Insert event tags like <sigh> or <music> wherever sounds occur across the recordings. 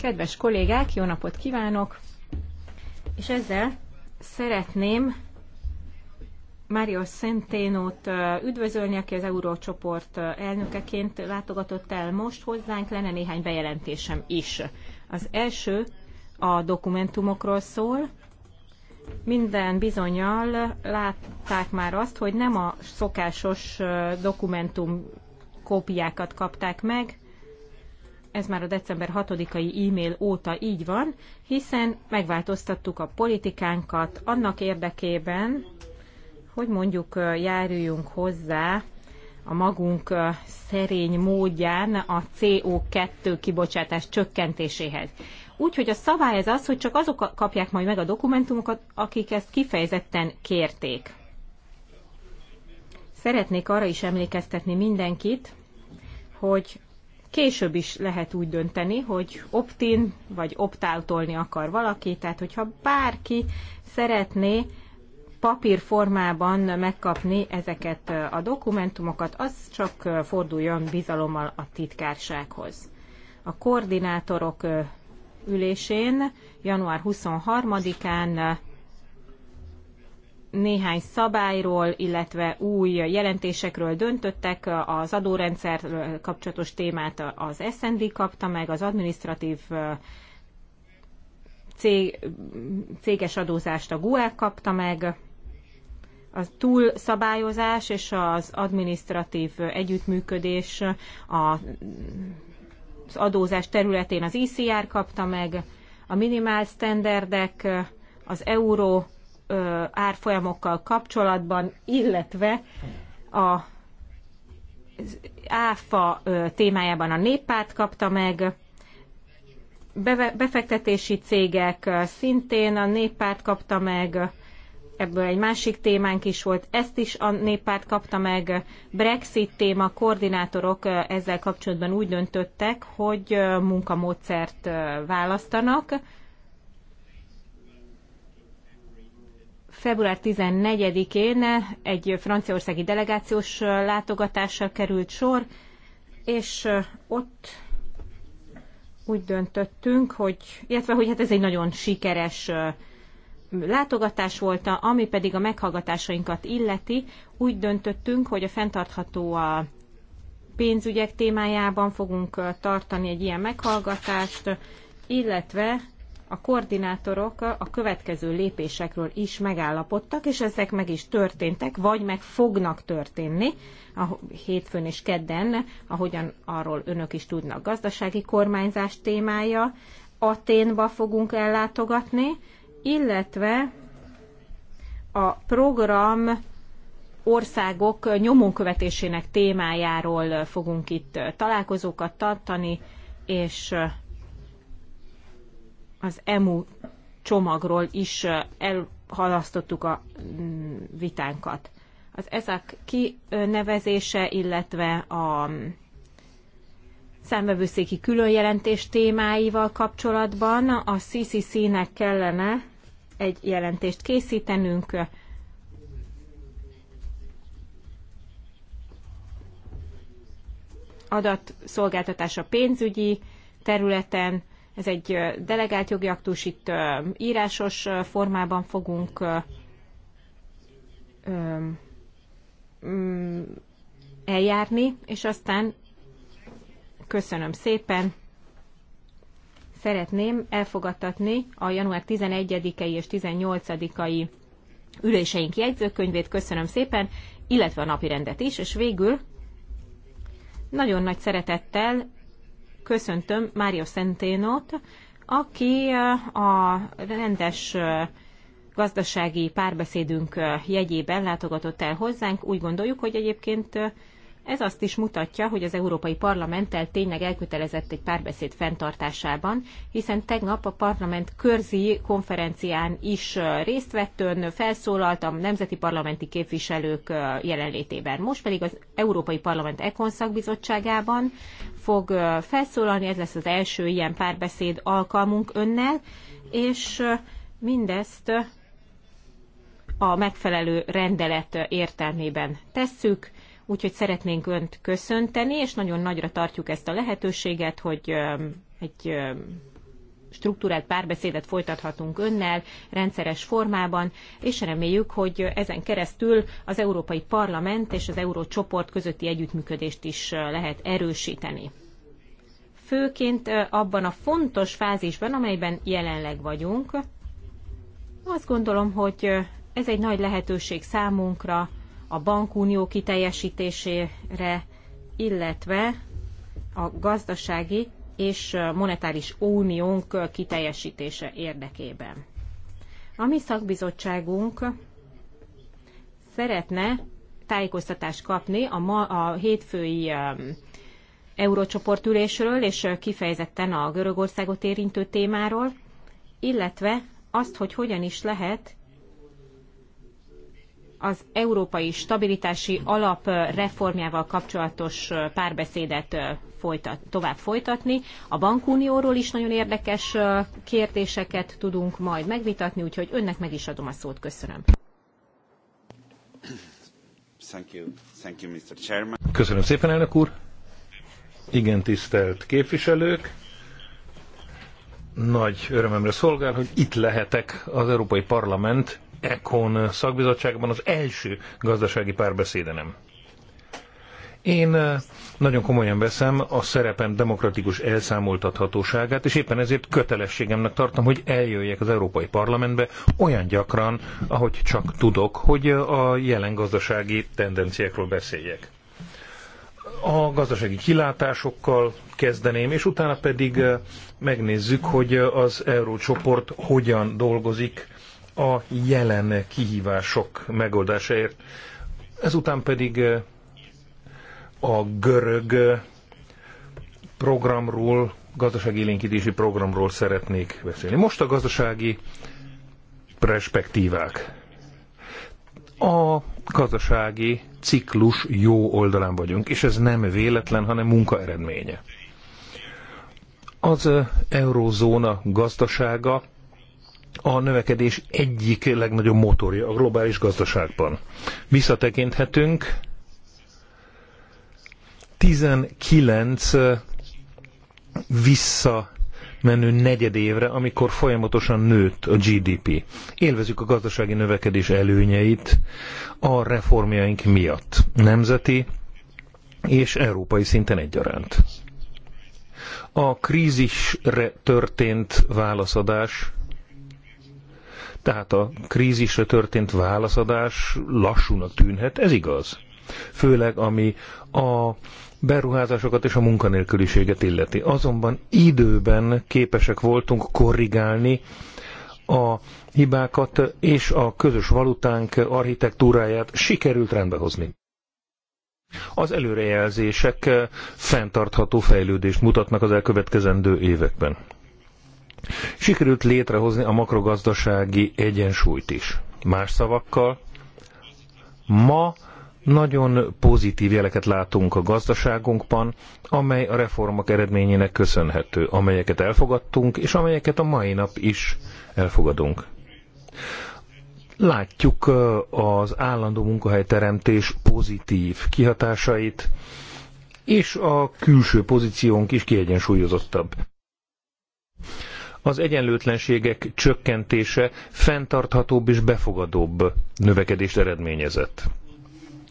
Kedves kollégák, jó napot kívánok! És ezzel szeretném Mário Szenténót üdvözölni, aki az Eurócsoport elnökeként látogatott el most hozzánk. Lenne néhány bejelentésem is. Az első a dokumentumokról szól. Minden bizonyal látták már azt, hogy nem a szokásos dokumentum kópiákat kapták meg, ez már a december 6-ai e-mail óta így van, hiszen megváltoztattuk a politikánkat annak érdekében, hogy mondjuk járuljunk hozzá a magunk szerény módján a CO2 kibocsátás csökkentéséhez. Úgyhogy a szabály ez az, hogy csak azok kapják majd meg a dokumentumokat, akik ezt kifejezetten kérték. Szeretnék arra is emlékeztetni mindenkit, hogy később is lehet úgy dönteni, hogy optin vagy optáltolni akar valaki, tehát hogyha bárki szeretné papírformában megkapni ezeket a dokumentumokat, az csak forduljon bizalommal a titkársághoz. A koordinátorok ülésén január 23-án néhány szabályról, illetve új jelentésekről döntöttek. Az adórendszer kapcsolatos témát az SND kapta meg, az administratív cég, céges adózást a GUE kapta meg, a túlszabályozás és az administratív együttműködés az adózás területén az ICR kapta meg, a minimál standardek, az euró árfolyamokkal kapcsolatban, illetve a áfa témájában a néppárt kapta meg, befektetési cégek szintén a néppárt kapta meg, ebből egy másik témánk is volt, ezt is a néppárt kapta meg, Brexit téma, koordinátorok ezzel kapcsolatban úgy döntöttek, hogy munkamódszert választanak, február 14-én egy franciaországi delegációs látogatásra került sor, és ott úgy döntöttünk, hogy, illetve hogy hát ez egy nagyon sikeres látogatás volt, ami pedig a meghallgatásainkat illeti, úgy döntöttünk, hogy a fenntartható a pénzügyek témájában fogunk tartani egy ilyen meghallgatást, illetve a koordinátorok a következő lépésekről is megállapodtak, és ezek meg is történtek, vagy meg fognak történni a hétfőn és kedden, ahogyan arról önök is tudnak. Gazdasági kormányzás témája, Aténba fogunk ellátogatni, illetve a program országok nyomonkövetésének témájáról fogunk itt találkozókat tartani, és az EMU csomagról is elhalasztottuk a mm, vitánkat. Az ezek kinevezése, illetve a mm, számvevőszéki különjelentés témáival kapcsolatban a CCC-nek kellene egy jelentést készítenünk, adatszolgáltatás a pénzügyi területen, ez egy delegált jogi aktus, itt írásos formában fogunk mm, eljárni, és aztán köszönöm szépen. Szeretném elfogadtatni a január 11-i és 18-ai üléseink jegyzőkönyvét, köszönöm szépen, illetve a napirendet is, és végül nagyon nagy szeretettel köszöntöm Mário Szenténot, aki eh, a rendes eh, gazdasági párbeszédünk eh, jegyében látogatott el hozzánk. Úgy gondoljuk, hogy egyébként ez azt is mutatja, hogy az Európai Parlamenttel tényleg elkötelezett egy párbeszéd fenntartásában, hiszen tegnap a parlament körzi konferencián is részt vett ön, felszólalt a nemzeti parlamenti képviselők jelenlétében. Most pedig az Európai Parlament Ekon szakbizottságában fog felszólalni, ez lesz az első ilyen párbeszéd alkalmunk önnel, és mindezt a megfelelő rendelet értelmében tesszük Úgyhogy szeretnénk Önt köszönteni, és nagyon nagyra tartjuk ezt a lehetőséget, hogy egy struktúrált párbeszédet folytathatunk önnel rendszeres formában, és reméljük, hogy ezen keresztül az Európai Parlament és az Eurócsoport közötti együttműködést is lehet erősíteni. Főként abban a fontos fázisban, amelyben jelenleg vagyunk, azt gondolom, hogy ez egy nagy lehetőség számunkra, a bankunió kiteljesítésére, illetve a gazdasági és monetáris uniónk kiteljesítése érdekében. A mi szakbizottságunk szeretne tájékoztatást kapni a, ma, a hétfői um, eurócsoportülésről és uh, kifejezetten a Görögországot érintő témáról, illetve azt, hogy hogyan is lehet az Európai Stabilitási Alap reformjával kapcsolatos párbeszédet folytat, tovább folytatni. A bankunióról is nagyon érdekes kérdéseket tudunk majd megvitatni, úgyhogy önnek meg is adom a szót. Köszönöm. Thank you. Thank you, Mr. Chairman. Köszönöm szépen, elnök úr. Igen, tisztelt képviselők. Nagy örömemre szolgál, hogy itt lehetek az Európai Parlament ECON szakbizottságban az első gazdasági párbeszédenem. Én eh, nagyon komolyan veszem a szerepem demokratikus elszámoltathatóságát, és éppen ezért kötelességemnek tartom, hogy eljöjjek az Európai Parlamentbe olyan gyakran, ahogy csak tudok, hogy eh, a jelen gazdasági tendenciákról beszéljek. A gazdasági kilátásokkal kezdeném, és utána pedig eh, megnézzük, hogy az eurócsoport hogyan dolgozik a jelen kihívások megoldásáért. Ezután pedig eh, a görög eh, programról, gazdasági élénkítési programról szeretnék beszélni. Most a gazdasági perspektívák. A gazdasági ciklus jó oldalán vagyunk, és ez nem véletlen, hanem munka eredménye. Az eh, eurózóna gazdasága a növekedés egyik legnagyobb motorja a globális gazdaságban. Visszatekinthetünk 19 negyed negyedévre, amikor folyamatosan nőtt a GDP. Élvezük a gazdasági növekedés előnyeit a reformjaink miatt, nemzeti és európai szinten egyaránt. A krízisre történt válaszadás tehát a krízisre történt válaszadás lassúnak tűnhet, ez igaz. Főleg ami a beruházásokat és a munkanélküliséget illeti. Azonban időben képesek voltunk korrigálni a hibákat, és a közös valutánk architektúráját sikerült rendbehozni. Az előrejelzések fenntartható fejlődést mutatnak az elkövetkezendő években. Sikerült létrehozni a makrogazdasági egyensúlyt is. Más szavakkal, ma nagyon pozitív jeleket látunk a gazdaságunkban, amely a reformok eredményének köszönhető, amelyeket elfogadtunk, és amelyeket a mai nap is elfogadunk. Látjuk az állandó munkahelyteremtés pozitív kihatásait, és a külső pozíciónk is kiegyensúlyozottabb az egyenlőtlenségek csökkentése fenntarthatóbb és befogadóbb növekedést eredményezett.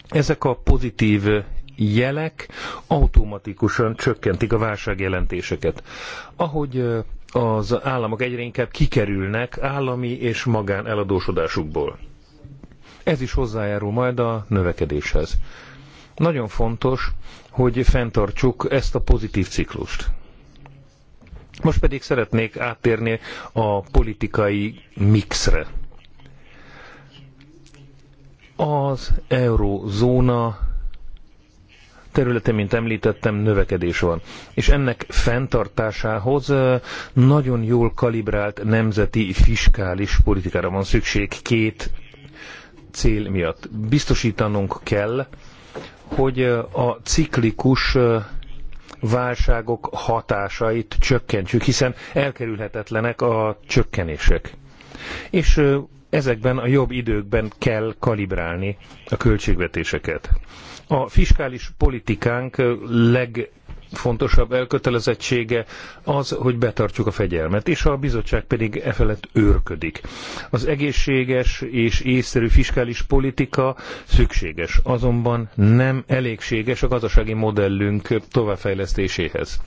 Ezek a pozitív jelek automatikusan csökkentik a válságjelentéseket. Ahogy az államok egyre inkább kikerülnek állami és magán eladósodásukból. Ez is hozzájárul majd a növekedéshez. Nagyon fontos, hogy fenntartsuk ezt a pozitív ciklust. Most pedig szeretnék áttérni a politikai mixre. Az eurózóna, területe, mint említettem, növekedés van. És ennek fenntartásához nagyon jól kalibrált nemzeti fiskális politikára van szükség két cél miatt. Biztosítanunk kell, hogy a ciklikus válságok hatásait csökkentsük, hiszen elkerülhetetlenek a csökkenések. És ezekben a jobb időkben kell kalibrálni a költségvetéseket. A fiskális politikánk leg legfontosabb elkötelezettsége az, hogy betartjuk a fegyelmet, és a bizottság pedig e felett őrködik. Az egészséges és észszerű fiskális politika szükséges, azonban nem elégséges a gazdasági modellünk továbbfejlesztéséhez.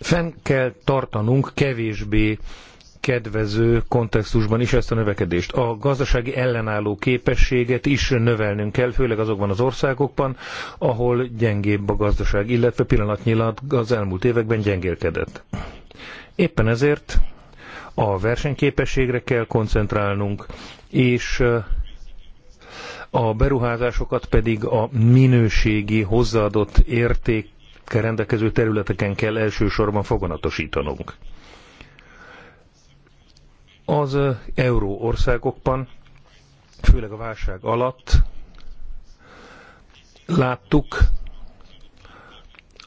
Fenn kell tartanunk kevésbé kedvező kontextusban is ezt a növekedést. A gazdasági ellenálló képességet is növelnünk kell, főleg azokban az országokban, ahol gyengébb a gazdaság, illetve pillanatnyilag az elmúlt években gyengélkedett. Éppen ezért a versenyképességre kell koncentrálnunk, és a beruházásokat pedig a minőségi hozzáadott érték rendelkező területeken kell elsősorban foganatosítanunk. Az euró országokban, főleg a válság alatt láttuk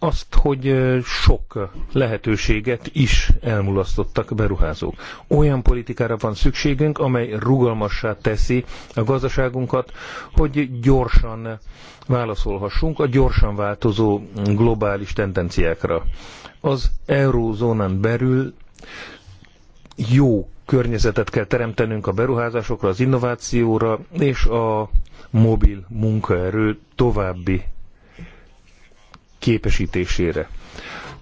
azt, hogy sok lehetőséget is elmulasztottak beruházók. Olyan politikára van szükségünk, amely rugalmassá teszi a gazdaságunkat, hogy gyorsan válaszolhassunk a gyorsan változó globális tendenciákra. Az eurózónán belül jó környezetet kell teremtenünk a beruházásokra, az innovációra és a mobil munkaerő további képesítésére.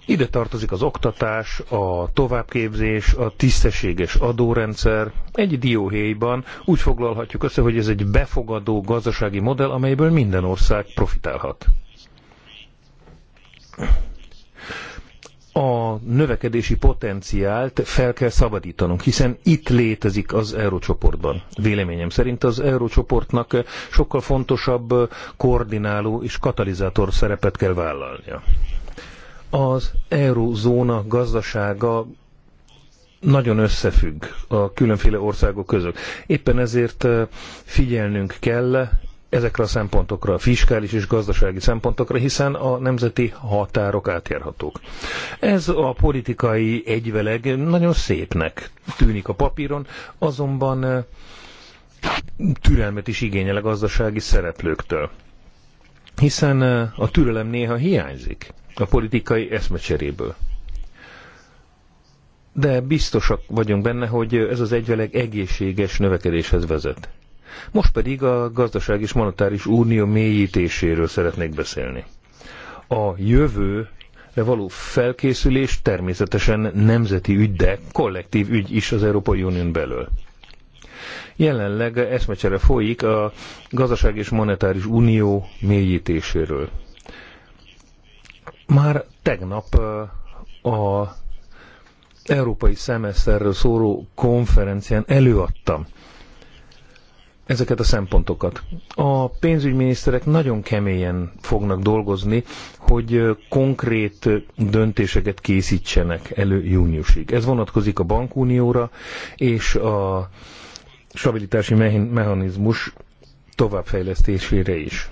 Ide tartozik az oktatás, a továbbképzés, a tisztességes adórendszer. Egy dióhéjban úgy foglalhatjuk össze, hogy ez egy befogadó gazdasági modell, amelyből minden ország profitálhat a növekedési potenciált fel kell szabadítanunk, hiszen itt létezik az eurócsoportban. Véleményem szerint az eurócsoportnak sokkal fontosabb koordináló és katalizátor szerepet kell vállalnia. Az eurózóna gazdasága nagyon összefügg a különféle országok között. Éppen ezért eh, figyelnünk kell ezekre a szempontokra, a fiskális és gazdasági szempontokra, hiszen a nemzeti határok átjárhatók. Ez a politikai egyveleg nagyon szépnek tűnik a papíron, azonban eh, türelmet is igényel a gazdasági szereplőktől. Hiszen eh, a türelem néha hiányzik a politikai eszmecseréből. De biztosak vagyunk benne, hogy ez az egyveleg egészséges növekedéshez vezet. Most pedig a gazdaság és monetáris unió mélyítéséről szeretnék beszélni. A jövő de való felkészülés természetesen nemzeti ügy, de kollektív ügy is az Európai Unión belül. Jelenleg eszmecsere folyik a gazdaság és monetáris unió mélyítéséről. Már tegnap uh, a európai szemeszterről szóró konferencián előadtam ezeket a szempontokat. A pénzügyminiszterek nagyon keményen fognak dolgozni, hogy konkrét döntéseket készítsenek elő júniusig. Ez vonatkozik a bankunióra és a stabilitási mechanizmus továbbfejlesztésére is.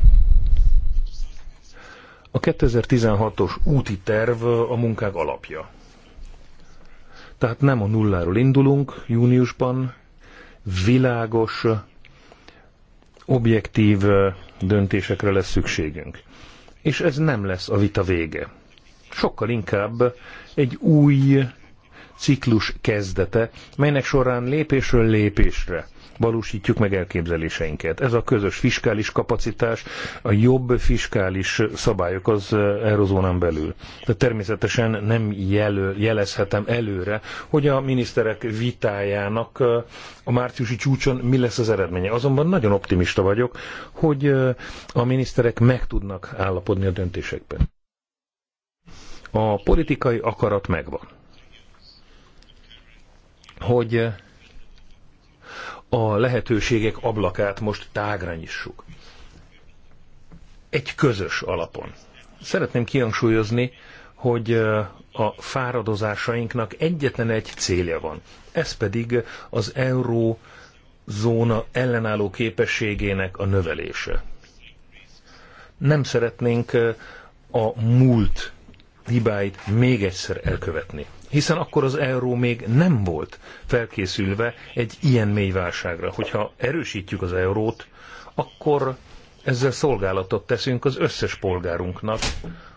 A 2016-os úti terv a munkák alapja. Tehát nem a nulláról indulunk júniusban, világos objektív döntésekre lesz szükségünk. És ez nem lesz a vita vége. Sokkal inkább egy új ciklus kezdete, melynek során lépésről lépésre valósítjuk meg elképzeléseinket. Ez a közös fiskális kapacitás, a jobb fiskális szabályok az eh, eurozónán belül. De természetesen nem jelöl, jelezhetem előre, hogy a miniszterek vitájának eh, a márciusi csúcson mi lesz az eredménye. Azonban nagyon optimista vagyok, hogy eh, a miniszterek meg tudnak állapodni a döntésekben. A politikai akarat megvan. Hogy a lehetőségek ablakát most tágra nyissuk. Egy közös alapon. Szeretném kihangsúlyozni, hogy a fáradozásainknak egyetlen egy célja van. Ez pedig az euró zóna ellenálló képességének a növelése. Nem szeretnénk a múlt hibáit még egyszer elkövetni hiszen akkor az euró még nem volt felkészülve egy ilyen mély válságra. Hogyha erősítjük az eurót, akkor ezzel szolgálatot teszünk az összes polgárunknak,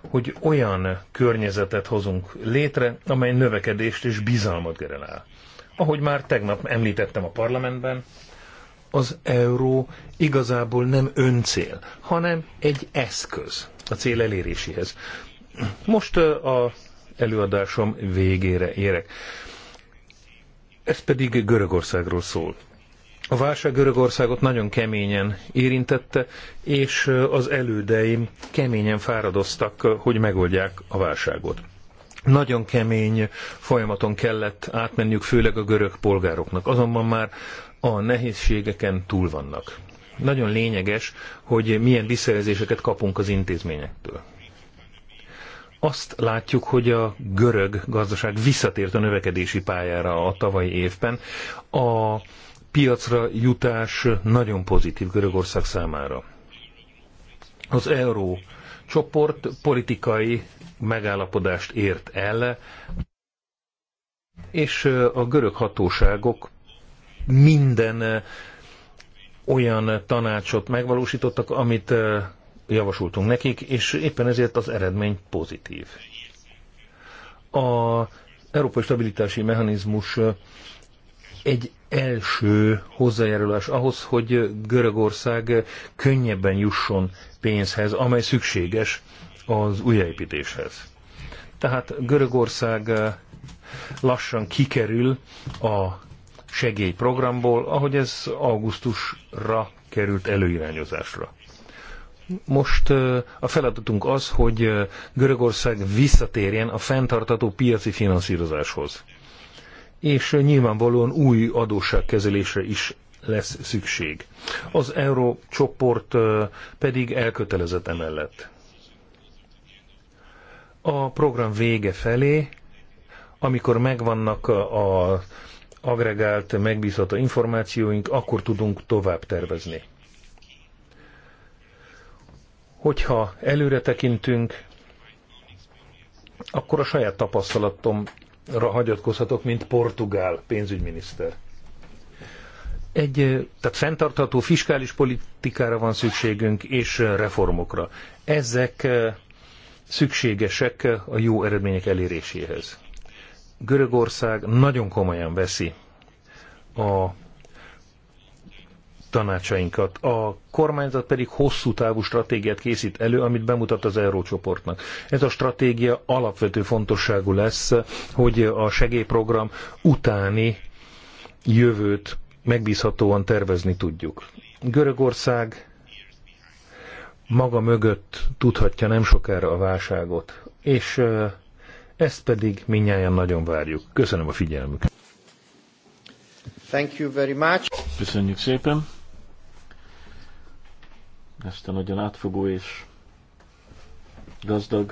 hogy olyan környezetet hozunk létre, amely növekedést és bizalmat generál. Ahogy már tegnap említettem a parlamentben, az euró igazából nem öncél, hanem egy eszköz a cél eléréséhez. Most a előadásom végére érek. Ez pedig Görögországról szól. A válság Görögországot nagyon keményen érintette, és az elődeim keményen fáradoztak, hogy megoldják a válságot. Nagyon kemény folyamaton kellett átmenniük, főleg a görög polgároknak. Azonban már a nehézségeken túl vannak. Nagyon lényeges, hogy milyen visszajelzéseket kapunk az intézményektől azt látjuk, hogy a görög gazdaság visszatért a növekedési pályára a tavalyi évben. A piacra jutás nagyon pozitív Görögország számára. Az euró csoport politikai megállapodást ért el, és a görög hatóságok minden olyan tanácsot megvalósítottak, amit javasoltunk nekik, és éppen ezért az eredmény pozitív. A Európai Stabilitási Mechanizmus egy első hozzájárulás ahhoz, hogy Görögország könnyebben jusson pénzhez, amely szükséges az újjáépítéshez. Tehát Görögország lassan kikerül a segélyprogramból, ahogy ez augusztusra került előirányozásra. Most a feladatunk az, hogy Görögország visszatérjen a fenntartató piaci finanszírozáshoz. És nyilvánvalóan új adósságkezelésre is lesz szükség. Az eurócsoport csoport pedig elkötelezett emellett. A program vége felé, amikor megvannak a agregált, megbízható információink, akkor tudunk tovább tervezni. Hogyha előre tekintünk, akkor a saját tapasztalatomra hagyatkozhatok, mint portugál pénzügyminiszter. Egy, tehát fenntartható fiskális politikára van szükségünk, és reformokra. Ezek szükségesek a jó eredmények eléréséhez. Görögország nagyon komolyan veszi a tanácsainkat. A kormányzat pedig hosszú távú stratégiát készít elő, amit bemutat az Eurócsoportnak. Ez a stratégia alapvető fontosságú lesz, hogy a segélyprogram utáni jövőt megbízhatóan tervezni tudjuk. Görögország maga mögött tudhatja nem sokára a válságot, és ezt pedig minnyáján nagyon várjuk. Köszönöm a figyelmüket. Thank you very much. Köszönjük szépen ezt a nagyon átfogó és gazdag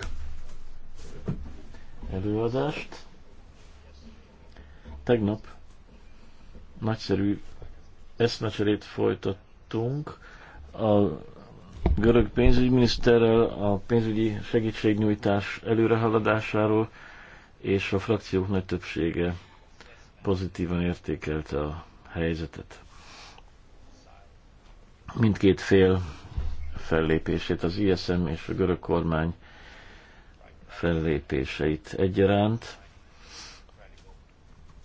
előadást. Tegnap nagyszerű eszmecserét folytattunk a görög pénzügyminiszterrel a pénzügyi segítségnyújtás előrehaladásáról, és a frakciók nagy többsége pozitívan értékelte a helyzetet mindkét fél fellépését, az ISM és a görög kormány fellépéseit egyaránt,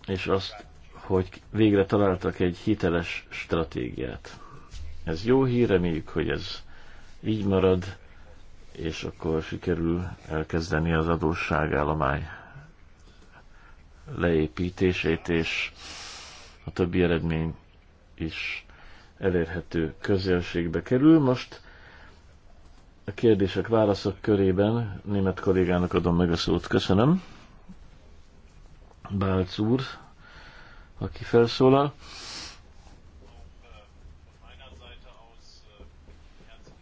és azt, hogy végre találtak egy hiteles stratégiát. Ez jó hír, reméljük, hogy ez így marad, és akkor sikerül elkezdeni az adósságállomány leépítését, és a többi eredmény is elérhető közönségbe kerül. Most a kérdések, válaszok körében német kollégának adom meg a szót. Köszönöm. Bálc úr, aki felszólal.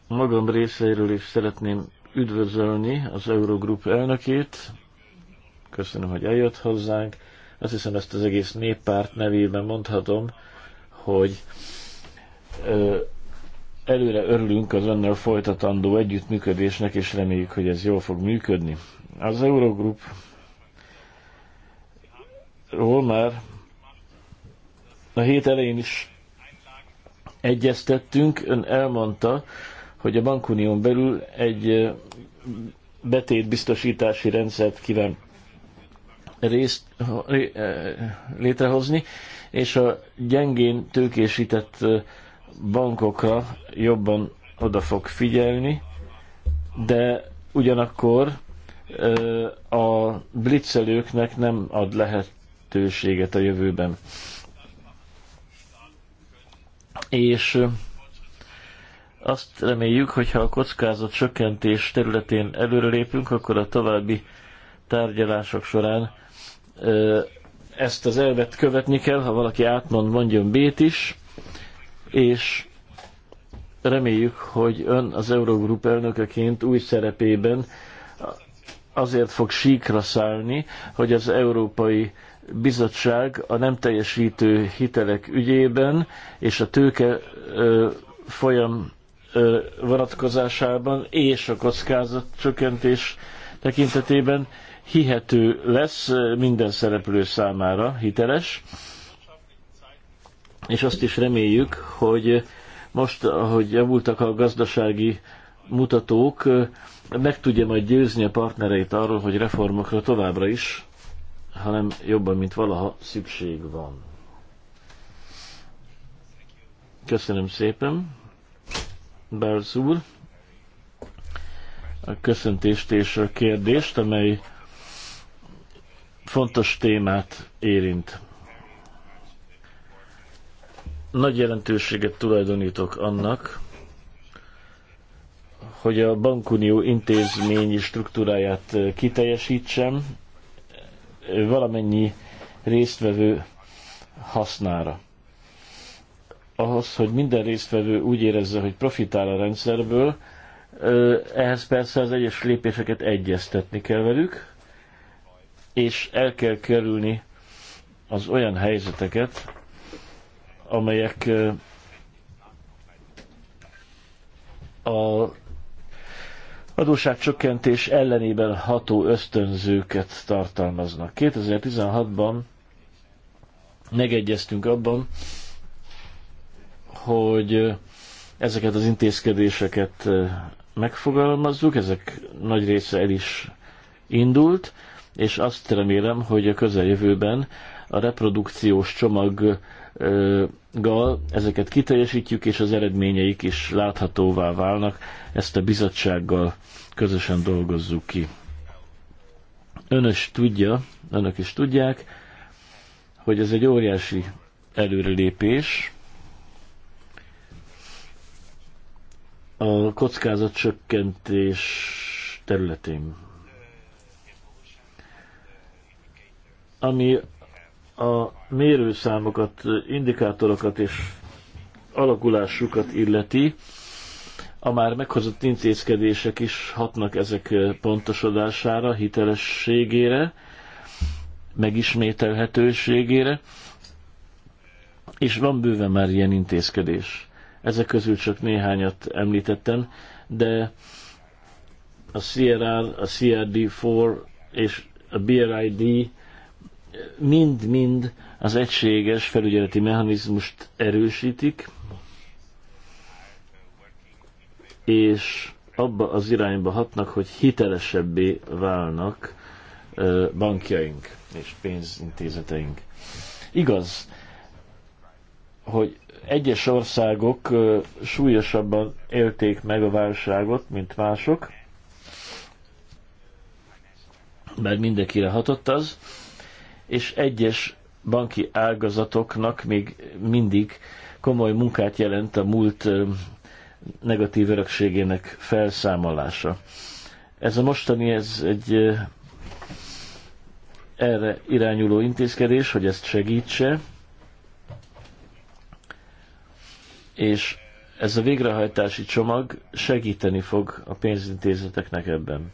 Magam részeiről is szeretném üdvözölni az Eurogroup elnökét. Köszönöm, hogy eljött hozzánk. Azt hiszem, ezt az egész néppárt nevében mondhatom, hogy előre örülünk az önnel folytatandó együttműködésnek, és reméljük, hogy ez jól fog működni. Az Eurogroup ról már a hét elején is egyeztettünk, ön elmondta, hogy a bankunión belül egy betétbiztosítási rendszert kíván részt, létrehozni, és a gyengén tőkésített bankokra jobban oda fog figyelni, de ugyanakkor a blitzelőknek nem ad lehetőséget a jövőben. És azt reméljük, hogy ha a kockázat csökkentés területén előrelépünk, akkor a további tárgyalások során ezt az elvet követni kell, ha valaki átmond, mondjon B-t is, és reméljük, hogy ön az Eurogrup elnökeként új szerepében azért fog síkra szállni, hogy az Európai Bizottság a nem teljesítő hitelek ügyében és a tőke ö, folyam ö, vonatkozásában és a kockázat csökkentés tekintetében hihető lesz minden szereplő számára hiteles és azt is reméljük, hogy most, ahogy javultak a gazdasági mutatók, meg tudja majd győzni a partnereit arról, hogy reformokra továbbra is, hanem jobban, mint valaha szükség van. Köszönöm szépen, Bárc úr, a köszöntést és a kérdést, amely fontos témát érint. Nagy jelentőséget tulajdonítok annak, hogy a bankunió intézményi struktúráját eh, kiteljesítsem eh, valamennyi résztvevő hasznára. Ahhoz, hogy minden résztvevő úgy érezze, hogy profitál a rendszerből, eh, ehhez persze az egyes lépéseket egyeztetni kell velük, és el kell kerülni az olyan helyzeteket, amelyek a adósságcsökkentés ellenében ható ösztönzőket tartalmaznak. 2016-ban megegyeztünk abban, hogy ezeket az intézkedéseket megfogalmazzuk, ezek nagy része el is indult, és azt remélem, hogy a közeljövőben a reprodukciós csomag gal ezeket kiteljesítjük, és az eredményeik is láthatóvá válnak. Ezt a bizottsággal közösen dolgozzuk ki. Önös tudja, önök is tudják, hogy ez egy óriási előrelépés. A csökkentés területén. Ami a mérőszámokat, indikátorokat és alakulásukat illeti, a már meghozott intézkedések is hatnak ezek pontosodására, hitelességére, megismételhetőségére, és van bőven már ilyen intézkedés. Ezek közül csak néhányat említettem, de a CRR, a CRD4 és a BRID mind-mind az egységes felügyeleti mechanizmust erősítik, és abba az irányba hatnak, hogy hitelesebbé válnak bankjaink és pénzintézeteink. Igaz, hogy egyes országok súlyosabban élték meg a válságot, mint mások, mert mindenkire hatott az, és egyes banki ágazatoknak még mindig komoly munkát jelent a múlt negatív örökségének felszámolása. Ez a mostani, ez egy erre irányuló intézkedés, hogy ezt segítse, és ez a végrehajtási csomag segíteni fog a pénzintézeteknek ebben.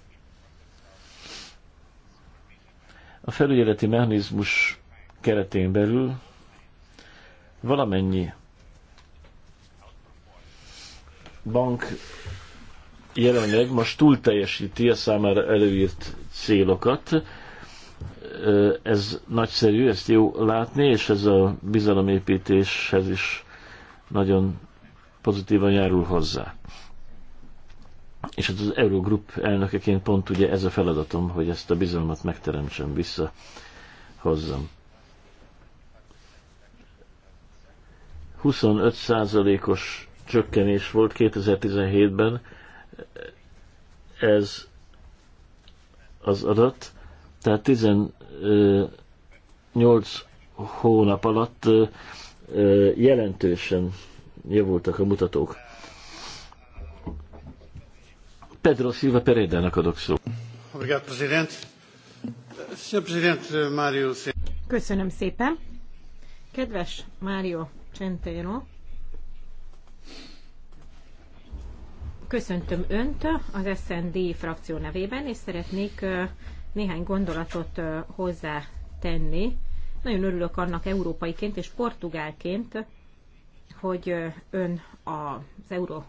A felügyeleti mechanizmus keretén belül valamennyi bank jelenleg most túl teljesíti a számára előírt célokat. Ez nagyszerű, ezt jó látni, és ez a bizalomépítéshez is nagyon pozitívan járul hozzá és hát az Eurogroup elnökeként pont ugye ez a feladatom, hogy ezt a bizalmat megteremtsem, vissza hozzam. 25%-os csökkenés volt 2017-ben, ez az adat, tehát 18 hónap alatt jelentősen javultak a mutatók. Pedro Silva Perédának adok szó. Köszönöm szépen. Kedves Mário Centeno, köszöntöm Önt az SND frakció nevében, és szeretnék néhány gondolatot hozzátenni. Nagyon örülök annak európaiként és portugálként, hogy Ön az euró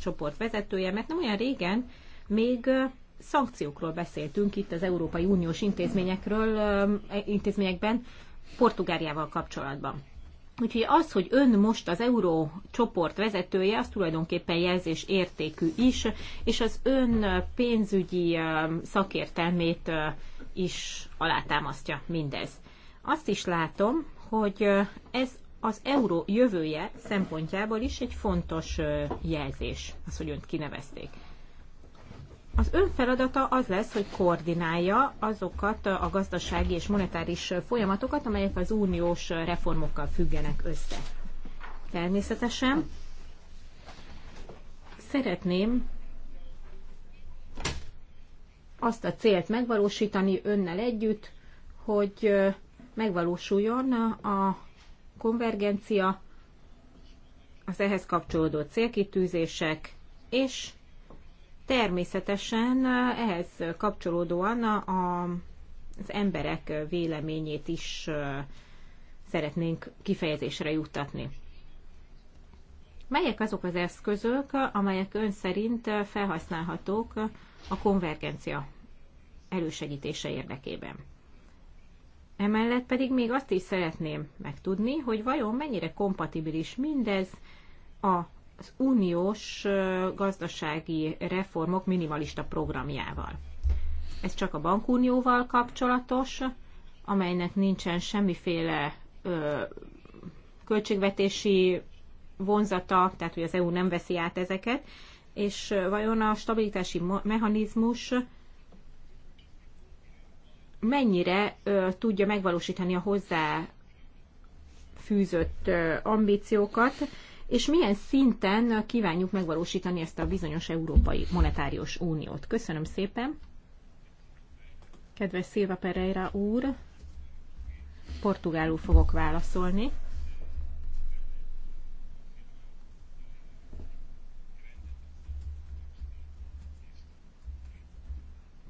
csoport vezetője, mert nem olyan régen még szankciókról beszéltünk itt az Európai Uniós intézményekről, eh, intézményekben Portugáliával kapcsolatban. Úgyhogy az, hogy ön most az euró csoport vezetője, az tulajdonképpen jelzés értékű is, és az ön pénzügyi szakértelmét is alátámasztja mindez. Azt is látom, hogy ez az euró jövője szempontjából is egy fontos jelzés, az, hogy önt kinevezték. Az ön feladata az lesz, hogy koordinálja azokat a gazdasági és monetáris folyamatokat, amelyek az uniós reformokkal függenek össze. Természetesen szeretném azt a célt megvalósítani önnel együtt, hogy megvalósuljon a konvergencia, az ehhez kapcsolódó célkitűzések, és természetesen ehhez kapcsolódóan a, az emberek véleményét is szeretnénk kifejezésre juttatni. Melyek azok az eszközök, amelyek ön szerint felhasználhatók a konvergencia elősegítése érdekében? Emellett pedig még azt is szeretném megtudni, hogy vajon mennyire kompatibilis mindez az uniós gazdasági reformok minimalista programjával. Ez csak a bankunióval kapcsolatos, amelynek nincsen semmiféle ö, költségvetési vonzata, tehát hogy az EU nem veszi át ezeket, és vajon a stabilitási mechanizmus mennyire ö, tudja megvalósítani a hozzá fűzött ö, ambíciókat, és milyen szinten kívánjuk megvalósítani ezt a bizonyos Európai Monetárius Uniót. Köszönöm szépen! Kedves Szilva Pereira úr, portugálul fogok válaszolni.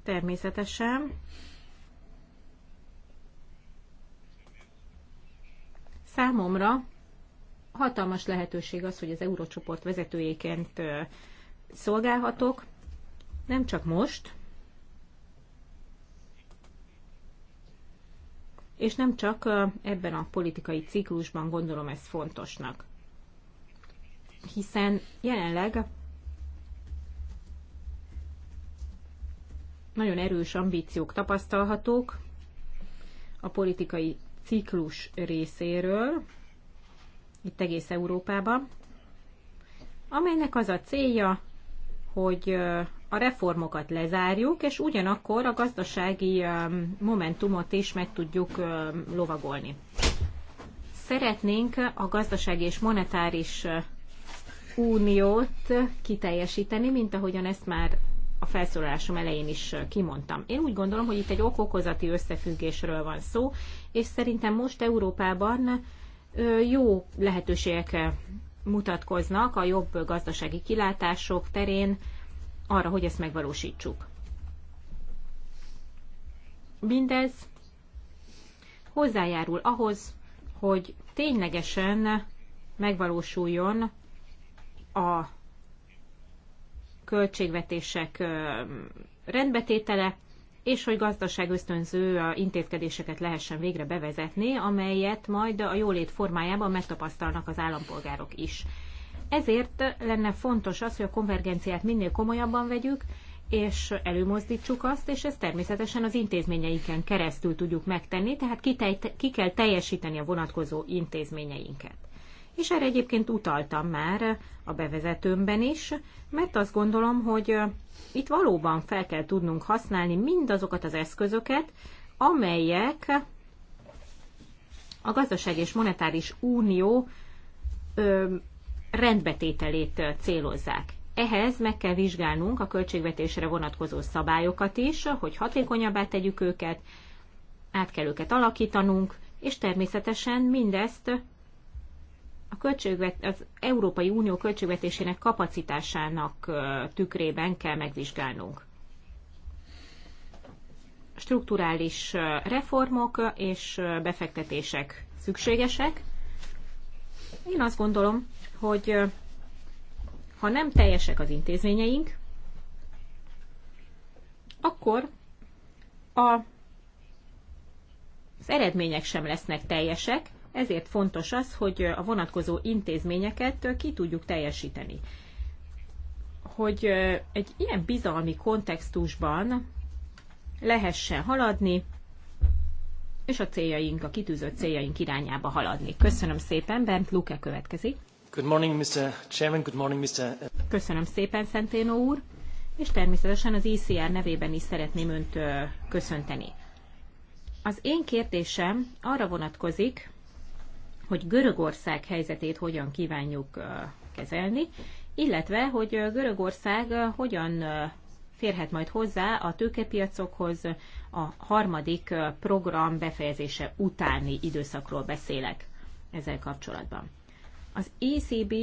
Természetesen Számomra hatalmas lehetőség az, hogy az eurócsoport vezetőjéként szolgálhatok, nem csak most, és nem csak ebben a politikai ciklusban gondolom ezt fontosnak. Hiszen jelenleg nagyon erős ambíciók tapasztalhatók a politikai ciklus részéről, itt egész Európában, amelynek az a célja, hogy a reformokat lezárjuk, és ugyanakkor a gazdasági momentumot is meg tudjuk lovagolni. Szeretnénk a gazdasági és monetáris uniót kiteljesíteni, mint ahogyan ezt már a felszólalásom elején is kimondtam. Én úgy gondolom, hogy itt egy okokozati összefüggésről van szó, és szerintem most Európában jó lehetőségek mutatkoznak a jobb gazdasági kilátások terén arra, hogy ezt megvalósítsuk. Mindez hozzájárul ahhoz, hogy ténylegesen megvalósuljon a költségvetések rendbetétele, és hogy gazdaságösztönző intézkedéseket lehessen végre bevezetni, amelyet majd a jólét formájában megtapasztalnak az állampolgárok is. Ezért lenne fontos az, hogy a konvergenciát minél komolyabban vegyük, és előmozdítsuk azt, és ezt természetesen az intézményeinken keresztül tudjuk megtenni, tehát ki, ki kell teljesíteni a vonatkozó intézményeinket és erre egyébként utaltam már a bevezetőmben is, mert azt gondolom, hogy itt valóban fel kell tudnunk használni mindazokat az eszközöket, amelyek a gazdaság és monetáris unió ö, rendbetételét célozzák. Ehhez meg kell vizsgálnunk a költségvetésre vonatkozó szabályokat is, hogy hatékonyabbá tegyük őket, át kell őket alakítanunk, és természetesen mindezt a költségvet, az Európai Unió költségvetésének kapacitásának tükrében kell megvizsgálnunk. Strukturális reformok és befektetések szükségesek. Én azt gondolom, hogy ha nem teljesek az intézményeink, akkor a, az eredmények sem lesznek teljesek, ezért fontos az, hogy a vonatkozó intézményeket ki tudjuk teljesíteni. Hogy egy ilyen bizalmi kontextusban lehessen haladni, és a céljaink, a kitűzött céljaink irányába haladni. Köszönöm szépen, Bent Luke következik. Good morning, Mr. Chairman. Good morning, Mr. Uh, Köszönöm szépen, Szenténó úr, és természetesen az ICR e nevében is szeretném Önt köszönteni. Az én kérdésem arra vonatkozik, hogy Görögország helyzetét hogyan kívánjuk kezelni, illetve hogy Görögország hogyan férhet majd hozzá a tőkepiacokhoz a harmadik program befejezése utáni időszakról beszélek ezzel kapcsolatban. Az ECB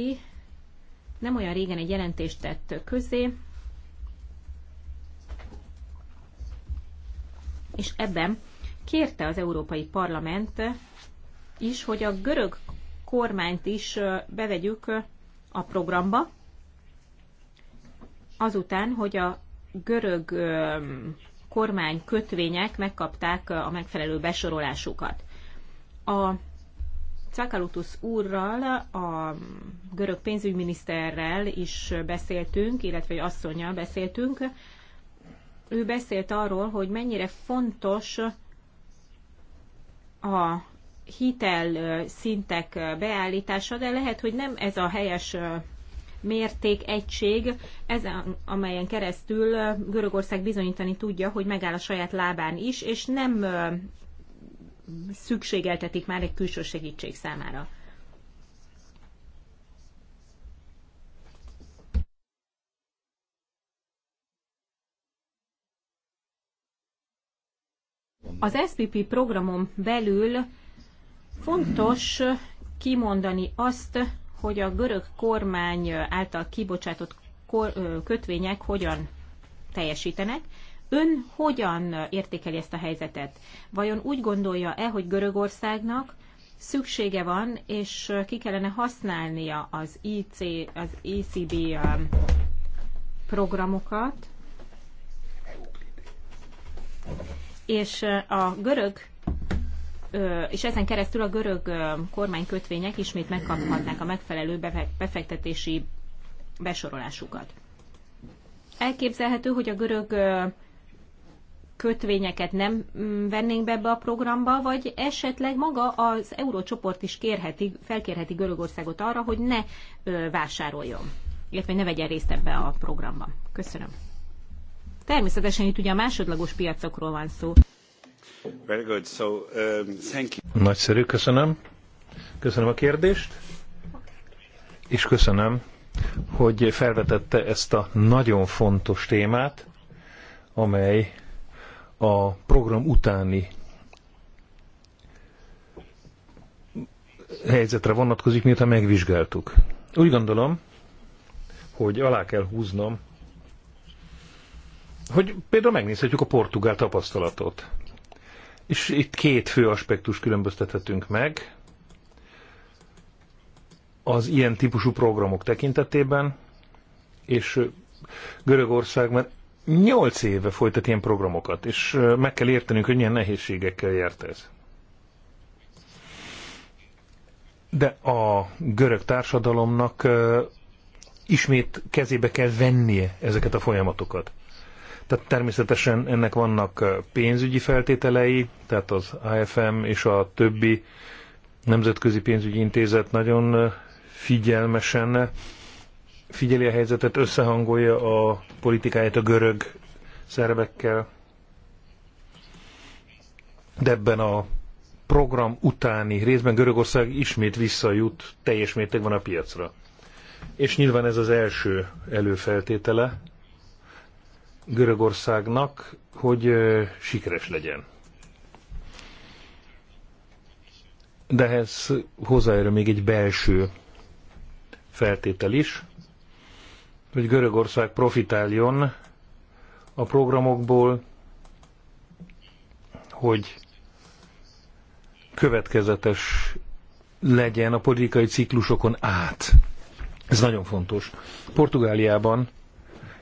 nem olyan régen egy jelentést tett közé, és ebben kérte az Európai Parlament is, hogy a görög kormányt is bevegyük a programba, azután, hogy a görög kormány kötvények megkapták a megfelelő besorolásukat. A Cakalutus úrral, a görög pénzügyminiszterrel is beszéltünk, illetve egy asszonyjal beszéltünk. Ő beszélt arról, hogy mennyire fontos a hitel szintek beállítása, de lehet, hogy nem ez a helyes mérték, egység, ezen, amelyen keresztül Görögország bizonyítani tudja, hogy megáll a saját lábán is, és nem szükségeltetik már egy külső segítség számára. Az SPP programon belül Fontos kimondani azt, hogy a görög kormány által kibocsátott kötvények hogyan teljesítenek. Ön hogyan értékeli ezt a helyzetet? Vajon úgy gondolja-e, hogy Görögországnak szüksége van, és ki kellene használnia az, IC, az ECB programokat, és a görög és ezen keresztül a görög kormánykötvények ismét megkaphatnák a megfelelő befektetési besorolásukat. Elképzelhető, hogy a görög kötvényeket nem mm, vennénk be ebbe a programba, vagy esetleg maga az eurócsoport is kérheti, felkérheti Görögországot arra, hogy ne vásároljon, illetve ne vegyen részt ebbe a programba. Köszönöm. Természetesen itt ugye a másodlagos piacokról van szó. Very good. So, um, thank you. Nagyszerű, köszönöm. Köszönöm a kérdést. És köszönöm, hogy felvetette ezt a nagyon fontos témát, amely a program utáni helyzetre vonatkozik, miután megvizsgáltuk. Úgy gondolom, hogy alá kell húznom, hogy például megnézhetjük a portugál tapasztalatot. És itt két fő aspektus különböztethetünk meg az ilyen típusú programok tekintetében, és Görögország már 8 éve folytat ilyen programokat, és meg kell értenünk, hogy milyen nehézségekkel járt ez. De a görög társadalomnak ismét kezébe kell vennie ezeket a folyamatokat. Tehát természetesen ennek vannak pénzügyi feltételei, tehát az AFM és a többi nemzetközi pénzügyi intézet nagyon figyelmesen figyeli a helyzetet, összehangolja a politikáját a görög szervekkel. De ebben a program utáni részben Görögország ismét visszajut teljes mértékben a piacra. És nyilván ez az első előfeltétele Görögországnak, hogy sikeres legyen. De ehhez hozzájön még egy belső feltétel is, hogy Görögország profitáljon a programokból, hogy következetes legyen a politikai ciklusokon át. Ez nagyon fontos. Portugáliában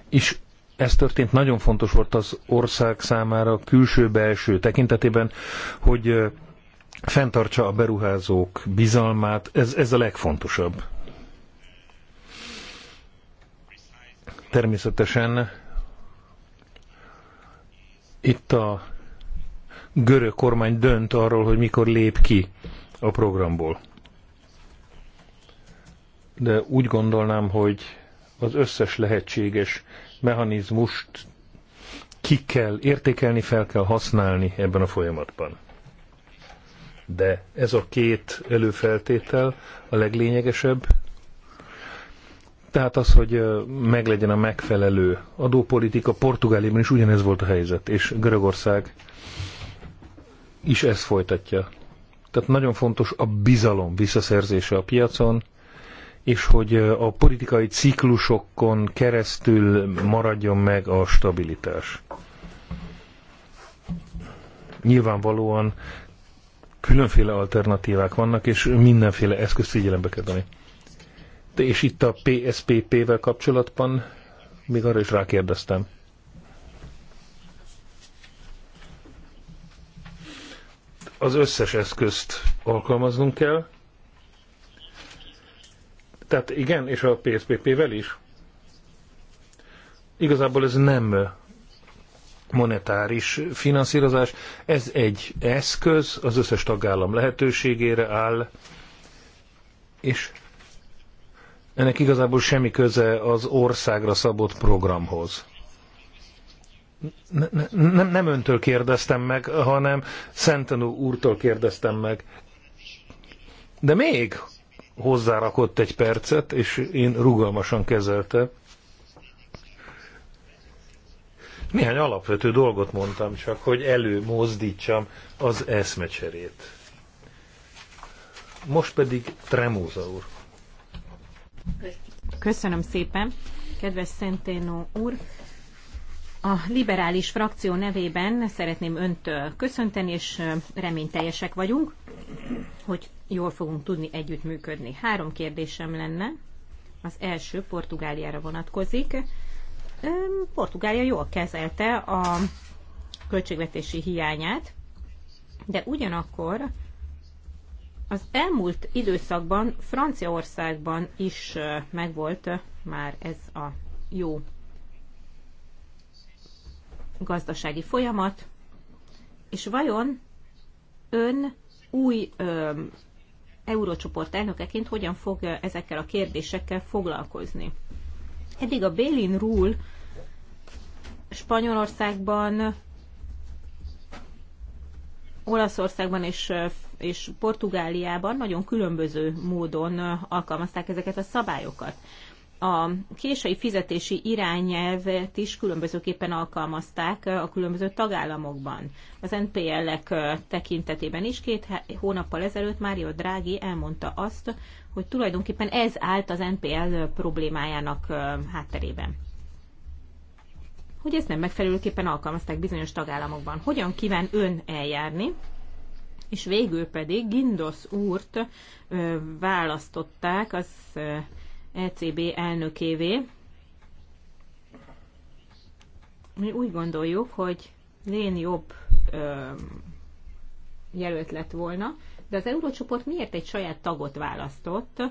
is ez történt, nagyon fontos volt az ország számára külső-belső tekintetében, hogy fenntartsa a beruházók bizalmát, ez, ez a legfontosabb. Természetesen itt a görög kormány dönt arról, hogy mikor lép ki a programból. De úgy gondolnám, hogy az összes lehetséges mechanizmust ki kell értékelni, fel kell használni ebben a folyamatban. De ez a két előfeltétel a leglényegesebb. Tehát az, hogy meglegyen a megfelelő adópolitika, Portugáliában is ugyanez volt a helyzet, és Görögország is ezt folytatja. Tehát nagyon fontos a bizalom visszaszerzése a piacon, és hogy a politikai ciklusokon keresztül maradjon meg a stabilitás. Nyilvánvalóan különféle alternatívák vannak, és mindenféle eszközt figyelembe kell venni. De és itt a PSPP-vel kapcsolatban még arra is rákérdeztem. Az összes eszközt alkalmaznunk kell, tehát igen, és a PSPP-vel is. Igazából ez nem monetáris finanszírozás, ez egy eszköz, az összes tagállam lehetőségére áll, és ennek igazából semmi köze az országra szabott programhoz. Ne, ne, nem, nem öntől kérdeztem meg, hanem Szentenú úrtól kérdeztem meg. De még, hozzárakott egy percet, és én rugalmasan kezelte. Néhány alapvető dolgot mondtam csak, hogy előmozdítsam az eszmecserét. Most pedig Tremóza úr. Köszönöm szépen, kedves Szenténó úr. A liberális frakció nevében szeretném önt köszönteni, és reményteljesek vagyunk, hogy jól fogunk tudni együttműködni. Három kérdésem lenne. Az első Portugáliára vonatkozik. Portugália jól kezelte a költségvetési hiányát, de ugyanakkor az elmúlt időszakban Franciaországban is megvolt már ez a jó gazdasági folyamat, és vajon ön új eurócsoport elnökeként hogyan fog ezekkel a kérdésekkel foglalkozni. Eddig a Bélin Rule Spanyolországban, Olaszországban és, és Portugáliában nagyon különböző módon alkalmazták ezeket a szabályokat a késői fizetési irányelvet is különbözőképpen alkalmazták a különböző tagállamokban. Az NPL-ek tekintetében is két hónappal ezelőtt Mário drági elmondta azt, hogy tulajdonképpen ez állt az NPL problémájának hátterében. Hogy ezt nem megfelelőképpen alkalmazták bizonyos tagállamokban. Hogyan kíván ön eljárni? És végül pedig Gindos úrt választották az ECB elnökévé. Mi úgy gondoljuk, hogy lén jobb ö, jelölt lett volna, de az eurócsoport miért egy saját tagot választott?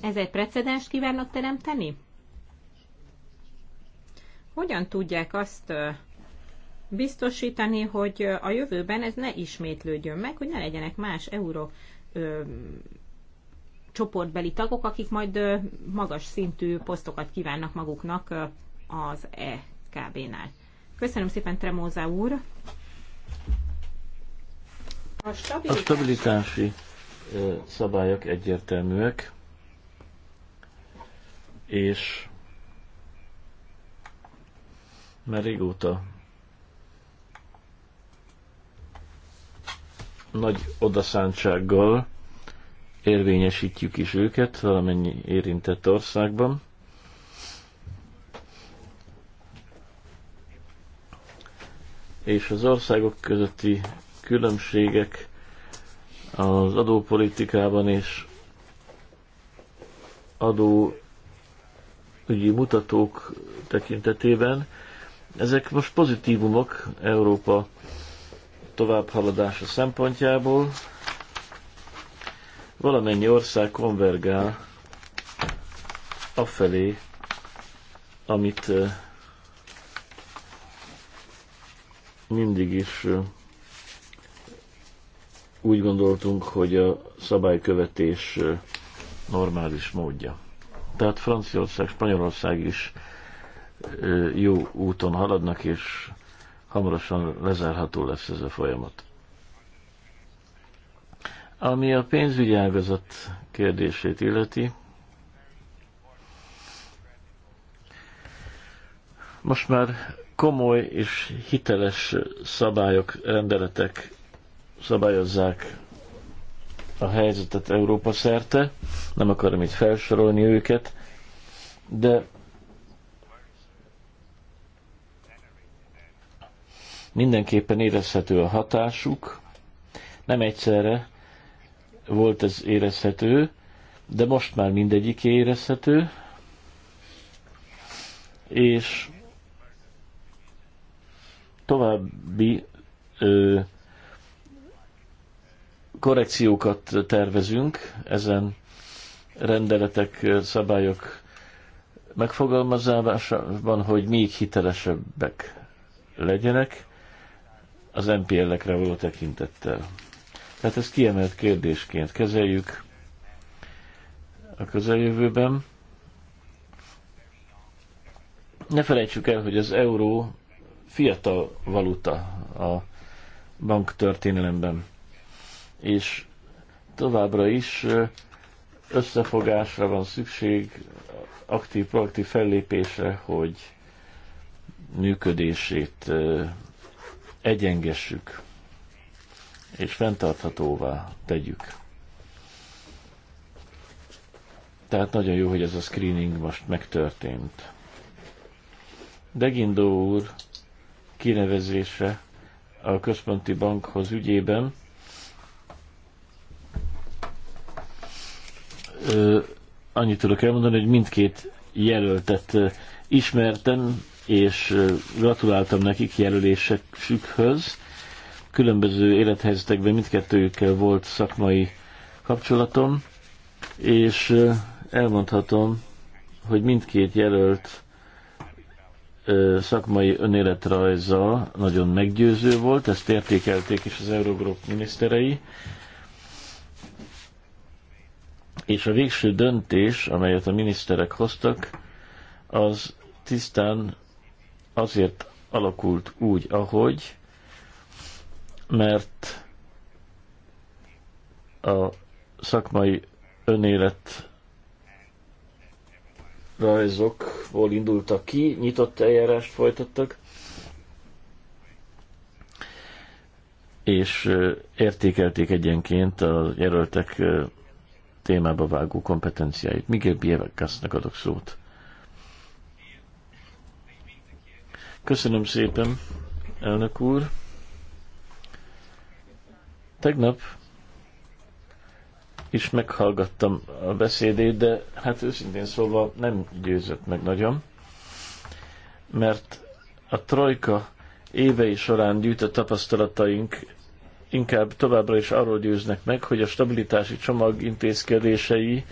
Ez egy precedens kívánnak teremteni? Hogyan tudják azt biztosítani, hogy a jövőben ez ne ismétlődjön meg, hogy ne legyenek más euró ö, csoportbeli tagok, akik majd magas szintű posztokat kívánnak maguknak az EKB-nál. Köszönöm szépen, Tremóza úr! A stabilitási, a stabilitási szabályok egyértelműek, és már régóta nagy odaszántsággal érvényesítjük is őket valamennyi érintett országban. És az országok közötti különbségek az adópolitikában és adó ügyi mutatók tekintetében. Ezek most pozitívumok Európa továbbhaladása szempontjából, valamennyi ország konvergál afelé, amit mindig is úgy gondoltunk, hogy a szabálykövetés normális módja. Tehát Franciaország, Spanyolország is jó úton haladnak, és hamarosan lezárható lesz ez a folyamat. Ami a pénzügyi ágazat kérdését illeti, most már komoly és hiteles szabályok, rendeletek szabályozzák a helyzetet Európa szerte. Nem akarom itt felsorolni őket, de mindenképpen érezhető a hatásuk, nem egyszerre, volt ez érezhető, de most már mindegyik érezhető, és további ö, korrekciókat tervezünk ezen rendeletek, szabályok megfogalmazásában, hogy még hitelesebbek legyenek az MPL-ekre való tekintettel. Tehát ezt kiemelt kérdésként kezeljük a közeljövőben. Ne felejtsük el, hogy az euró fiatal valuta a banktörténelemben, és továbbra is összefogásra van szükség, aktív, proaktív fellépésre, hogy működését egyengessük és fenntarthatóvá tegyük. Tehát nagyon jó, hogy ez a screening most megtörtént. Degindó úr kinevezése a központi bankhoz ügyében ö, annyit tudok elmondani, hogy mindkét jelöltet ismertem, és gratuláltam nekik jelölésükhöz különböző élethelyzetekben mindkettőjükkel volt szakmai kapcsolatom, és elmondhatom, hogy mindkét jelölt szakmai önéletrajza nagyon meggyőző volt, ezt értékelték is az Eurogroup miniszterei, és a végső döntés, amelyet a miniszterek hoztak, az tisztán azért alakult úgy, ahogy mert a szakmai önélet rajzokból indultak ki, nyitott eljárást folytattak, és értékelték egyenként a jelöltek témába vágó kompetenciáit. Miguel Bievekásznak adok szót. Köszönöm szépen, elnök úr. Tegnap is meghallgattam a beszédét, de hát őszintén szóval nem győzött meg nagyon, mert a trojka évei során gyűjtött tapasztalataink inkább továbbra is arról győznek meg, hogy a stabilitási csomag intézkedései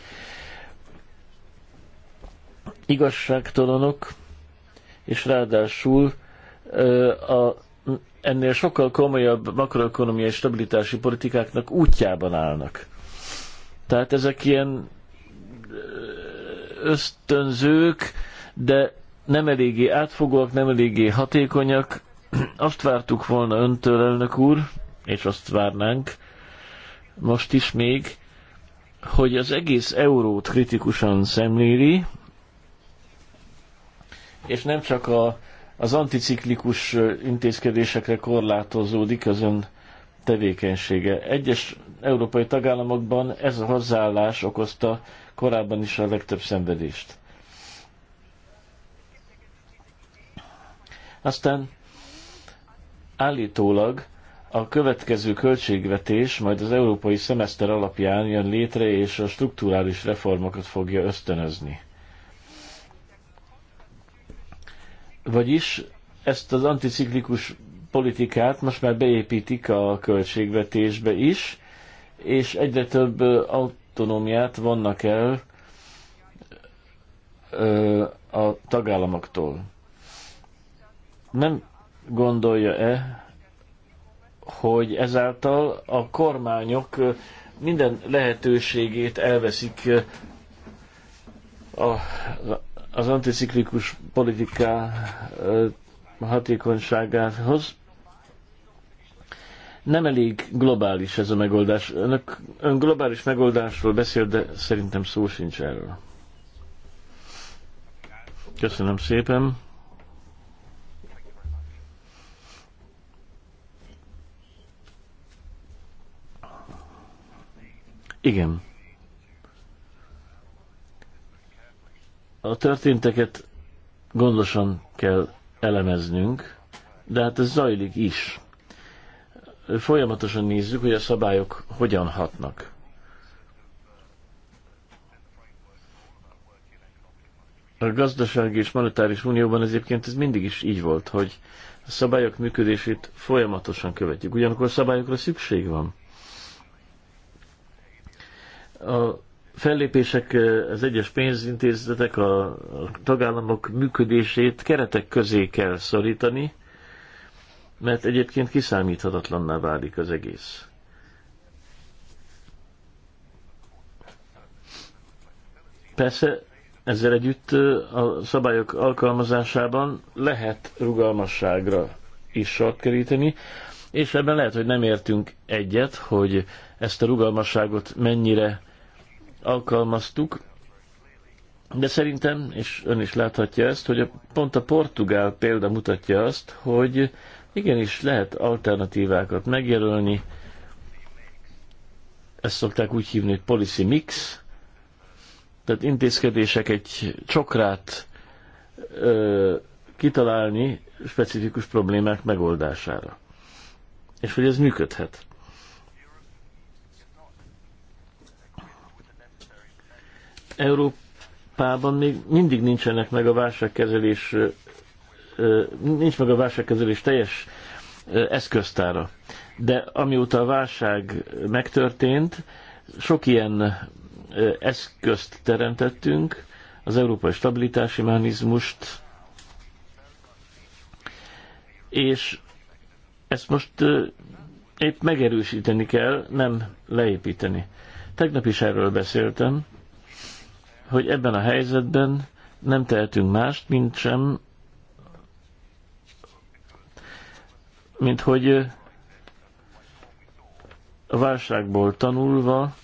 igazságtalanok, és ráadásul a ennél sokkal komolyabb makroekonomiai stabilitási politikáknak útjában állnak. Tehát ezek ilyen ösztönzők, de nem eléggé átfogóak, nem eléggé hatékonyak. Azt vártuk volna öntől, elnök úr, és azt várnánk most is még, hogy az egész eurót kritikusan szemléli, és nem csak a az anticiklikus intézkedésekre korlátozódik az ön tevékenysége. Egyes európai tagállamokban ez a hozzáállás okozta korábban is a legtöbb szenvedést. Aztán állítólag a következő költségvetés majd az európai szemeszter alapján jön létre, és a strukturális reformokat fogja ösztönözni. Vagyis ezt az anticiklikus politikát most már beépítik a költségvetésbe is, és egyre több autonómiát vannak el a tagállamoktól. Nem gondolja-e, hogy ezáltal a kormányok minden lehetőségét elveszik a az anticiklikus politiká hatékonyságához. Nem elég globális ez a megoldás. Önök, ön globális megoldásról beszél, de szerintem szó sincs erről. Köszönöm szépen. Igen. a történteket gondosan kell elemeznünk, de hát ez zajlik is. Folyamatosan nézzük, hogy a szabályok hogyan hatnak. A gazdasági és monetáris unióban egyébként ez mindig is így volt, hogy a szabályok működését folyamatosan követjük. Ugyanakkor szabályokra szükség van. A fellépések, az egyes pénzintézetek, a tagállamok működését keretek közé kell szorítani, mert egyébként kiszámíthatatlanná válik az egész. Persze ezzel együtt a szabályok alkalmazásában lehet rugalmasságra is sort keríteni, és ebben lehet, hogy nem értünk egyet, hogy ezt a rugalmasságot mennyire alkalmaztuk, de szerintem, és ön is láthatja ezt, hogy a, pont a portugál példa mutatja azt, hogy igenis lehet alternatívákat megjelölni, ezt szokták úgy hívni, hogy policy mix, tehát intézkedések egy csokrát ö, kitalálni specifikus problémák megoldására. És hogy ez működhet. Európában még mindig nincsenek meg a válságkezelés, nincs meg a válságkezelés teljes eszköztára. De amióta a válság megtörtént, sok ilyen eszközt teremtettünk, az európai stabilitási mechanizmust, és ezt most épp megerősíteni kell, nem leépíteni. Tegnap is erről beszéltem, hogy ebben a helyzetben nem tehetünk mást, mint sem, mint hogy a válságból tanulva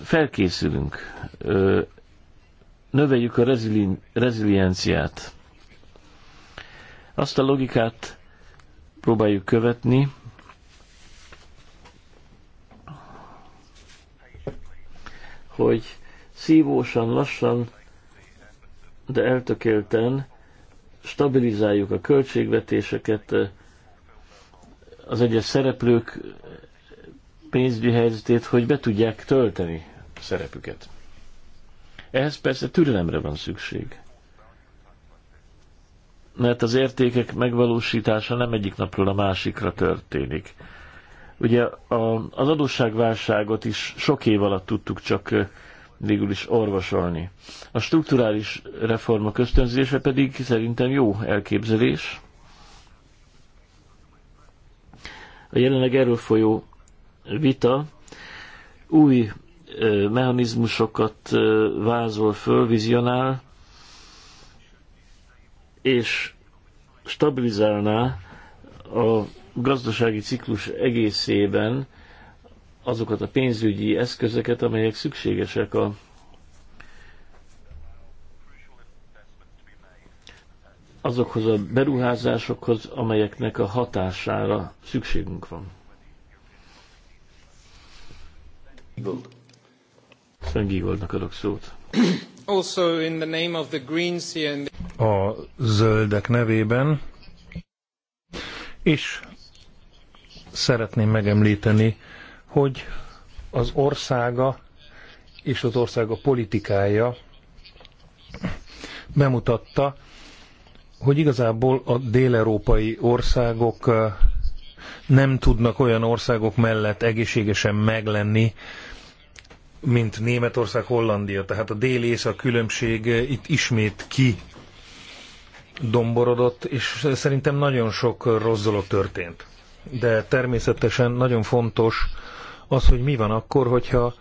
felkészülünk, növeljük a rezili- rezilienciát. Azt a logikát próbáljuk követni, hogy szívósan, lassan, de eltökélten stabilizáljuk a költségvetéseket, az egyes szereplők pénzügyi helyzetét, hogy be tudják tölteni szerepüket. Ehhez persze türelemre van szükség. Mert az értékek megvalósítása nem egyik napról a másikra történik. Ugye a, az adósságválságot is sok év alatt tudtuk csak végül is orvosolni. A strukturális reforma ösztönzése pedig szerintem jó elképzelés. A jelenleg erről folyó vita új mechanizmusokat vázol föl, vizionál, és stabilizálná a gazdasági ciklus egészében azokat a pénzügyi eszközöket, amelyek szükségesek a azokhoz a beruházásokhoz, amelyeknek a hatására szükségünk van. Sven Giegoldnak adok szót. Also in the name of the Greens here in the... A zöldek nevében, és szeretném megemlíteni hogy az országa és az országa politikája bemutatta, hogy igazából a déleurópai országok nem tudnak olyan országok mellett egészségesen meglenni, mint Németország, Hollandia. Tehát a dél a különbség itt ismét ki domborodott, és szerintem nagyon sok rossz dolog történt. De természetesen nagyon fontos, az, hogy mi van akkor, hogyha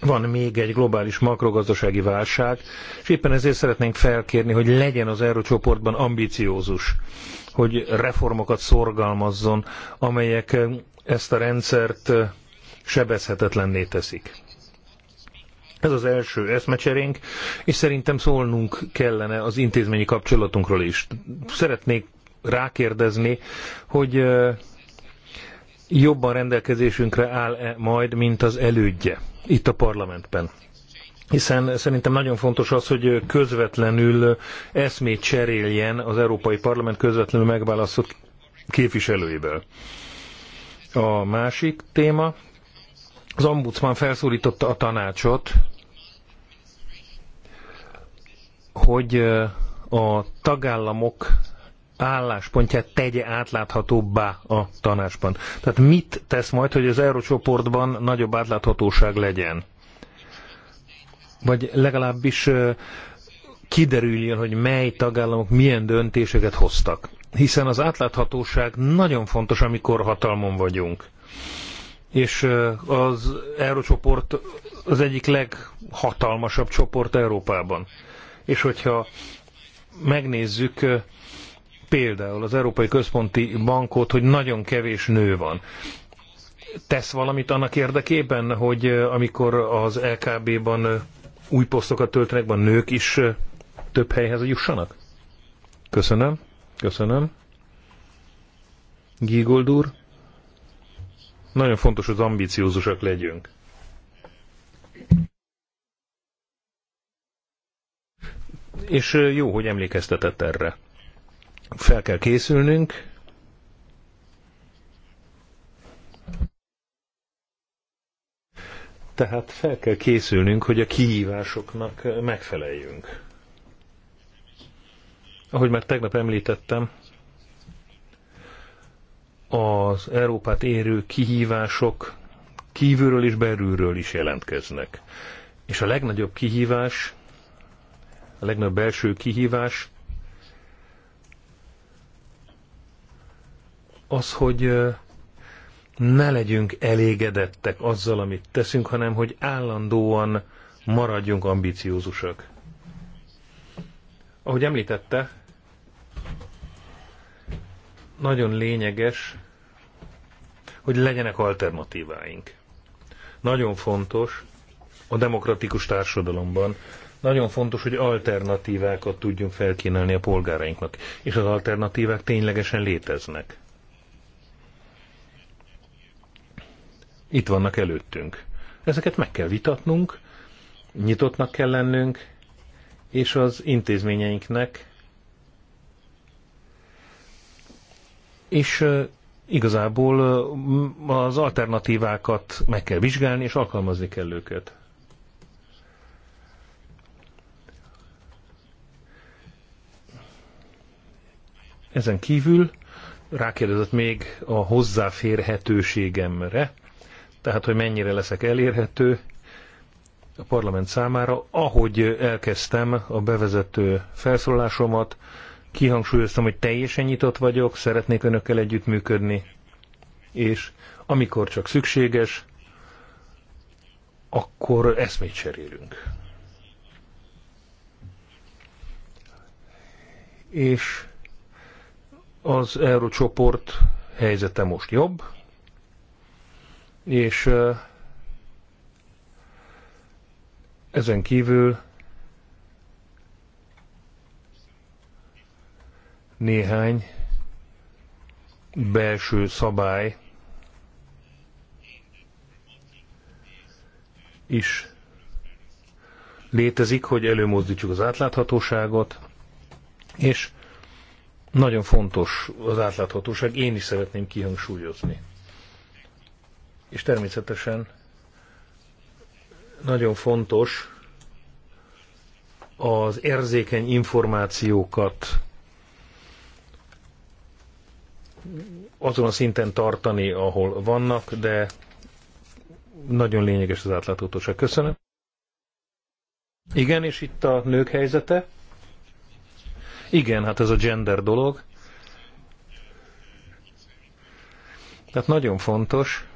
van még egy globális makrogazdasági válság, és éppen ezért szeretnénk felkérni, hogy legyen az eurócsoportban ambiciózus, hogy reformokat szorgalmazzon, amelyek ezt a rendszert sebezhetetlenné teszik. Ez az első eszmecserénk, és szerintem szólnunk kellene az intézményi kapcsolatunkról is. Szeretnék rákérdezni, hogy jobban rendelkezésünkre áll-e majd, mint az elődje itt a parlamentben. Hiszen szerintem nagyon fontos az, hogy közvetlenül eszmét cseréljen az Európai Parlament közvetlenül megválasztott képviselőiből. A másik téma, az ombudsman felszólította a tanácsot, hogy a tagállamok álláspontját tegye átláthatóbbá a tanácsban. Tehát mit tesz majd, hogy az eurócsoportban nagyobb átláthatóság legyen? Vagy legalábbis kiderüljön, hogy mely tagállamok milyen döntéseket hoztak. Hiszen az átláthatóság nagyon fontos, amikor hatalmon vagyunk. És az eurócsoport az egyik leghatalmasabb csoport Európában. És hogyha megnézzük, például az Európai Központi Bankot, hogy nagyon kevés nő van. Tesz valamit annak érdekében, hogy amikor az LKB-ban új posztokat töltenek, van nők is több helyhez jussanak? Köszönöm. Köszönöm. Gígold úr. Nagyon fontos, hogy ambiciózusak legyünk. És jó, hogy emlékeztetett erre fel kell készülnünk, Tehát fel kell készülnünk, hogy a kihívásoknak megfeleljünk. Ahogy már tegnap említettem, az Európát érő kihívások kívülről és belülről is jelentkeznek. És a legnagyobb kihívás, a legnagyobb belső kihívás az, hogy ne legyünk elégedettek azzal, amit teszünk, hanem hogy állandóan maradjunk ambiciózusak. Ahogy említette, nagyon lényeges, hogy legyenek alternatíváink. Nagyon fontos a demokratikus társadalomban, nagyon fontos, hogy alternatívákat tudjunk felkínálni a polgárainknak, és az alternatívák ténylegesen léteznek. itt vannak előttünk. Ezeket meg kell vitatnunk, nyitottnak kell lennünk, és az intézményeinknek és igazából az alternatívákat meg kell vizsgálni, és alkalmazni kell őket. Ezen kívül rákérdezett még a hozzáférhetőségemre, tehát hogy mennyire leszek elérhető a parlament számára. Ahogy elkezdtem a bevezető felszólásomat, kihangsúlyoztam, hogy teljesen nyitott vagyok, szeretnék önökkel együttműködni, és amikor csak szükséges, akkor eszmét cserélünk. És az eurócsoport helyzete most jobb, és ezen kívül néhány belső szabály is létezik, hogy előmozdítsuk az átláthatóságot, és nagyon fontos az átláthatóság, én is szeretném kihangsúlyozni és természetesen nagyon fontos az érzékeny információkat azon a szinten tartani, ahol vannak, de nagyon lényeges az átláthatóság. Köszönöm. Igen, és itt a nők helyzete? Igen, hát ez a gender dolog. Tehát nagyon fontos,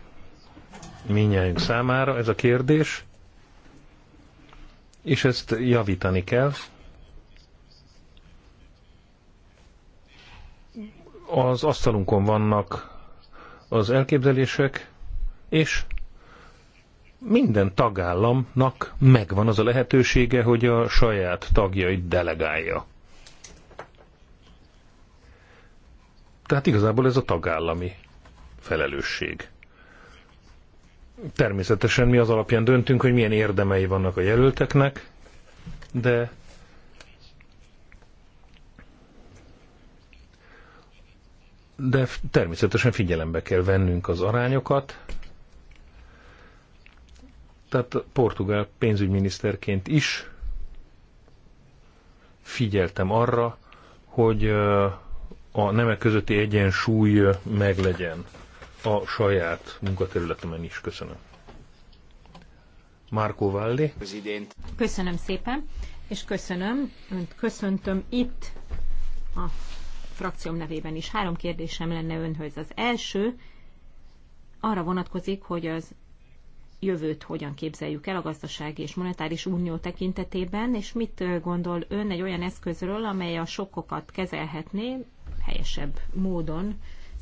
minnyájunk számára ez a kérdés, és ezt javítani kell. Az asztalunkon vannak az elképzelések, és minden tagállamnak megvan az a lehetősége, hogy a saját tagjait delegálja. Tehát igazából ez a tagállami felelősség természetesen mi az alapján döntünk, hogy milyen érdemei vannak a jelölteknek, de de természetesen figyelembe kell vennünk az arányokat. Tehát portugál pénzügyminiszterként is figyeltem arra, hogy a nemek közötti egyensúly meglegyen a saját munkaterületemen is. Köszönöm. Márkó Valli. Köszönöm szépen, és köszönöm, önt köszöntöm itt a frakcióm nevében is. Három kérdésem lenne önhöz. Az első arra vonatkozik, hogy az jövőt hogyan képzeljük el a gazdasági és monetáris unió tekintetében, és mit gondol ön egy olyan eszközről, amely a sokkokat kezelhetné helyesebb módon,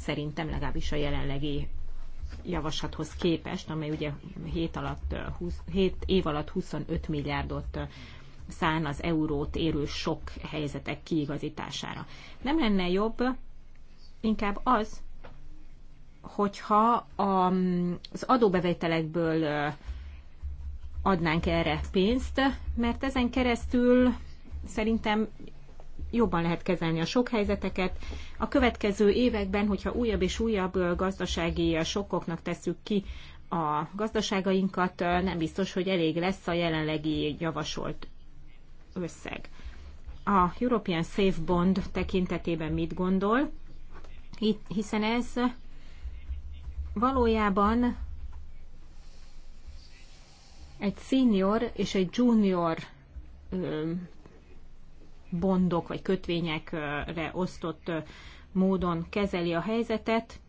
szerintem legalábbis a jelenlegi javaslathoz képest, amely ugye 7, alatt, 20, eh, 7 év alatt 25 milliárdot eh, szán az eurót érő sok helyzetek kiigazítására. Nem lenne jobb inkább az, hogyha az adóbevételekből eh, adnánk erre pénzt, mert ezen keresztül szerintem jobban lehet kezelni a sok helyzeteket. A következő években, hogyha újabb és újabb gazdasági sokkoknak tesszük ki a gazdaságainkat, nem biztos, hogy elég lesz a jelenlegi javasolt összeg. A European Safe Bond tekintetében mit gondol? Hiszen ez valójában egy senior és egy junior bondok vagy kötvényekre osztott módon kezeli a helyzetet.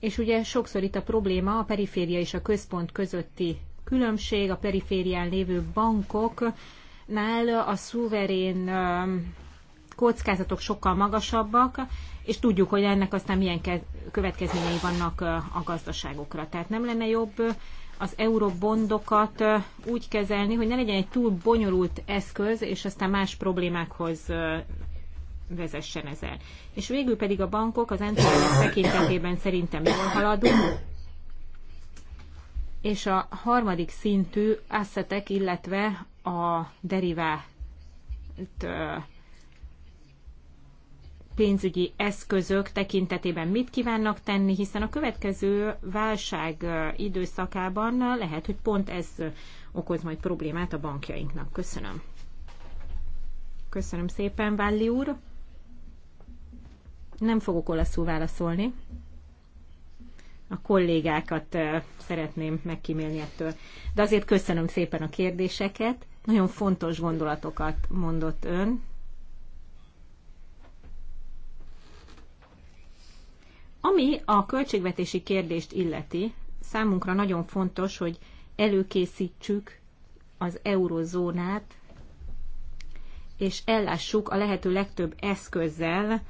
És ugye sokszor itt a probléma a periféria és a központ közötti különbség, a periférián lévő bankoknál a szuverén kockázatok sokkal magasabbak, és tudjuk, hogy ennek aztán milyen következményei vannak a gazdaságokra. Tehát nem lenne jobb az eurobondokat úgy kezelni, hogy ne legyen egy túl bonyolult eszköz, és aztán más problémákhoz vezessen ezzel. És végül pedig a bankok az NCL tekintetében szerintem jól haladunk, és a harmadik szintű asszetek, illetve a derivált pénzügyi eszközök tekintetében mit kívánnak tenni, hiszen a következő válság időszakában lehet, hogy pont ez okoz majd problémát a bankjainknak. Köszönöm. Köszönöm szépen, Válli úr. Nem fogok olaszul válaszolni. A kollégákat szeretném megkímélni ettől. De azért köszönöm szépen a kérdéseket. Nagyon fontos gondolatokat mondott ön, Ami a költségvetési kérdést illeti, számunkra nagyon fontos, hogy előkészítsük az eurozónát, és ellássuk a lehető legtöbb eszközzel,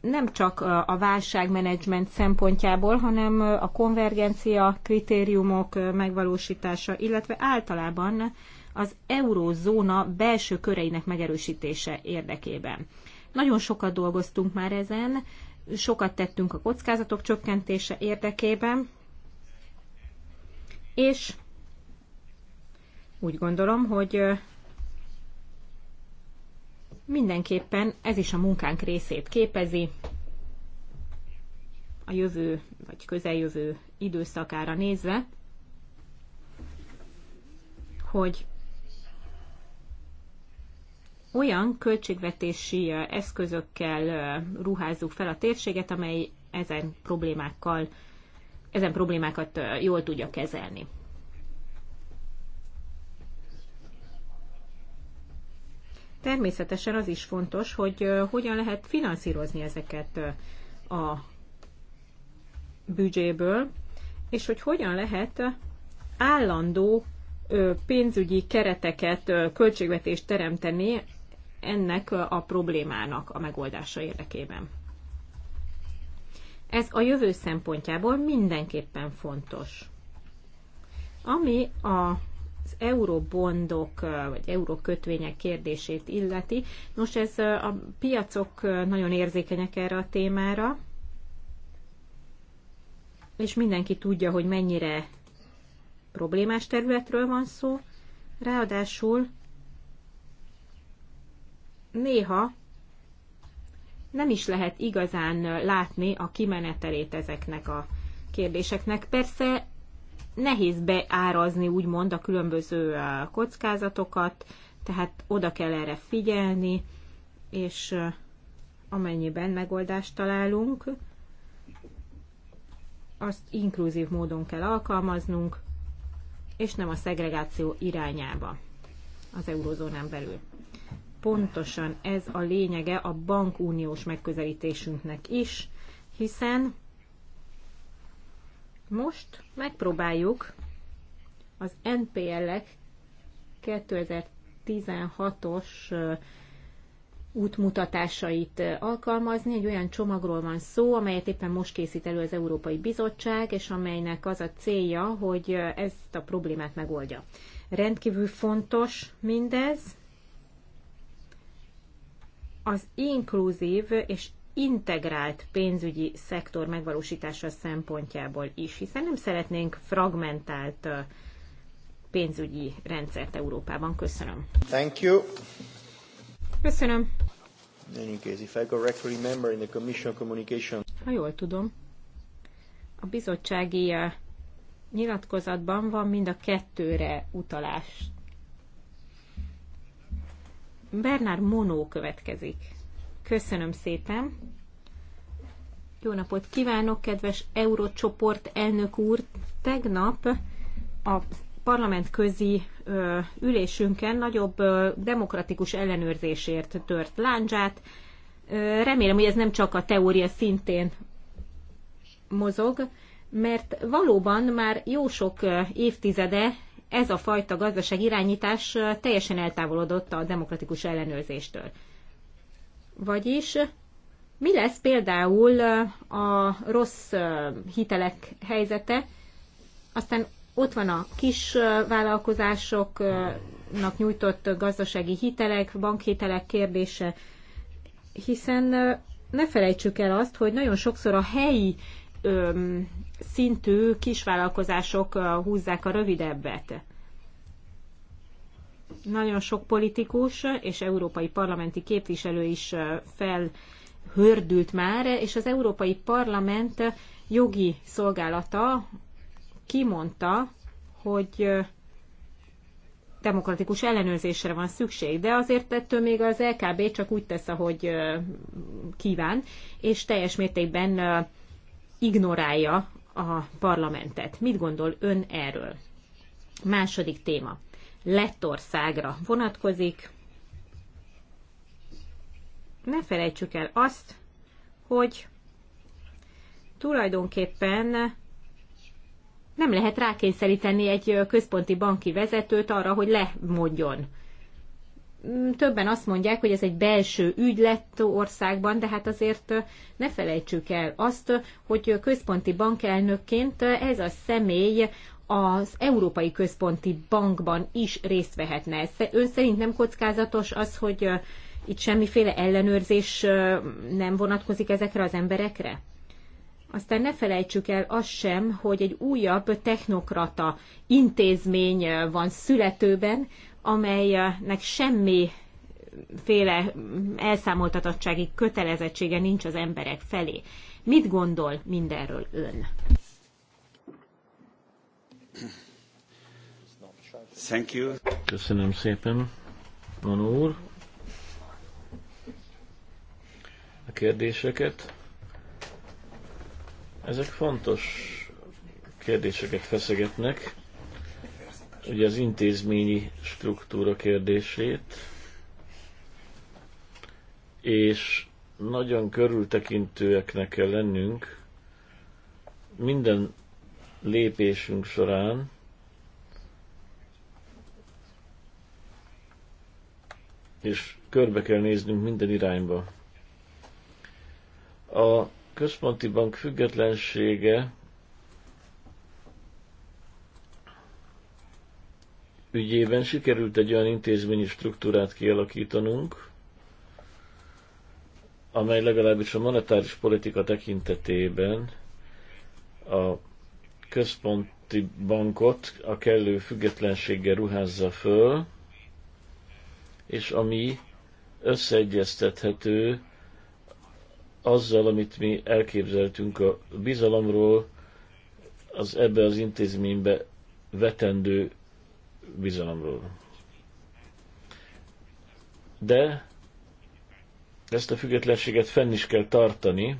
nem csak a válságmenedzsment szempontjából, hanem a konvergencia kritériumok megvalósítása, illetve általában az eurózóna belső köreinek megerősítése érdekében. Nagyon sokat dolgoztunk már ezen, sokat tettünk a kockázatok csökkentése érdekében, és úgy gondolom, hogy mindenképpen ez is a munkánk részét képezi a jövő vagy közeljövő időszakára nézve, hogy olyan költségvetési eszközökkel ruházzuk fel a térséget, amely ezen problémákkal, ezen problémákat jól tudja kezelni. Természetesen az is fontos, hogy hogyan lehet finanszírozni ezeket a büdzséből, és hogy hogyan lehet állandó pénzügyi kereteket, költségvetést teremteni ennek a problémának a megoldása érdekében. Ez a jövő szempontjából mindenképpen fontos. Ami a az eurobondok vagy eurókötvények kérdését illeti. Nos, ez a piacok nagyon érzékenyek erre a témára, és mindenki tudja, hogy mennyire problémás területről van szó. Ráadásul néha nem is lehet igazán látni a kimenetelét ezeknek a kérdéseknek. Persze nehéz beárazni úgymond a különböző kockázatokat, tehát oda kell erre figyelni, és amennyiben megoldást találunk, azt inkluzív módon kell alkalmaznunk, és nem a szegregáció irányába az eurozónán belül pontosan ez a lényege a bankuniós megközelítésünknek is, hiszen most megpróbáljuk az NPL-ek 2016-os útmutatásait alkalmazni. Egy olyan csomagról van szó, amelyet éppen most készít elő az Európai Bizottság, és amelynek az a célja, hogy ezt a problémát megoldja. Rendkívül fontos mindez, az inkluzív és integrált pénzügyi szektor megvalósítása szempontjából is, hiszen nem szeretnénk fragmentált pénzügyi rendszert Európában. Köszönöm. Thank you. Köszönöm. In case, if I correctly remember in the commission communication. Ha jól tudom, a bizottsági nyilatkozatban van mind a kettőre utalás Bernard Monó következik. Köszönöm szépen. Jó napot kívánok, kedves Eurocsoport elnök úr! Tegnap a parlament közi ülésünken nagyobb demokratikus ellenőrzésért tört láncsát. remélem, hogy ez nem csak a teória szintén mozog, mert valóban már jó sok évtizede ez a fajta gazdaság irányítás teljesen eltávolodott a demokratikus ellenőrzéstől. Vagyis mi lesz például a rossz hitelek helyzete, aztán ott van a kis vállalkozásoknak nyújtott gazdasági hitelek, bankhitelek kérdése, hiszen ne felejtsük el azt, hogy nagyon sokszor a helyi öm, szintű kisvállalkozások húzzák a rövidebbet. Nagyon sok politikus és európai parlamenti képviselő is felhördült már, és az Európai Parlament jogi szolgálata kimondta, hogy demokratikus ellenőrzésre van szükség, de azért ettől még az LKB csak úgy tesz, ahogy kíván, és teljes mértékben ignorálja a parlamentet. Mit gondol ön erről? Második téma. Lettországra vonatkozik. Ne felejtsük el azt, hogy tulajdonképpen nem lehet rákényszeríteni egy központi banki vezetőt arra, hogy lemondjon Mm, többen azt mondják, hogy ez egy belső ügy lett országban, de hát azért ne felejtsük el azt, hogy központi bankelnökként ez a személy az Európai Központi Bankban is részt vehetne. Ő szerint nem kockázatos az, hogy itt semmiféle ellenőrzés nem vonatkozik ezekre az emberekre? Aztán ne felejtsük el azt sem, hogy egy újabb technokrata intézmény van születőben, amelynek semmi féle elszámoltatottsági kötelezettsége nincs az emberek felé. Mit gondol mindenről ön? Thank you. Köszönöm szépen, Van úr, a kérdéseket. Ezek fontos kérdéseket feszegetnek ugye az intézményi struktúra kérdését, és nagyon körültekintőeknek kell lennünk minden lépésünk során, és körbe kell néznünk minden irányba. A központi bank függetlensége ügyében sikerült egy olyan intézményi struktúrát kialakítanunk, amely legalábbis a monetáris politika tekintetében a központi bankot a kellő függetlenséggel ruházza föl, és ami összeegyeztethető azzal, amit mi elképzeltünk a bizalomról, az ebbe az intézménybe vetendő bizalomról. De ezt a függetlenséget fenn is kell tartani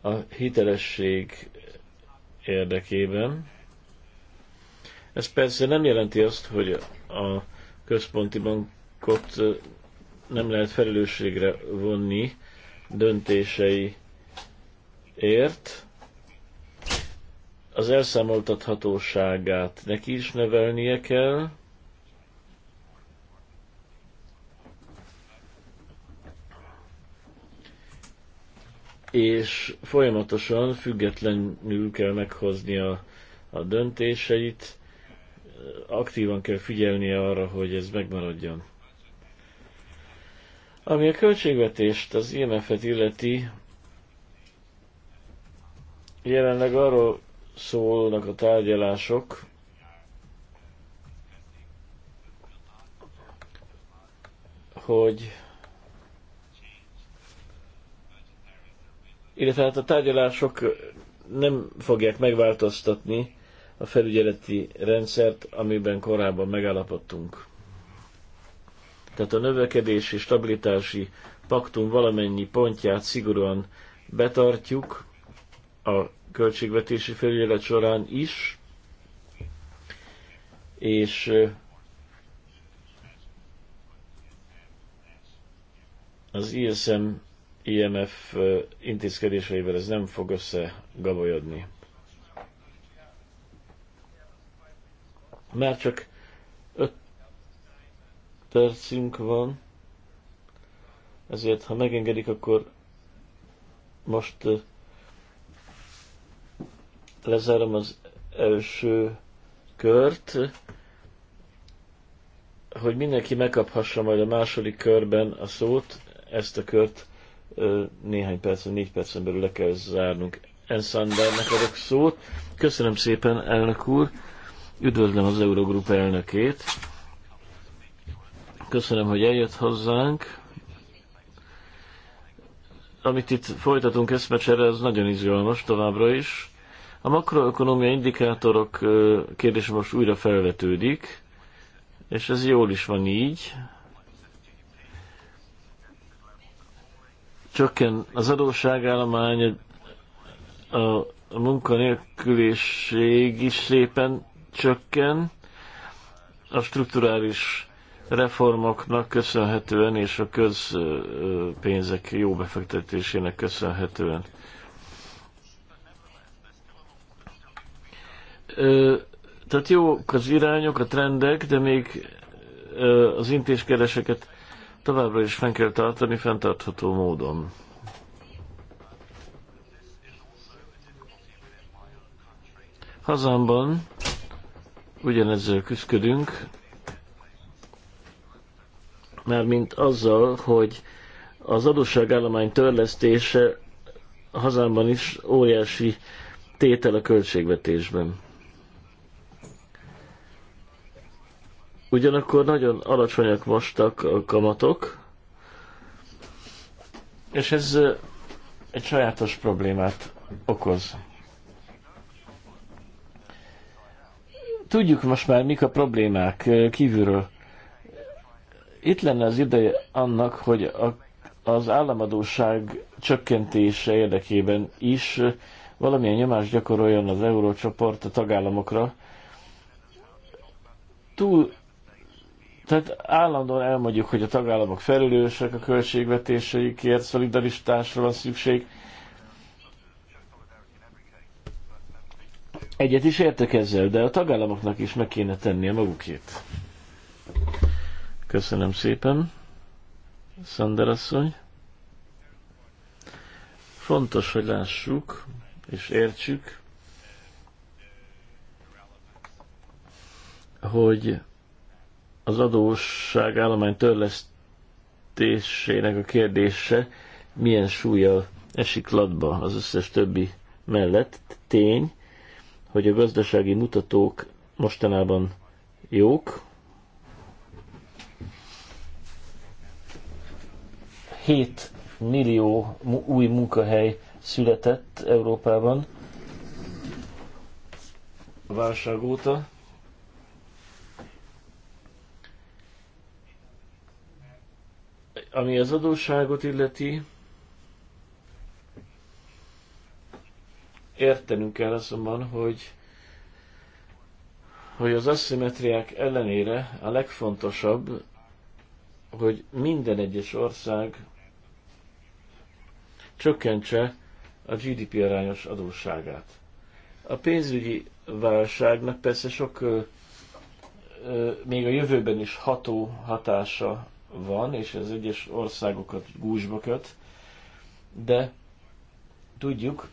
a hitelesség érdekében. Ez persze nem jelenti azt, hogy a központi bankot nem lehet felelősségre vonni döntéseiért, az elszámoltathatóságát neki is növelnie kell, és folyamatosan függetlenül kell meghozni a, a döntéseit, aktívan kell figyelnie arra, hogy ez megmaradjon. Ami a költségvetést, az IMF-et illeti, jelenleg arról szólnak a tárgyalások, hogy illetve hát a tárgyalások nem fogják megváltoztatni a felügyeleti rendszert, amiben korábban megállapodtunk. Tehát a növekedési stabilitási paktum valamennyi pontját szigorúan betartjuk, a költségvetési felület során is, és az ISM IMF intézkedéseivel ez nem fog gabolyodni, Már csak 5 percünk van, ezért ha megengedik, akkor most Lezárom az első kört, hogy mindenki megkaphassa majd a második körben a szót, ezt a kört néhány percen, négy percen belül le kell zárnunk. Enszandernek adok szót. Köszönöm szépen, elnök úr. Üdvözlöm az Eurogrup elnökét. Köszönöm, hogy eljött hozzánk. Amit itt folytatunk eszmecsere, az nagyon izgalmas továbbra is. A makroökonomia indikátorok kérdése most újra felvetődik, és ez jól is van így. Csökken az adósságállomány, a munkanélküliség is szépen csökken, a strukturális reformoknak köszönhetően és a közpénzek jó befektetésének köszönhetően. Ö, tehát jók az irányok, a trendek, de még ö, az intézkedéseket továbbra is fenn kell tartani fenntartható módon. Hazámban ugyanezzel küzdködünk, mint azzal, hogy az adósságállomány törlesztése hazámban is óriási tétel a költségvetésben. Ugyanakkor nagyon alacsonyak vastak a kamatok, és ez egy sajátos problémát okoz. Tudjuk most már, mik a problémák kívülről. Itt lenne az ideje annak, hogy a, az államadóság csökkentése érdekében is valamilyen nyomást gyakoroljon az eurócsoport a tagállamokra. Túl tehát állandóan elmondjuk, hogy a tagállamok felelősek a költségvetéseikért, szolidaritásra van szükség. Egyet is értek ezzel, de a tagállamoknak is meg kéne tenni a magukét. Köszönöm szépen, Szander asszony. Fontos, hogy lássuk és értsük, hogy az adósság állomány törlesztésének a kérdése milyen súlya esik latba az összes többi mellett. Tény, hogy a gazdasági mutatók mostanában jók. Hét millió új munkahely született Európában a válság óta. Ami az adósságot illeti, értenünk kell azonban, hogy, hogy az asszimetriák ellenére a legfontosabb, hogy minden egyes ország csökkentse a GDP arányos adósságát. A pénzügyi válságnak persze sok még a jövőben is ható hatása van, és az egyes országokat gúzsba köt, de tudjuk,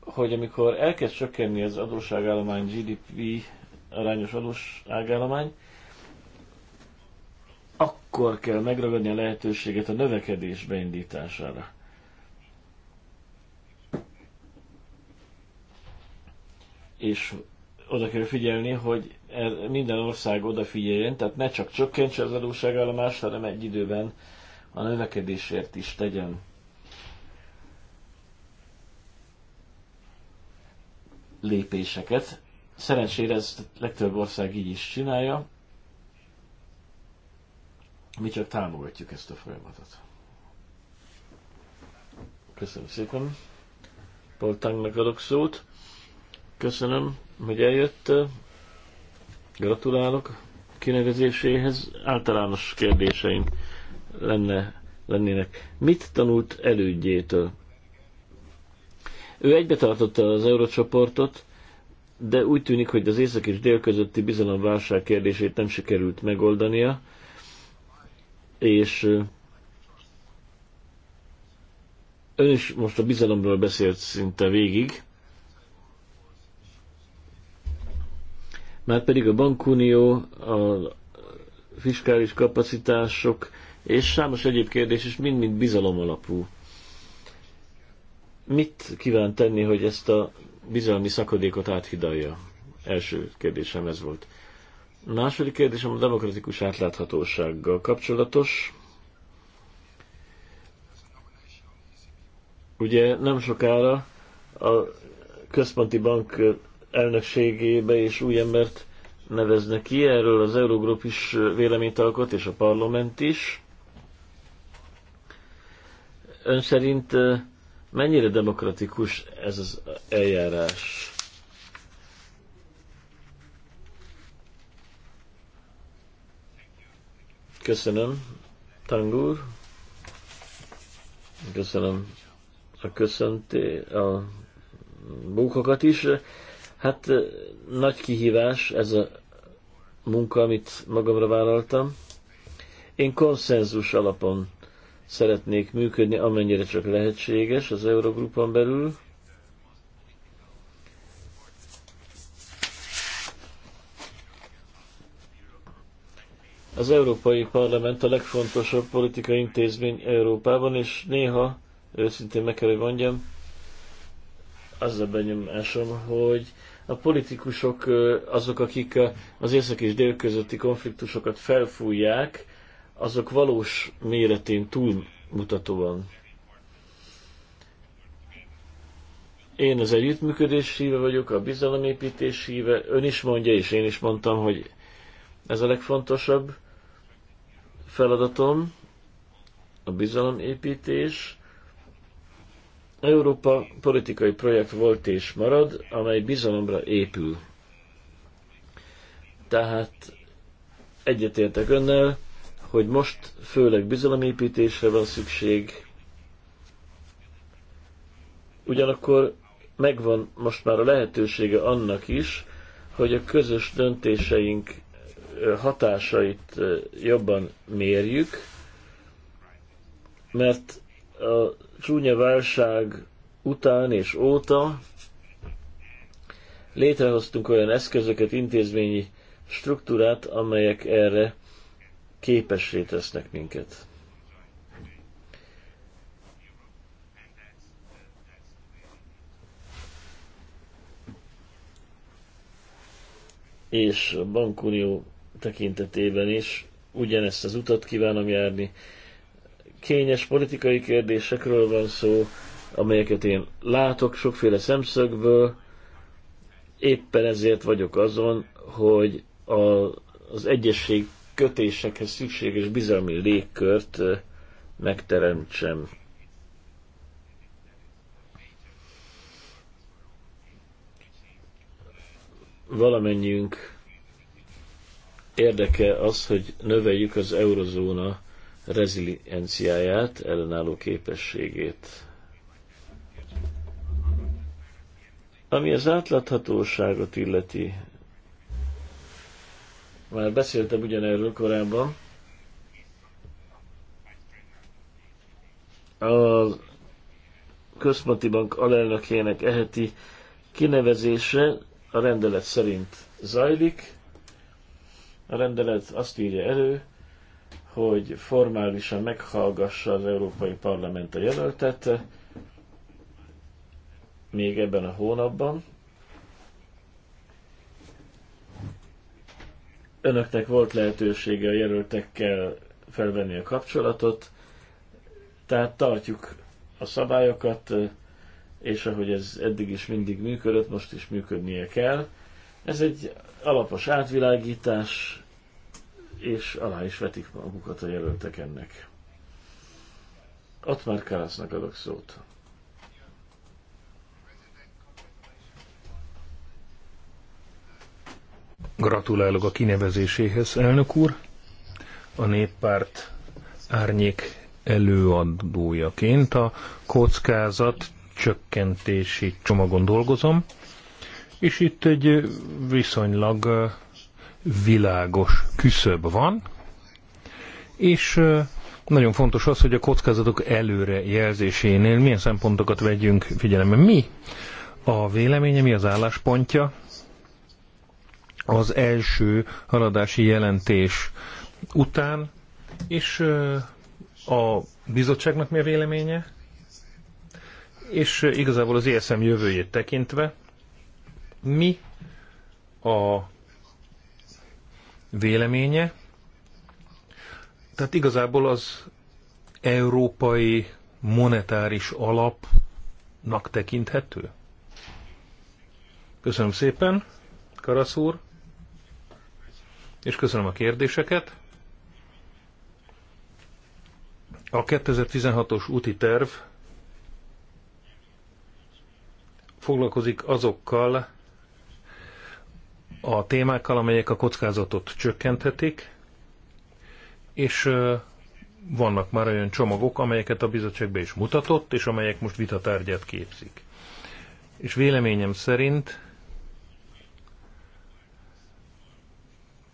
hogy amikor elkezd csökkenni az adósságállomány, GDP arányos adósságállomány, akkor kell megragadni a lehetőséget a növekedés beindítására. És oda kell figyelni, hogy minden ország odafigyeljen, tehát ne csak csökkentse az adósságállomás, hanem egy időben a növekedésért is tegyen. lépéseket. Szerencsére ez legtöbb ország így is csinálja. Mi csak támogatjuk ezt a folyamatot. Köszönöm szépen. Poltánknak adok szót. Köszönöm, hogy eljött. Gratulálok kinevezéséhez. Általános kérdéseim lenne, lennének. Mit tanult elődjétől? Ő egybetartotta az eurocsoportot, de úgy tűnik, hogy az észak és dél közötti bizalomválság kérdését nem sikerült megoldania, és ön is most a bizalomról beszélt szinte végig. már pedig a bankunió, a fiskális kapacitások és számos egyéb kérdés is mind-mind bizalom alapú. Mit kíván tenni, hogy ezt a bizalmi szakadékot áthidalja? Első kérdésem ez volt. A második kérdésem a demokratikus átláthatósággal kapcsolatos. Ugye nem sokára a központi bank elnökségébe és új embert neveznek ki. Erről az Eurogrup is véleményt alkot, és a parlament is. Ön szerint mennyire demokratikus ez az eljárás? Köszönöm, Tangur. Köszönöm a köszönté, a bókokat is. Hát nagy kihívás ez a munka, amit magamra vállaltam. Én konszenzus alapon szeretnék működni, amennyire csak lehetséges az Eurogrupon belül. Az Európai Parlament a legfontosabb politikai intézmény Európában, és néha, őszintén meg kell, hogy mondjam, az a benyomásom, hogy a politikusok azok, akik az észak és dél közötti konfliktusokat felfújják, azok valós méretén túlmutatóan. Én az együttműködés híve vagyok, a bizalomépítés híve. Ön is mondja, és én is mondtam, hogy ez a legfontosabb feladatom, a bizalomépítés, Európa politikai projekt volt és marad, amely bizalomra épül. Tehát egyetértek önnel, hogy most főleg bizalomépítésre van szükség, ugyanakkor megvan most már a lehetősége annak is, hogy a közös döntéseink hatásait jobban mérjük, mert a csúnya válság után és óta létrehoztunk olyan eszközöket, intézményi struktúrát, amelyek erre képessé tesznek minket. És a bankunió tekintetében is ugyanezt az utat kívánom járni, kényes politikai kérdésekről van szó, amelyeket én látok sokféle szemszögből, éppen ezért vagyok azon, hogy a, az egyesség kötésekhez szükséges bizalmi légkört megteremtsem. Valamennyiünk érdeke az, hogy növeljük az eurozóna rezilienciáját, ellenálló képességét. Ami az átláthatóságot illeti, már beszéltem ugyanerről korábban, a központi bank alelnökének eheti kinevezése a rendelet szerint zajlik. A rendelet azt írja elő, hogy formálisan meghallgassa az Európai Parlament a jelöltet még ebben a hónapban. Önöknek volt lehetősége a jelöltekkel felvenni a kapcsolatot, tehát tartjuk a szabályokat, és ahogy ez eddig is mindig működött, most is működnie kell. Ez egy alapos átvilágítás, és alá is vetik magukat a jelöltek ennek. Ott már Kálasznak adok szót. Gratulálok a kinevezéséhez, elnök úr. A néppárt árnyék előadójaként a kockázat csökkentési csomagon dolgozom, és itt egy viszonylag világos küszöb van, és nagyon fontos az, hogy a kockázatok előre jelzésénél milyen szempontokat vegyünk figyelembe. Mi a véleménye, mi az álláspontja az első haladási jelentés után, és a bizottságnak mi a véleménye, és igazából az ESM jövőjét tekintve mi a véleménye. Tehát igazából az európai monetáris alapnak tekinthető? Köszönöm szépen, Karasz úr, és köszönöm a kérdéseket. A 2016-os úti terv foglalkozik azokkal a témákkal, amelyek a kockázatot csökkenthetik, és vannak már olyan csomagok, amelyeket a bizottság be is mutatott, és amelyek most vitatárgyát képzik. És véleményem szerint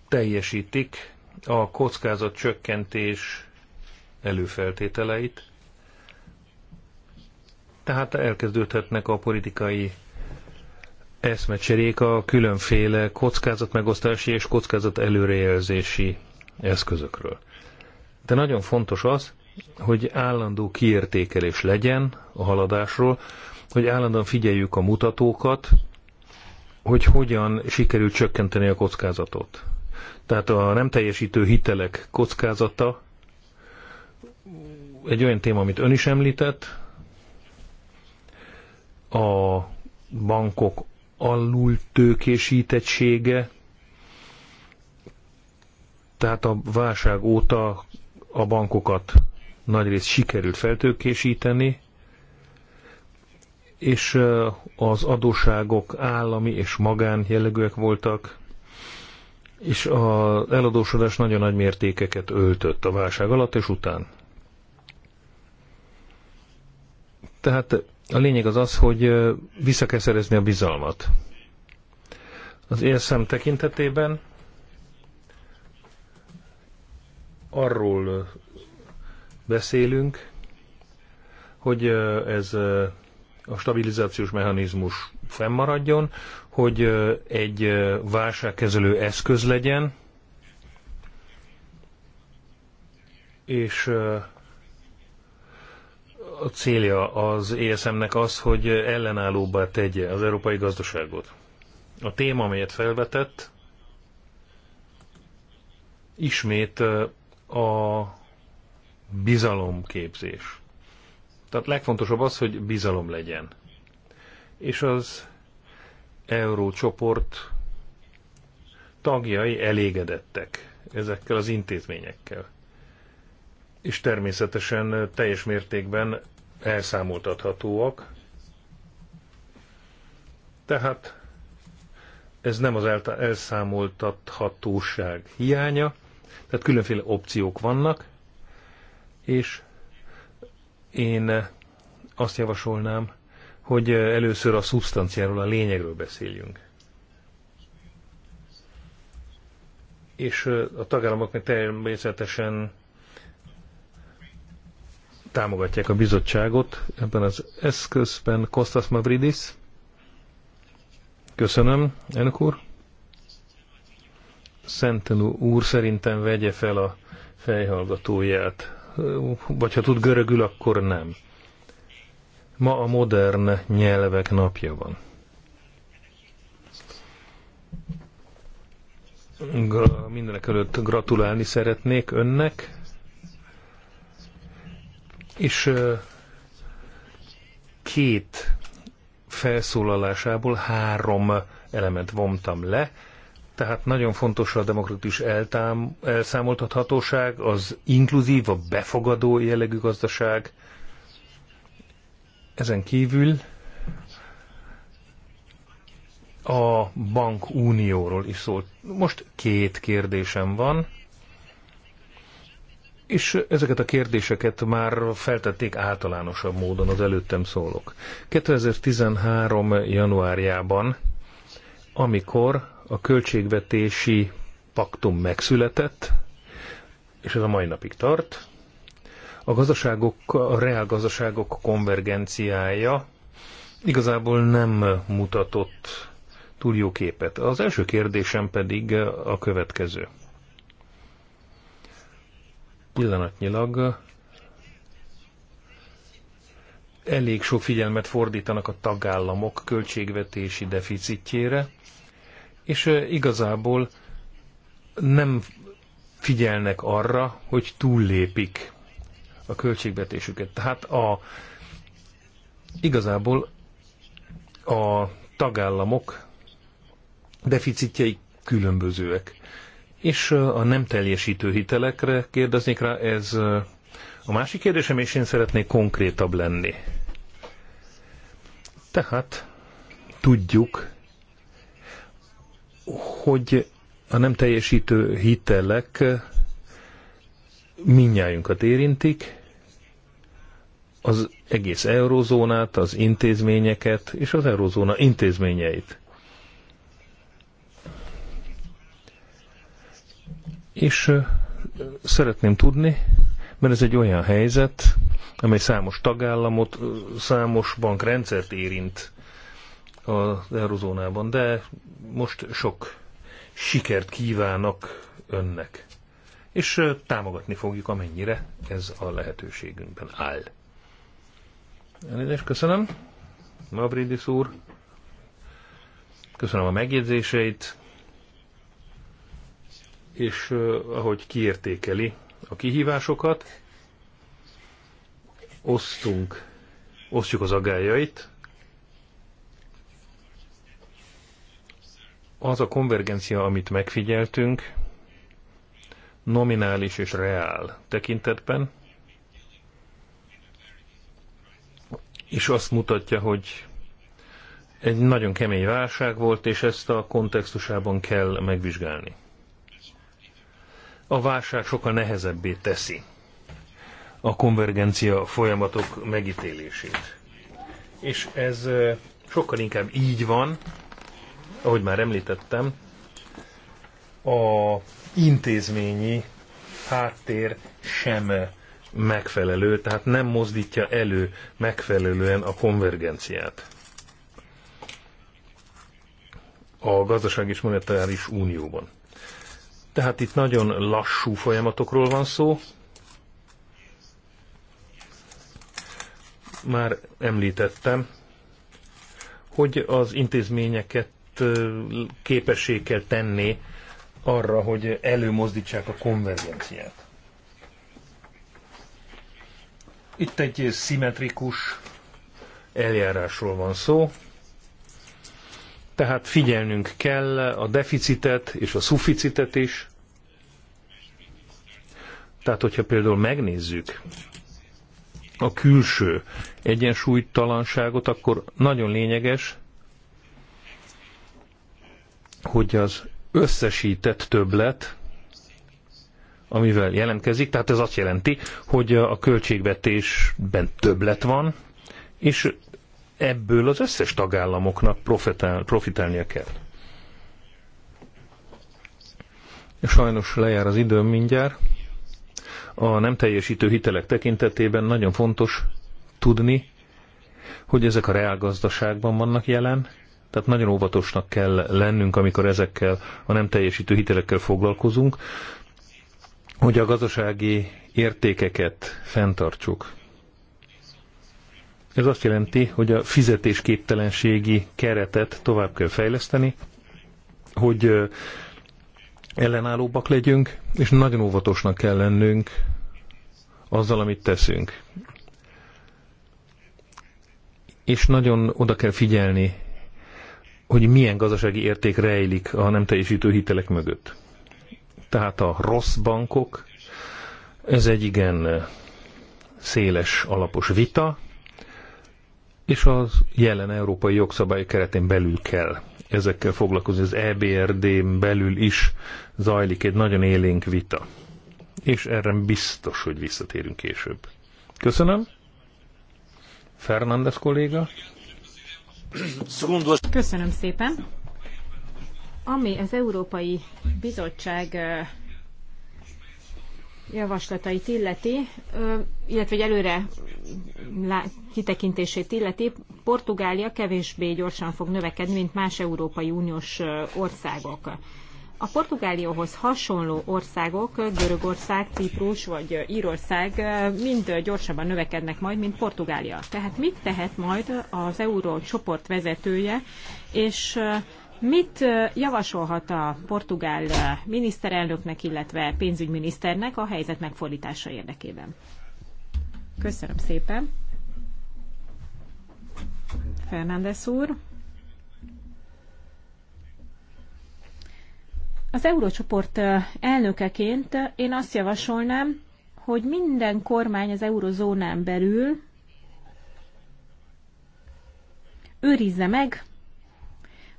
teljesítik a kockázat csökkentés előfeltételeit, tehát elkezdődhetnek a politikai eszmecserék a különféle kockázatmegosztási és kockázat előrejelzési eszközökről. De nagyon fontos az, hogy állandó kiértékelés legyen a haladásról, hogy állandóan figyeljük a mutatókat, hogy hogyan sikerül csökkenteni a kockázatot. Tehát a nem teljesítő hitelek kockázata egy olyan téma, amit ön is említett, a bankok alul tőkésítettsége, tehát a válság óta a bankokat nagyrészt sikerült feltőkésíteni, és az adóságok állami és magán jellegűek voltak, és az eladósodás nagyon nagy mértékeket öltött a válság alatt és után. Tehát a lényeg az az, hogy vissza kell szerezni a bizalmat. Az ESM tekintetében arról beszélünk, hogy ez a stabilizációs mechanizmus fennmaradjon, hogy egy válságkezelő eszköz legyen, és a célja az ESM-nek az, hogy ellenállóbbá tegye az európai gazdaságot. A téma, amelyet felvetett, ismét a bizalomképzés. Tehát legfontosabb az, hogy bizalom legyen. És az eurócsoport tagjai elégedettek ezekkel az intézményekkel és természetesen teljes mértékben elszámoltathatóak. Tehát ez nem az elszámoltathatóság hiánya, tehát különféle opciók vannak, és én azt javasolnám, hogy először a szubstanciáról, a lényegről beszéljünk. És a tagállamoknak természetesen támogatják a bizottságot ebben az eszközben. Kostas Mavridis. Köszönöm, elnök úr. Szentenú úr szerintem vegye fel a fejhallgatóját, vagy ha tud görögül, akkor nem. Ma a modern nyelvek napja van. Mindenek előtt gratulálni szeretnék önnek és két felszólalásából három elemet vontam le, tehát nagyon fontos a demokratikus eltám, elszámoltathatóság, az inkluzív, a befogadó jellegű gazdaság. Ezen kívül a bankunióról is szólt. Most két kérdésem van. És ezeket a kérdéseket már feltették általánosabb módon az előttem szólók. 2013. januárjában, amikor a költségvetési paktum megszületett, és ez a mai napig tart, a gazdaságok, a reálgazdaságok konvergenciája igazából nem mutatott túl jó képet. Az első kérdésem pedig a következő pillanatnyilag elég sok figyelmet fordítanak a tagállamok költségvetési deficitjére, és igazából nem figyelnek arra, hogy túllépik a költségvetésüket. Tehát a, igazából a tagállamok deficitjei különbözőek. És a nem teljesítő hitelekre kérdeznék rá, ez a másik kérdésem, és én szeretnék konkrétabb lenni. Tehát tudjuk, hogy a nem teljesítő hitelek minnyájunkat érintik, az egész eurozónát, az intézményeket és az eurozóna intézményeit. És szeretném tudni, mert ez egy olyan helyzet, amely számos tagállamot, számos bankrendszert érint az eurozónában, de most sok sikert kívánok önnek. És támogatni fogjuk, amennyire ez a lehetőségünkben áll. Elnézést köszönöm, Mavridis úr. Köszönöm a megjegyzéseit és ahogy kiértékeli a kihívásokat, osztunk, osztjuk az agályait, az a konvergencia, amit megfigyeltünk, nominális és reál tekintetben, és azt mutatja, hogy egy nagyon kemény válság volt, és ezt a kontextusában kell megvizsgálni a válság sokkal nehezebbé teszi a konvergencia folyamatok megítélését. És ez sokkal inkább így van, ahogy már említettem, a intézményi háttér sem megfelelő, tehát nem mozdítja elő megfelelően a konvergenciát. A gazdaság és monetáris unióban. Tehát itt nagyon lassú folyamatokról van szó. Már említettem, hogy az intézményeket képessé kell tenni arra, hogy előmozdítsák a konvergenciát. Itt egy szimmetrikus eljárásról van szó, tehát figyelnünk kell a deficitet és a szuficitet is. Tehát, hogyha például megnézzük a külső egyensúlytalanságot, akkor nagyon lényeges, hogy az összesített többlet, amivel jelentkezik, tehát ez azt jelenti, hogy a költségvetésben többlet van, és ebből az összes tagállamoknak profitál, profitálnia kell. Sajnos lejár az időm mindjárt. A nem teljesítő hitelek tekintetében nagyon fontos tudni, hogy ezek a reálgazdaságban vannak jelen, tehát nagyon óvatosnak kell lennünk, amikor ezekkel a nem teljesítő hitelekkel foglalkozunk, hogy a gazdasági értékeket fenntartsuk. Ez azt jelenti, hogy a fizetésképtelenségi keretet tovább kell fejleszteni, hogy ellenállóbbak legyünk, és nagyon óvatosnak kell lennünk azzal, amit teszünk. És nagyon oda kell figyelni, hogy milyen gazdasági érték rejlik a nem teljesítő hitelek mögött. Tehát a rossz bankok, ez egy igen széles, alapos vita, és az jelen európai jogszabály keretén belül kell ezekkel foglalkozni. Az ebrd belül is zajlik egy nagyon élénk vita. És erre biztos, hogy visszatérünk később. Köszönöm. Fernández kolléga. Köszönöm szépen. Ami az Európai Bizottság javaslatait illeti, illetve egy előre kitekintését illeti, Portugália kevésbé gyorsan fog növekedni, mint más Európai Uniós országok. A Portugálióhoz hasonló országok, Görögország, Ciprus vagy Írország mind gyorsabban növekednek majd, mint Portugália. Tehát mit tehet majd az euró csoport vezetője, és Mit javasolhat a portugál miniszterelnöknek, illetve pénzügyminiszternek a helyzet megfordítása érdekében? Köszönöm szépen. Fernández úr. Az eurócsoport elnökeként én azt javasolnám, hogy minden kormány az eurozónán belül őrizze meg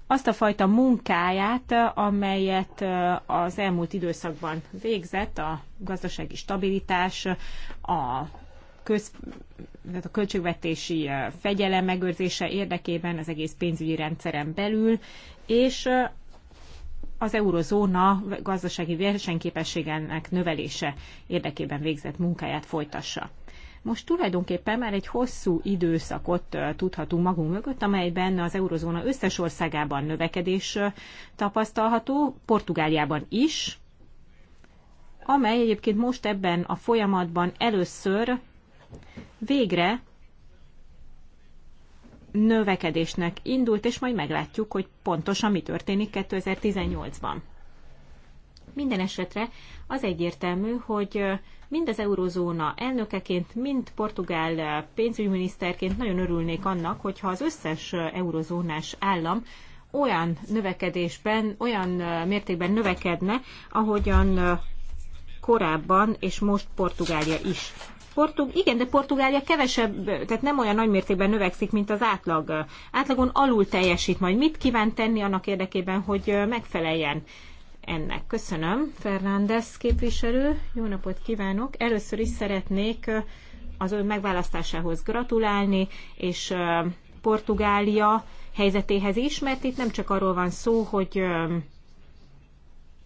azt a fajta munkáját, amelyet az elmúlt időszakban végzett, a gazdasági stabilitás, a, köz, tehát a költségvetési fegyelem megőrzése érdekében az egész pénzügyi rendszeren belül, és az eurozóna gazdasági versenyképességének növelése érdekében végzett munkáját folytassa. Most tulajdonképpen már egy hosszú időszakot tudhatunk magunk mögött, amelyben az eurozóna összes országában növekedés tapasztalható, Portugáliában is, amely egyébként most ebben a folyamatban először végre növekedésnek indult, és majd meglátjuk, hogy pontosan mi történik 2018-ban. Minden esetre az egyértelmű, hogy mind az eurozóna elnökeként, mind portugál pénzügyminiszterként nagyon örülnék annak, hogyha az összes eurozónás állam olyan növekedésben, olyan mértékben növekedne, ahogyan korábban, és most Portugália is. Portug, igen, de Portugália kevesebb, tehát nem olyan nagy mértékben növekszik, mint az átlag. Átlagon alul teljesít majd. Mit kíván tenni annak érdekében, hogy megfeleljen ennek. Köszönöm, Fernández képviselő, jó napot kívánok! Először is szeretnék az ön megválasztásához gratulálni, és Portugália helyzetéhez is, mert itt nem csak arról van szó, hogy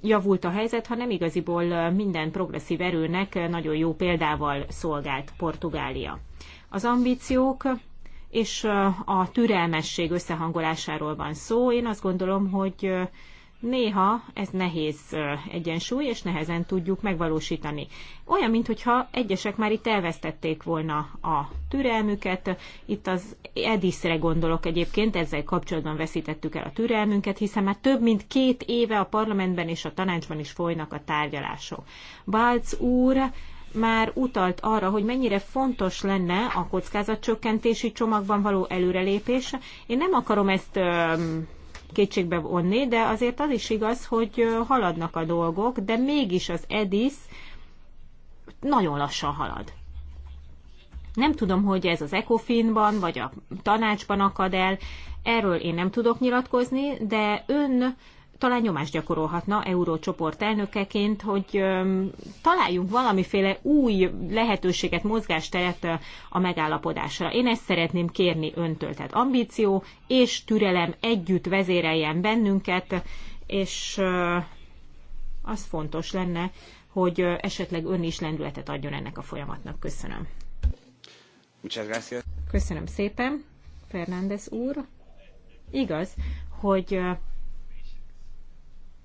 javult a helyzet, hanem igaziból minden progresszív erőnek nagyon jó példával szolgált Portugália. Az ambíciók és a türelmesség összehangolásáról van szó. Én azt gondolom, hogy néha ez nehéz egyensúly, és nehezen tudjuk megvalósítani. Olyan, mintha egyesek már itt elvesztették volna a türelmüket. Itt az Edisre gondolok egyébként, ezzel kapcsolatban veszítettük el a türelmünket, hiszen már több mint két éve a parlamentben és a tanácsban is folynak a tárgyalások. Balc úr már utalt arra, hogy mennyire fontos lenne a kockázatcsökkentési csomagban való előrelépés. Én nem akarom ezt kétségbe vonni, de azért az is igaz, hogy haladnak a dolgok, de mégis az EDIS nagyon lassan halad. Nem tudom, hogy ez az ECOFIN-ban vagy a tanácsban akad el, erről én nem tudok nyilatkozni, de ön talán nyomást gyakorolhatna eurócsoport elnökeként, hogy találjunk valamiféle új lehetőséget, mozgásteret a megállapodásra. Én ezt szeretném kérni öntől, tehát ambíció és türelem együtt vezéreljen bennünket, és az fontos lenne, hogy esetleg ön is lendületet adjon ennek a folyamatnak. Köszönöm. Köszönöm szépen, Fernández úr. Igaz, hogy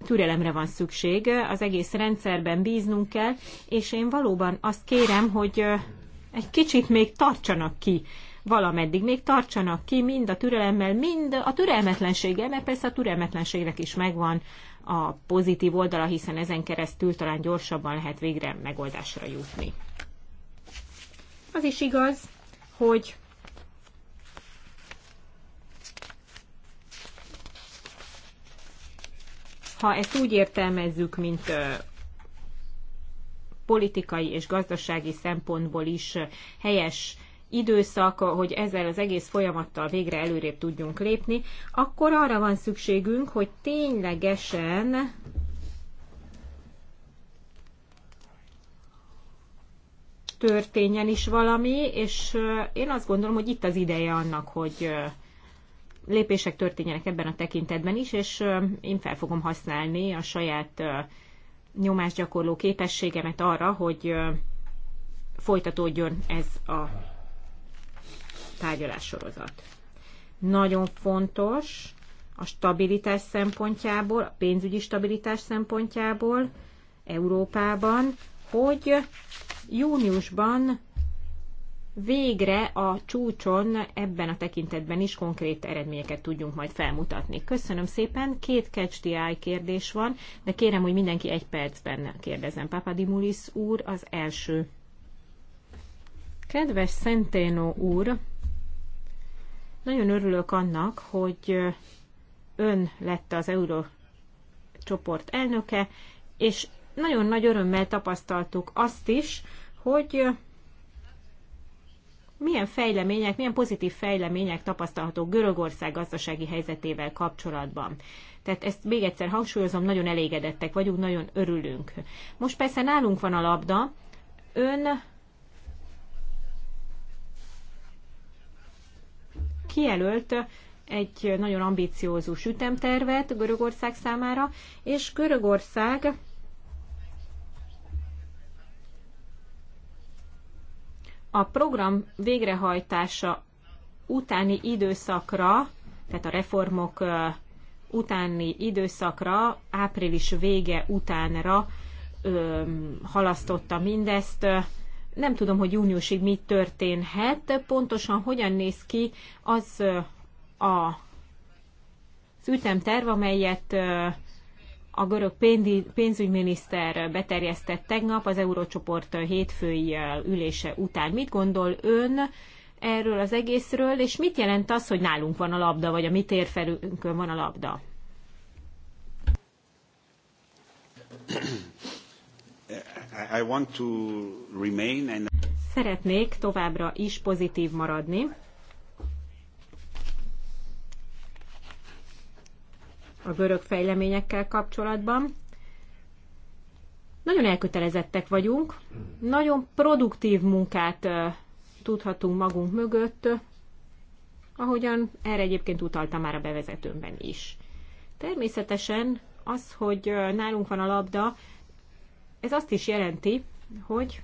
türelemre van szükség, az egész rendszerben bíznunk kell, és én valóban azt kérem, hogy egy kicsit még tartsanak ki valameddig még tartsanak ki, mind a türelemmel, mind a türelmetlenséggel, mert persze a türelmetlenségnek is megvan a pozitív oldala, hiszen ezen keresztül talán gyorsabban lehet végre megoldásra jutni. Az is igaz, hogy ha ezt úgy értelmezzük, mint politikai és gazdasági szempontból is helyes időszak, hogy ezzel az egész folyamattal végre előrébb tudjunk lépni, akkor arra van szükségünk, hogy ténylegesen történjen is valami, és én azt gondolom, hogy itt az ideje annak, hogy lépések történjenek ebben a tekintetben is, és én fel fogom használni a saját nyomásgyakorló képességemet arra, hogy folytatódjon ez a tárgyalássorozat. Nagyon fontos a stabilitás szempontjából, a pénzügyi stabilitás szempontjából Európában, hogy júniusban végre a csúcson ebben a tekintetben is konkrét eredményeket tudjunk majd felmutatni. Köszönöm szépen, két catch kérdés van, de kérem, hogy mindenki egy percben kérdezem. Papadimulis úr az első. Kedves Szenténó úr, nagyon örülök annak, hogy ön lett az Euró csoport elnöke, és nagyon nagy örömmel tapasztaltuk azt is, hogy milyen fejlemények, milyen pozitív fejlemények tapasztalhatók Görögország gazdasági helyzetével kapcsolatban. Tehát ezt még egyszer hangsúlyozom, nagyon elégedettek vagyunk, nagyon örülünk. Most persze nálunk van a labda. Ön kijelölt egy nagyon ambiciózus ütemtervet Görögország számára, és Görögország a program végrehajtása utáni időszakra, tehát a reformok utáni időszakra, április vége utánra ö, halasztotta mindezt. Nem tudom, hogy júniusig mi történhet, pontosan hogyan néz ki az a, az ütemterv, amelyet a görög pénzügyminiszter beterjesztett tegnap az Eurócsoport hétfői ülése után. Mit gondol ön erről az egészről, és mit jelent az, hogy nálunk van a labda, vagy a mi térfelünkön van a labda? I want to remain and... Szeretnék továbbra is pozitív maradni a görög fejleményekkel kapcsolatban. Nagyon elkötelezettek vagyunk, nagyon produktív munkát tudhatunk magunk mögött, ahogyan erre egyébként utaltam már a bevezetőmben is. Természetesen az, hogy nálunk van a labda, ez azt is jelenti, hogy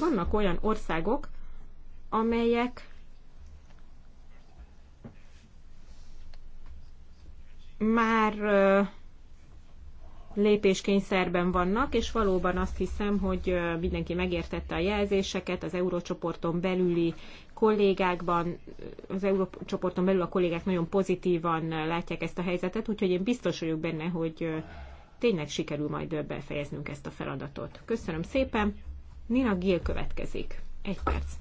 vannak olyan országok, amelyek már lépéskényszerben vannak, és valóban azt hiszem, hogy mindenki megértette a jelzéseket az eurócsoporton belüli kollégákban, az eurócsoporton belül a kollégák nagyon pozitívan látják ezt a helyzetet, úgyhogy én biztos vagyok benne, hogy tényleg sikerül majd befejeznünk ezt a feladatot. Köszönöm szépen. Nina Gill következik. Egy perc.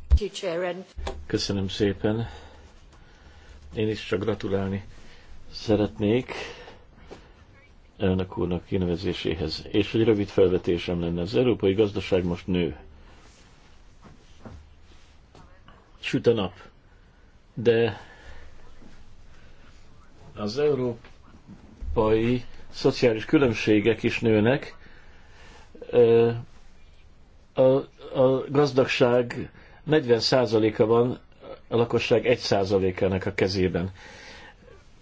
Köszönöm szépen. Én is csak gratulálni szeretnék elnök úrnak kinevezéséhez. És egy rövid felvetésem lenne. Az európai gazdaság most nő. Süt a nap. De az európai szociális különbségek is nőnek. A, a gazdagság 40%-a van a lakosság 1%-ának a kezében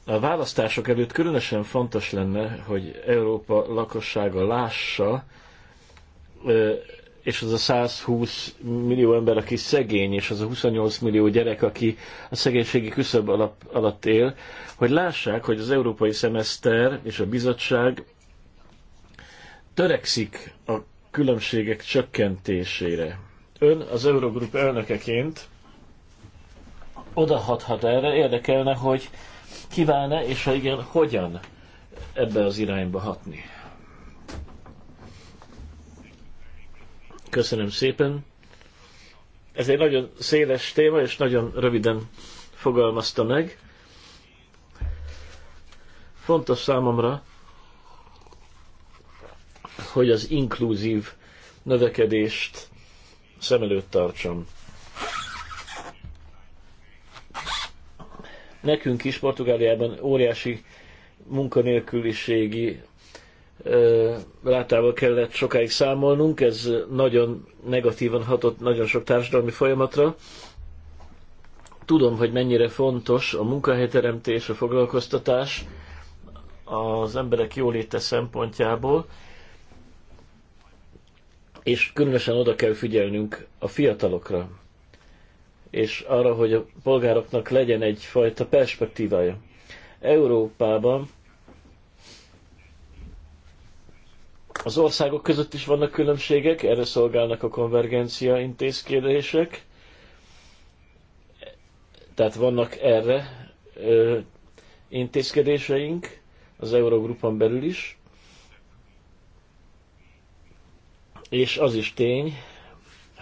a választások előtt különösen fontos lenne, hogy Európa lakossága lássa, és az a 120 millió ember, aki szegény, és az a 28 millió gyerek, aki a szegénységi küszöb alap, alatt él, hogy lássák, hogy az európai szemeszter és a bizottság törekszik a különbségek csökkentésére. Ön az Eurogroup elnökeként odahathat erre, érdekelne, hogy Kíván-e, és ha igen, hogyan ebbe az irányba hatni? Köszönöm szépen. Ez egy nagyon széles téma, és nagyon röviden fogalmazta meg. Fontos számomra, hogy az inkluzív növekedést szem előtt tartsam. Nekünk is Portugáliában óriási munkanélküliségi látával kellett sokáig számolnunk, ez nagyon negatívan hatott nagyon sok társadalmi folyamatra. Tudom, hogy mennyire fontos a munkahelyteremtés, a foglalkoztatás az emberek jóléte szempontjából, és különösen oda kell figyelnünk a fiatalokra és arra, hogy a polgároknak legyen egyfajta perspektívája. Európában az országok között is vannak különbségek, erre szolgálnak a konvergencia intézkedések, tehát vannak erre ö, intézkedéseink az Eurogrupon belül is, és az is tény,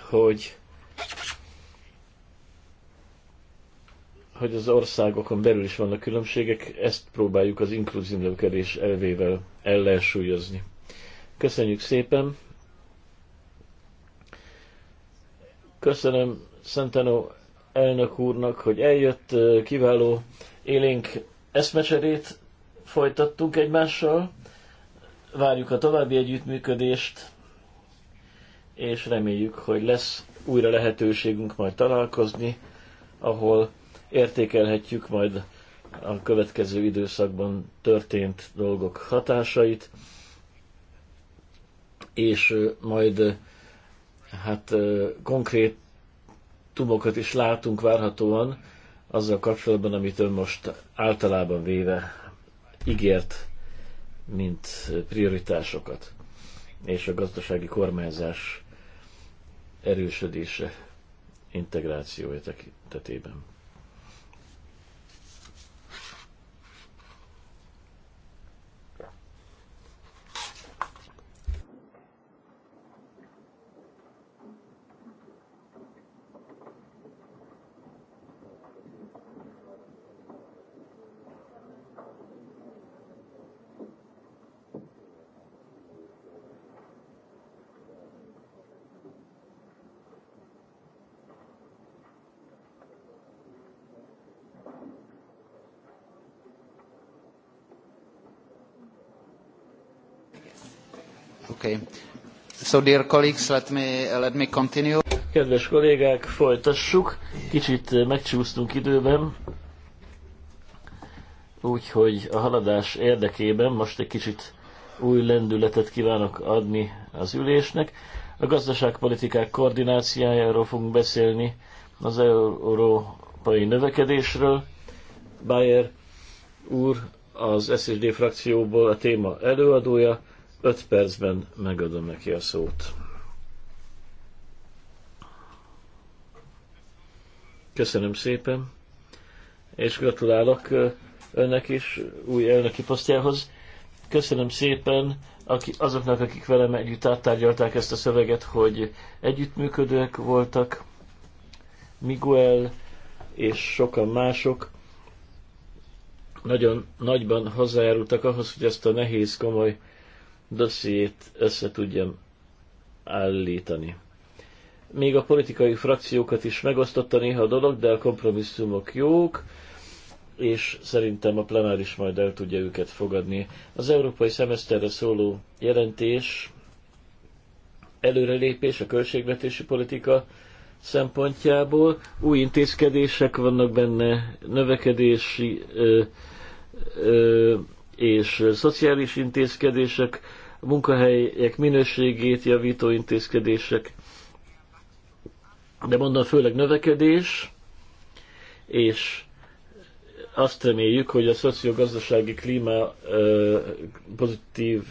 hogy hogy az országokon belül is vannak különbségek, ezt próbáljuk az inkluzív növekedés elvével ellensúlyozni. Köszönjük szépen! Köszönöm Szenteno elnök úrnak, hogy eljött, kiváló élénk eszmecserét folytattunk egymással. Várjuk a további együttműködést, és reméljük, hogy lesz újra lehetőségünk majd találkozni, ahol értékelhetjük majd a következő időszakban történt dolgok hatásait, és majd hát konkrét tumokat is látunk várhatóan azzal kapcsolatban, amit ön most általában véve ígért, mint prioritásokat, és a gazdasági kormányzás erősödése, integrációja tekintetében. So dear colleagues, let me, uh, let me continue. Kedves kollégák, folytassuk. Kicsit uh, megcsúsztunk időben, úgyhogy a haladás érdekében most egy kicsit új lendületet kívánok adni az ülésnek. A gazdaságpolitikák koordinációjáról fogunk beszélni, az európai növekedésről. Bayer úr az SSD frakcióból a téma előadója, 5 percben megadom neki a szót. Köszönöm szépen, és gratulálok önnek is új elnöki posztjához. Köszönöm szépen aki, azoknak, akik velem együtt áttárgyalták ezt a szöveget, hogy együttműködőek voltak, Miguel és sokan mások nagyon nagyban hozzájárultak ahhoz, hogy ezt a nehéz, komoly dossziét össze tudjam állítani. Még a politikai frakciókat is megosztotta néha a dolog, de a kompromisszumok jók, és szerintem a plenáris majd el tudja őket fogadni. Az európai szemeszterre szóló jelentés előrelépés a költségvetési politika szempontjából. Új intézkedések vannak benne, növekedési ö, ö, és szociális intézkedések, munkahelyek minőségét javító intézkedések, de mondom főleg növekedés, és azt reméljük, hogy a szociogazdasági klíma pozitív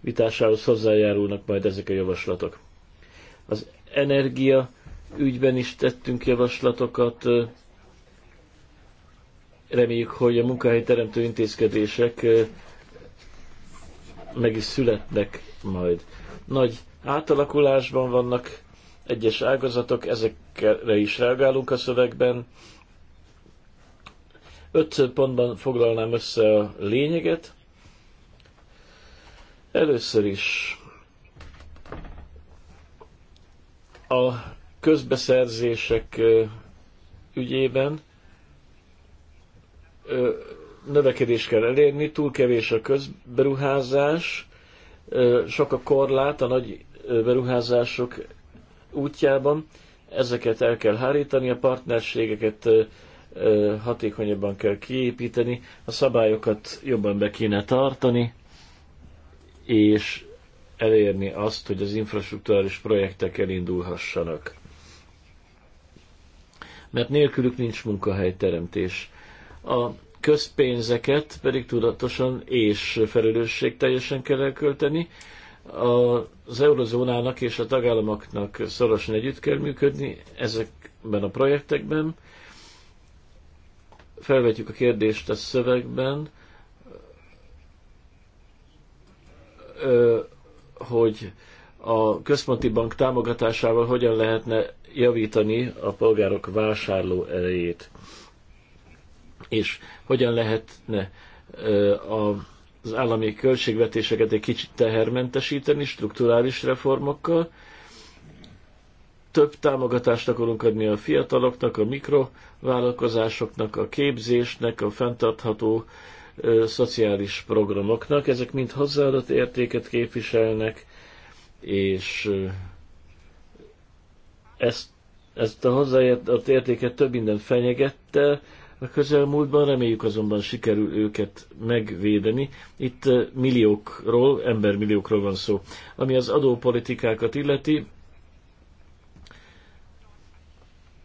vitásához hozzájárulnak majd ezek a javaslatok. Az energia ügyben is tettünk javaslatokat, reméljük, hogy a munkahelyteremtő intézkedések meg is születnek majd. Nagy átalakulásban vannak egyes ágazatok, ezekre is reagálunk a szövegben. Öt pontban foglalnám össze a lényeget. Először is a közbeszerzések ügyében növekedés kell elérni, túl kevés a közberuházás, sok a korlát a nagy beruházások útjában, ezeket el kell hárítani, a partnerségeket hatékonyabban kell kiépíteni, a szabályokat jobban be kéne tartani, és elérni azt, hogy az infrastruktúrális projektek elindulhassanak. Mert nélkülük nincs munkahelyteremtés. A közpénzeket pedig tudatosan és teljesen kell elkölteni. Az eurozónának és a tagállamoknak szorosan együtt kell működni ezekben a projektekben. Felvetjük a kérdést a szövegben, hogy a központi bank támogatásával hogyan lehetne javítani a polgárok vásárló erejét és hogyan lehetne az állami költségvetéseket egy kicsit tehermentesíteni strukturális reformokkal. Több támogatást akarunk adni a fiataloknak, a mikrovállalkozásoknak, a képzésnek, a fenntartható szociális programoknak. Ezek mind hozzáadott értéket képviselnek, és ezt, ezt a hozzáadott értéket több minden fenyegette, a közelmúltban, reméljük azonban sikerül őket megvédeni. Itt eh, milliókról, embermilliókról van szó. Ami az adópolitikákat illeti,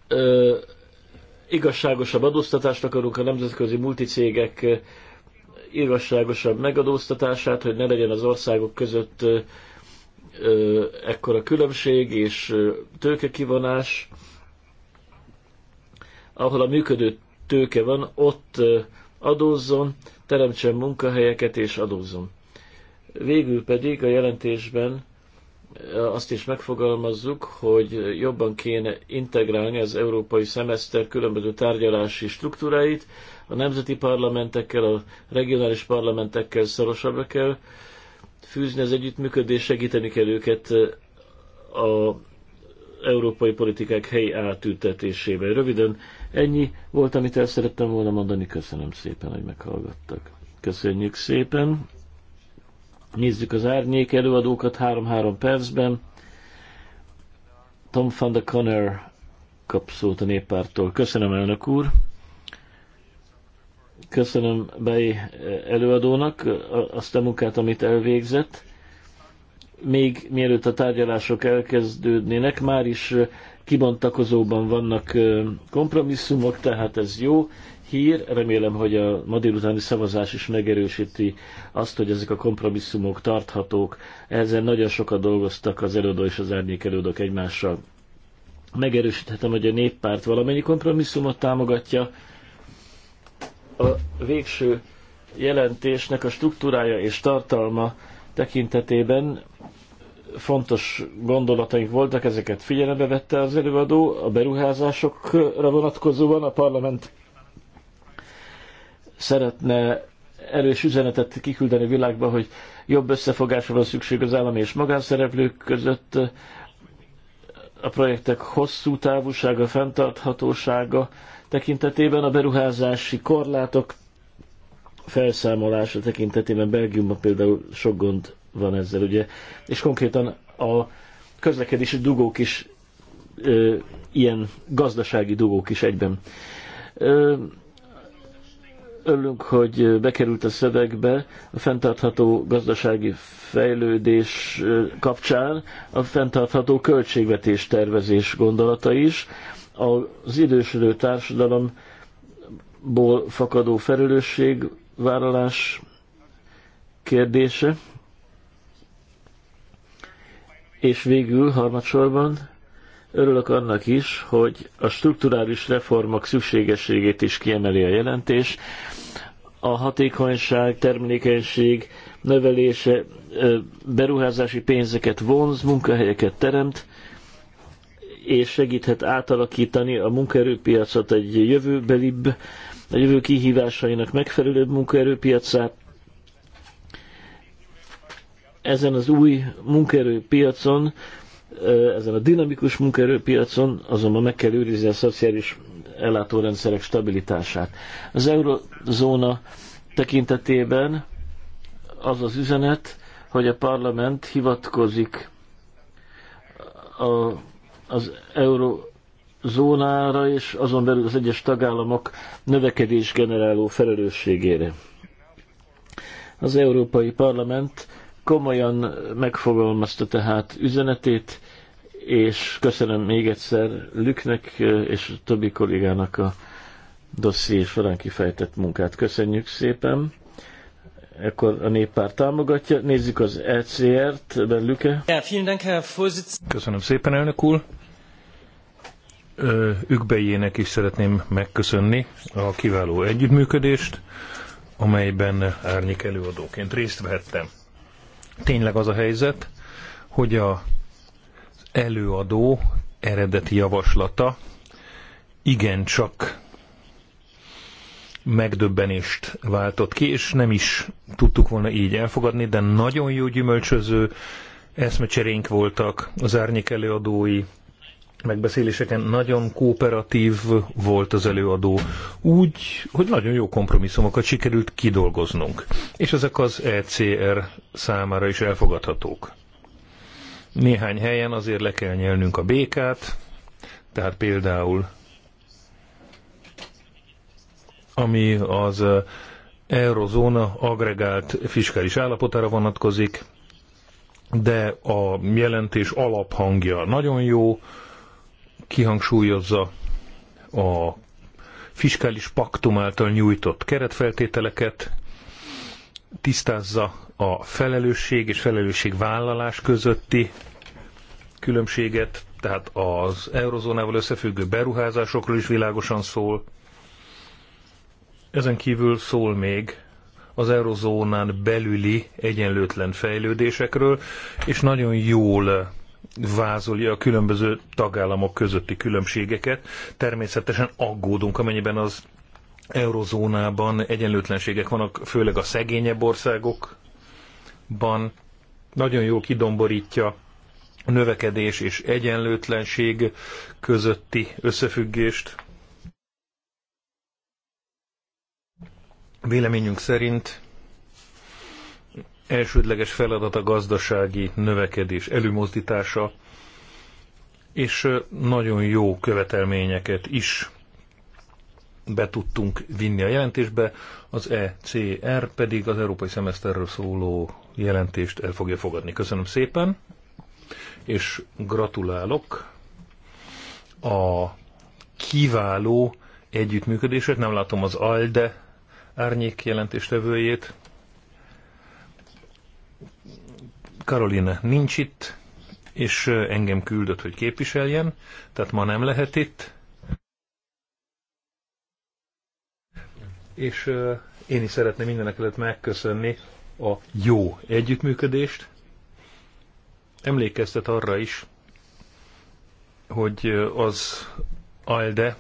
ö, eh, igazságosabb adóztatást akarunk a nemzetközi multicégek eh, igazságosabb megadóztatását, hogy ne legyen az országok között ekkora különbség és tőkekivonás, ahol a működő tőke van, ott adózzon, teremtsen munkahelyeket és adózzon. Végül pedig a jelentésben azt is megfogalmazzuk, hogy jobban kéne integrálni az európai szemeszter különböző tárgyalási struktúráit, a nemzeti parlamentekkel, a regionális parlamentekkel szorosabbra kell fűzni az együttműködést, segíteni kell őket az európai politikák helyi átültetésébe. Röviden Ennyi volt, amit el szerettem volna mondani. Köszönöm szépen, hogy meghallgattak. Köszönjük szépen. Nézzük az árnyék előadókat 3-3 percben. Tom van der Conner kap szót a néppártól. Köszönöm, elnök úr. Köszönöm Bey eh, előadónak azt a munkát, amit elvégzett még mielőtt a tárgyalások elkezdődnének, már is kibontakozóban vannak kompromisszumok, tehát ez jó hír. Remélem, hogy a ma délutáni szavazás is megerősíti azt, hogy ezek a kompromisszumok tarthatók. Ezen nagyon sokat dolgoztak az előadó és az árnyék előadók egymással. Megerősíthetem, hogy a néppárt valamennyi kompromisszumot támogatja. A végső jelentésnek a struktúrája és tartalma tekintetében fontos gondolataink voltak, ezeket figyelembe vette az előadó, a beruházásokra vonatkozóan a parlament szeretne erős üzenetet kiküldeni világba, hogy jobb összefogásra van szükség az állami és magánszereplők között, a projektek hosszú távúsága, fenntarthatósága tekintetében, a beruházási korlátok felszámolása tekintetében Belgiumban például sok gond van ezzel, ugye. És konkrétan a közlekedési dugók is ö, ilyen gazdasági dugók is egyben. Ö, örülünk, hogy bekerült a szövegbe a fenntartható gazdasági fejlődés kapcsán a fenntartható költségvetés tervezés gondolata is, az idősödő társadalomból fakadó felelősségvállalás kérdése, és végül harmadsorban örülök annak is, hogy a strukturális reformok szükségességét is kiemeli a jelentés. A hatékonyság, termelékenység növelése beruházási pénzeket vonz, munkahelyeket teremt, és segíthet átalakítani a munkaerőpiacot egy jövőbelibb, a jövő kihívásainak megfelelőbb munkaerőpiacát, ezen az új munkaerőpiacon, ezen a dinamikus munkaerőpiacon azonban meg kell őrizni a szociális ellátórendszerek stabilitását. Az eurozóna tekintetében az az üzenet, hogy a parlament hivatkozik a, az eurozónára és azon belül az egyes tagállamok növekedés generáló felelősségére. Az Európai Parlament komolyan megfogalmazta tehát üzenetét, és köszönöm még egyszer Lüknek és a többi kollégának a dosszié során kifejtett munkát. Köszönjük szépen! Ekkor a néppár támogatja. Nézzük az ECR-t, Lüke. Köszönöm szépen, elnök úr! Ügbejének is szeretném megköszönni a kiváló együttműködést, amelyben árnyék előadóként részt vehettem. Tényleg az a helyzet, hogy a előadó eredeti javaslata igencsak megdöbbenést váltott ki, és nem is tudtuk volna így elfogadni, de nagyon jó gyümölcsöző eszmecserénk voltak az árnyék előadói megbeszéléseken nagyon kooperatív volt az előadó, úgy, hogy nagyon jó kompromisszumokat sikerült kidolgoznunk, és ezek az ECR számára is elfogadhatók. Néhány helyen azért le kell nyelnünk a békát, tehát például ami az eh, eurozóna agregált fiskális állapotára vonatkozik, de a jelentés alaphangja nagyon jó, kihangsúlyozza a fiskális paktum által nyújtott keretfeltételeket, tisztázza a felelősség és felelősségvállalás közötti különbséget, tehát az eurozónával összefüggő beruházásokról is világosan szól. Ezen kívül szól még az eurozónán belüli egyenlőtlen fejlődésekről, és nagyon jól vázolja a különböző tagállamok közötti különbségeket. Természetesen aggódunk, amennyiben az eurozónában egyenlőtlenségek vannak, főleg a szegényebb országokban. Nagyon jól kidomborítja a növekedés és egyenlőtlenség közötti összefüggést. Véleményünk szerint elsődleges feladat a gazdasági növekedés előmozdítása, és nagyon jó követelményeket is be tudtunk vinni a jelentésbe, az ECR pedig az Európai Szemeszterről szóló jelentést el fogja fogadni. Köszönöm szépen, és gratulálok a kiváló együttműködését. Nem látom az ALDE árnyék jelentéstevőjét, Karolina nincs itt, és engem küldött, hogy képviseljen, tehát ma nem lehet itt. És én is szeretném mindenek előtt megköszönni a jó együttműködést. Emlékeztet arra is, hogy az ALDE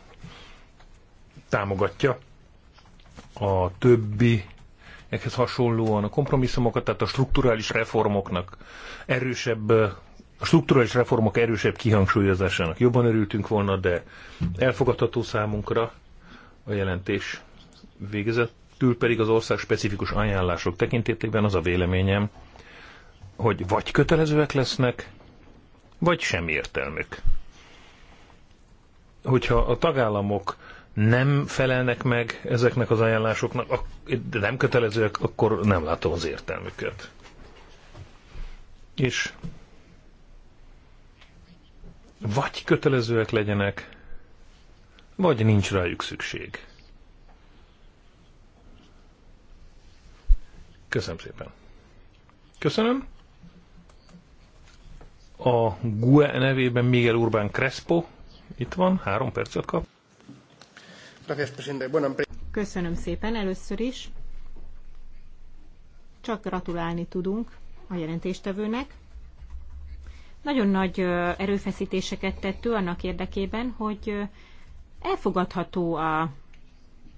támogatja a többi ehhez hasonlóan a kompromisszumokat, tehát a strukturális reformoknak erősebb, a strukturális reformok erősebb kihangsúlyozásának jobban örültünk volna, de elfogadható számunkra a jelentés végezetül pedig az ország specifikus ajánlások tekintetében az a véleményem, hogy vagy kötelezőek lesznek, vagy sem értelmük. Hogyha a tagállamok nem felelnek meg ezeknek az ajánlásoknak, de nem kötelezőek, akkor nem látom az értelmüket. És vagy kötelezőek legyenek, vagy nincs rájuk szükség. Köszönöm szépen. Köszönöm. A GUE nevében Miguel Urbán Crespo itt van, három percet kap. Köszönöm szépen először is. Csak gratulálni tudunk a jelentéstevőnek. Nagyon nagy erőfeszítéseket tett ő annak érdekében, hogy elfogadható a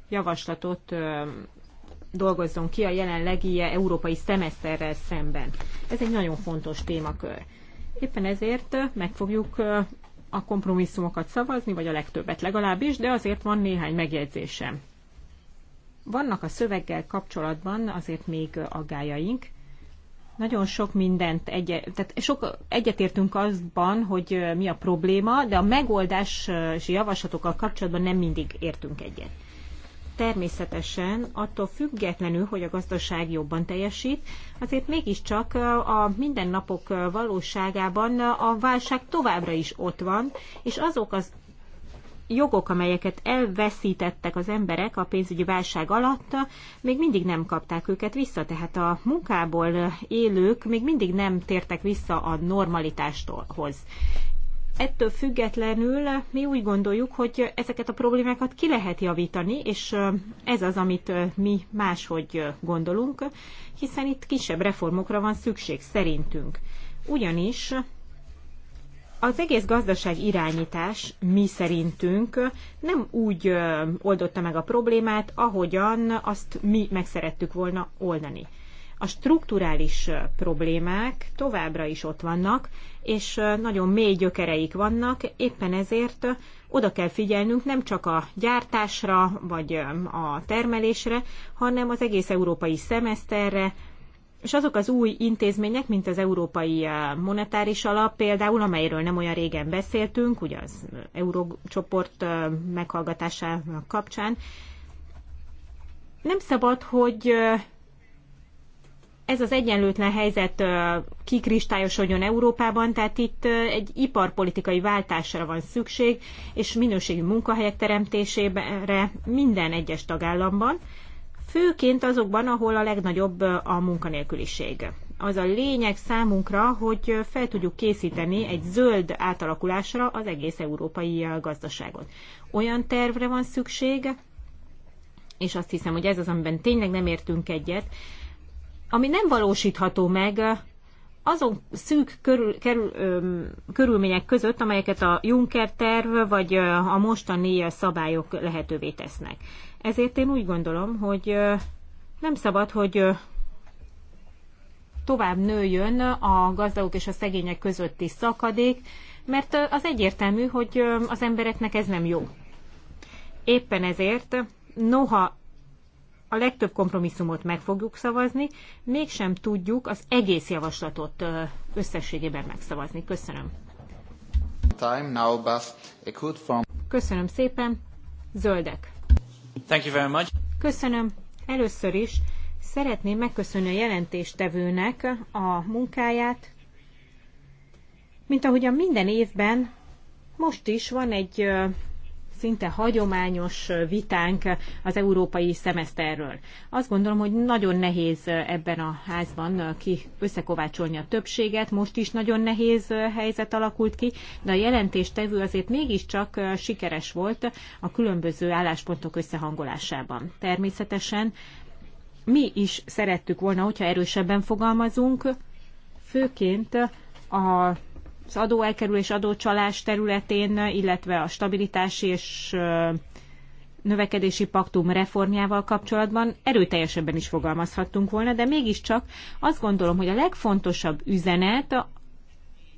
javaslatot dolgozzon ki a jelenlegi e, európai szemeszterrel szemben. Ez egy nagyon fontos témakör. Éppen ezért meg fogjuk a kompromisszumokat szavazni, vagy a legtöbbet legalábbis, de azért van néhány megjegyzésem. Vannak a szöveggel kapcsolatban azért még aggájaink. Nagyon sok mindent, egye, tehát sok egyetértünk azban, hogy mi a probléma, de a megoldási javaslatokkal kapcsolatban nem mindig értünk egyet természetesen attól függetlenül, hogy a gazdaság jobban teljesít, azért mégiscsak a mindennapok valóságában a válság továbbra is ott van, és azok az jogok, amelyeket elveszítettek az emberek a pénzügyi válság alatt, még mindig nem kapták őket vissza, tehát a munkából élők még mindig nem tértek vissza a normalitástól ettől függetlenül mi úgy gondoljuk, hogy ezeket a problémákat ki lehet javítani, és ez az, amit mi máshogy gondolunk, hiszen itt kisebb reformokra van szükség szerintünk. Ugyanis az egész gazdaság irányítás mi szerintünk nem úgy oldotta meg a problémát, ahogyan azt mi meg szerettük volna oldani a strukturális problémák továbbra is ott vannak, és nagyon mély gyökereik vannak, éppen ezért oda kell figyelnünk nem csak a gyártásra vagy a termelésre, hanem az egész európai szemeszterre, és azok az új intézmények, mint az Európai Monetáris Alap például, amelyről nem olyan régen beszéltünk, ugye az Eurócsoport meghallgatásának kapcsán, nem szabad, hogy ez az egyenlőtlen helyzet kikristályosodjon Európában, tehát itt egy iparpolitikai váltásra van szükség, és minőségi munkahelyek teremtésére minden egyes tagállamban, főként azokban, ahol a legnagyobb a munkanélküliség. Az a lényeg számunkra, hogy fel tudjuk készíteni egy zöld átalakulásra az egész európai gazdaságot. Olyan tervre van szükség, és azt hiszem, hogy ez az, amiben tényleg nem értünk egyet, ami nem valósítható meg azon szűk körül, kerül, öm, körülmények között, amelyeket a Juncker terv vagy a mostani szabályok lehetővé tesznek. Ezért én úgy gondolom, hogy nem szabad, hogy tovább nőjön a gazdagok és a szegények közötti szakadék, mert az egyértelmű, hogy az embereknek ez nem jó. Éppen ezért, noha a legtöbb kompromisszumot meg fogjuk szavazni, mégsem tudjuk az egész javaslatot összességében megszavazni. Köszönöm. Time now, From... Köszönöm szépen. Zöldek. Thank you very much. Köszönöm. Először is szeretném megköszönni a jelentéstevőnek a munkáját. Mint ahogy a minden évben, most is van egy szinte hagyományos vitánk az európai szemeszterről. Azt gondolom, hogy nagyon nehéz ebben a házban ki összekovácsolni a többséget, most is nagyon nehéz helyzet alakult ki, de a jelentéstevő azért mégiscsak sikeres volt a különböző álláspontok összehangolásában. Természetesen mi is szerettük volna, hogyha erősebben fogalmazunk, főként a az adóelkerülés, adócsalás területén, illetve a stabilitási és növekedési paktum reformjával kapcsolatban erőteljesebben is fogalmazhattunk volna, de mégiscsak azt gondolom, hogy a legfontosabb üzenet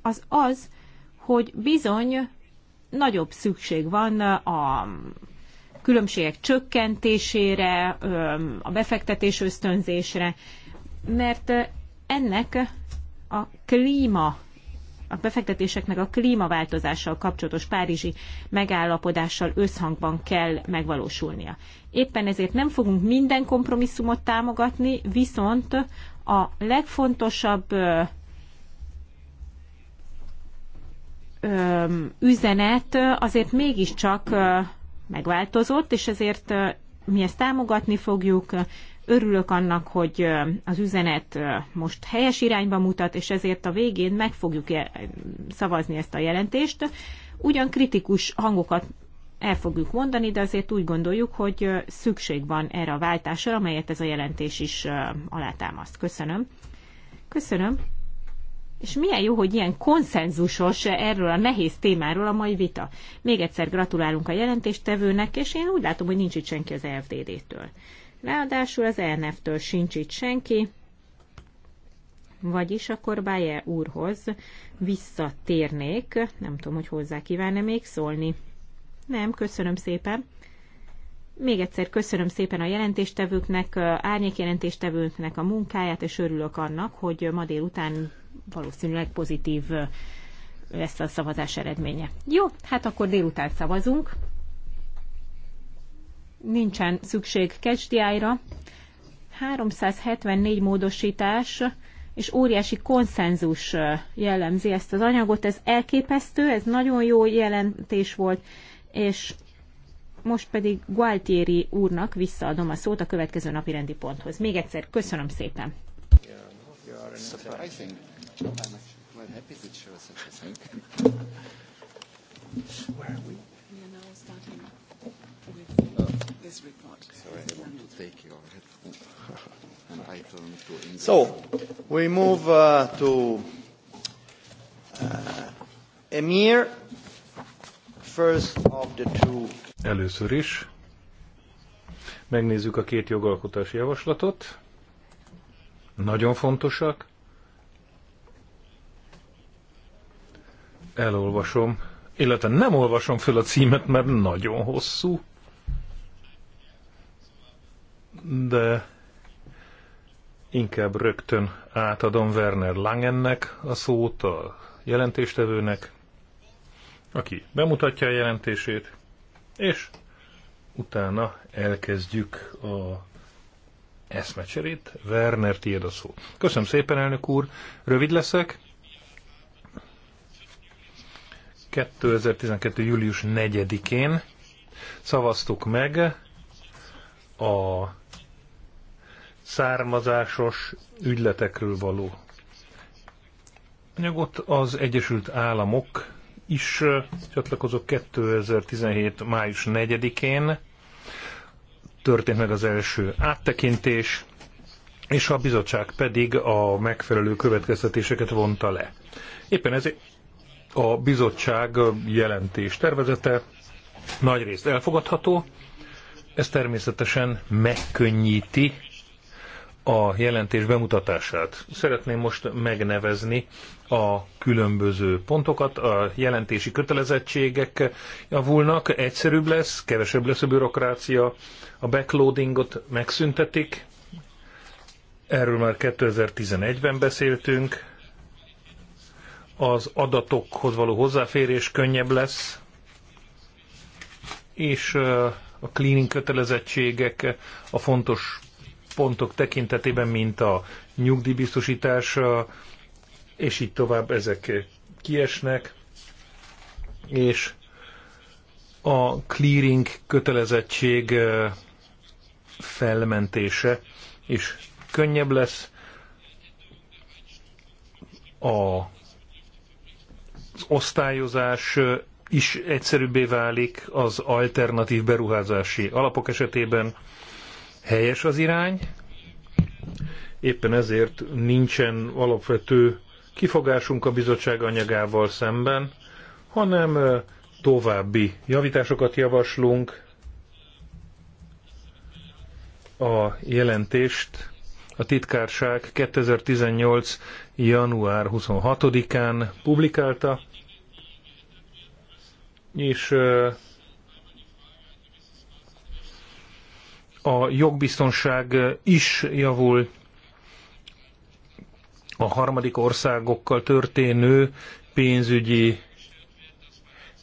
az az, hogy bizony nagyobb szükség van a különbségek csökkentésére, a befektetés ösztönzésre, mert ennek a klíma a befektetéseknek a klímaváltozással kapcsolatos párizsi megállapodással összhangban kell megvalósulnia. Éppen ezért nem fogunk minden kompromisszumot támogatni, viszont a legfontosabb üzenet azért mégiscsak megváltozott, és ezért mi ezt támogatni fogjuk, Örülök annak, hogy az üzenet most helyes irányba mutat, és ezért a végén meg fogjuk e, szavazni ezt a jelentést. Ugyan kritikus hangokat el fogjuk mondani, de azért úgy gondoljuk, hogy szükség van erre a váltásra, amelyet ez a jelentés is alátámaszt. Köszönöm. Köszönöm. És milyen jó, hogy ilyen konszenzusos erről a nehéz témáról a mai vita. Még egyszer gratulálunk a jelentéstevőnek, és én úgy látom, hogy nincs itt senki az fdd től Ráadásul az ENF-től sincs itt senki, vagyis akkor Bayer úrhoz visszatérnék. Nem tudom, hogy hozzá kívánne még szólni. Nem, köszönöm szépen. Még egyszer köszönöm szépen a jelentéstevőknek, árnyékjelentéstevőknek a munkáját, és örülök annak, hogy ma délután valószínűleg pozitív lesz a szavazás eredménye. Jó, hát akkor délután szavazunk nincsen szükség kecsdiájra. 374 módosítás és óriási konszenzus jellemzi ezt az anyagot. Ez elképesztő, ez nagyon jó jelentés volt, és most pedig Gualtieri úrnak visszaadom a szót a következő napi rendi ponthoz. Még egyszer köszönöm szépen. Where are we? So, we move uh, to uh, Emir, first of the two. Először is megnézzük a két jogalkotási javaslatot. Nagyon fontosak. Elolvasom, illetve nem olvasom föl a címet, mert nagyon hosszú. De Inkább rögtön átadom Werner Langennek a szót, a jelentéstevőnek, aki bemutatja a jelentését, és utána elkezdjük a eszmecserét. Werner, tiéd a szó. Köszönöm szépen, elnök úr. Rövid leszek. 2012. július 4-én szavaztuk meg a származásos ügyletekről való anyagot az Egyesült Államok is csatlakozott 2017. május 4-én. Történt meg az első áttekintés, és a bizottság pedig a megfelelő következtetéseket vonta le. Éppen ezért a bizottság jelentés tervezete nagyrészt elfogadható, ez természetesen megkönnyíti a jelentés bemutatását. Szeretném most megnevezni a különböző pontokat, a jelentési kötelezettségek javulnak, egyszerűbb lesz, kevesebb lesz a bürokrácia, a backloadingot megszüntetik, erről már 2011-ben beszéltünk, az adatokhoz való hozzáférés könnyebb lesz, és a cleaning kötelezettségek a fontos pontok tekintetében, mint a nyugdíjbiztosítás, és így tovább ezek kiesnek, és a clearing kötelezettség felmentése is könnyebb lesz. A, az osztályozás is egyszerűbbé válik az alternatív beruházási alapok esetében, helyes az irány, éppen ezért nincsen alapvető kifogásunk a bizottság anyagával szemben, hanem további javításokat javaslunk. A jelentést a titkárság 2018. január 26-án publikálta, és a jogbiztonság is javul, a harmadik országokkal történő pénzügyi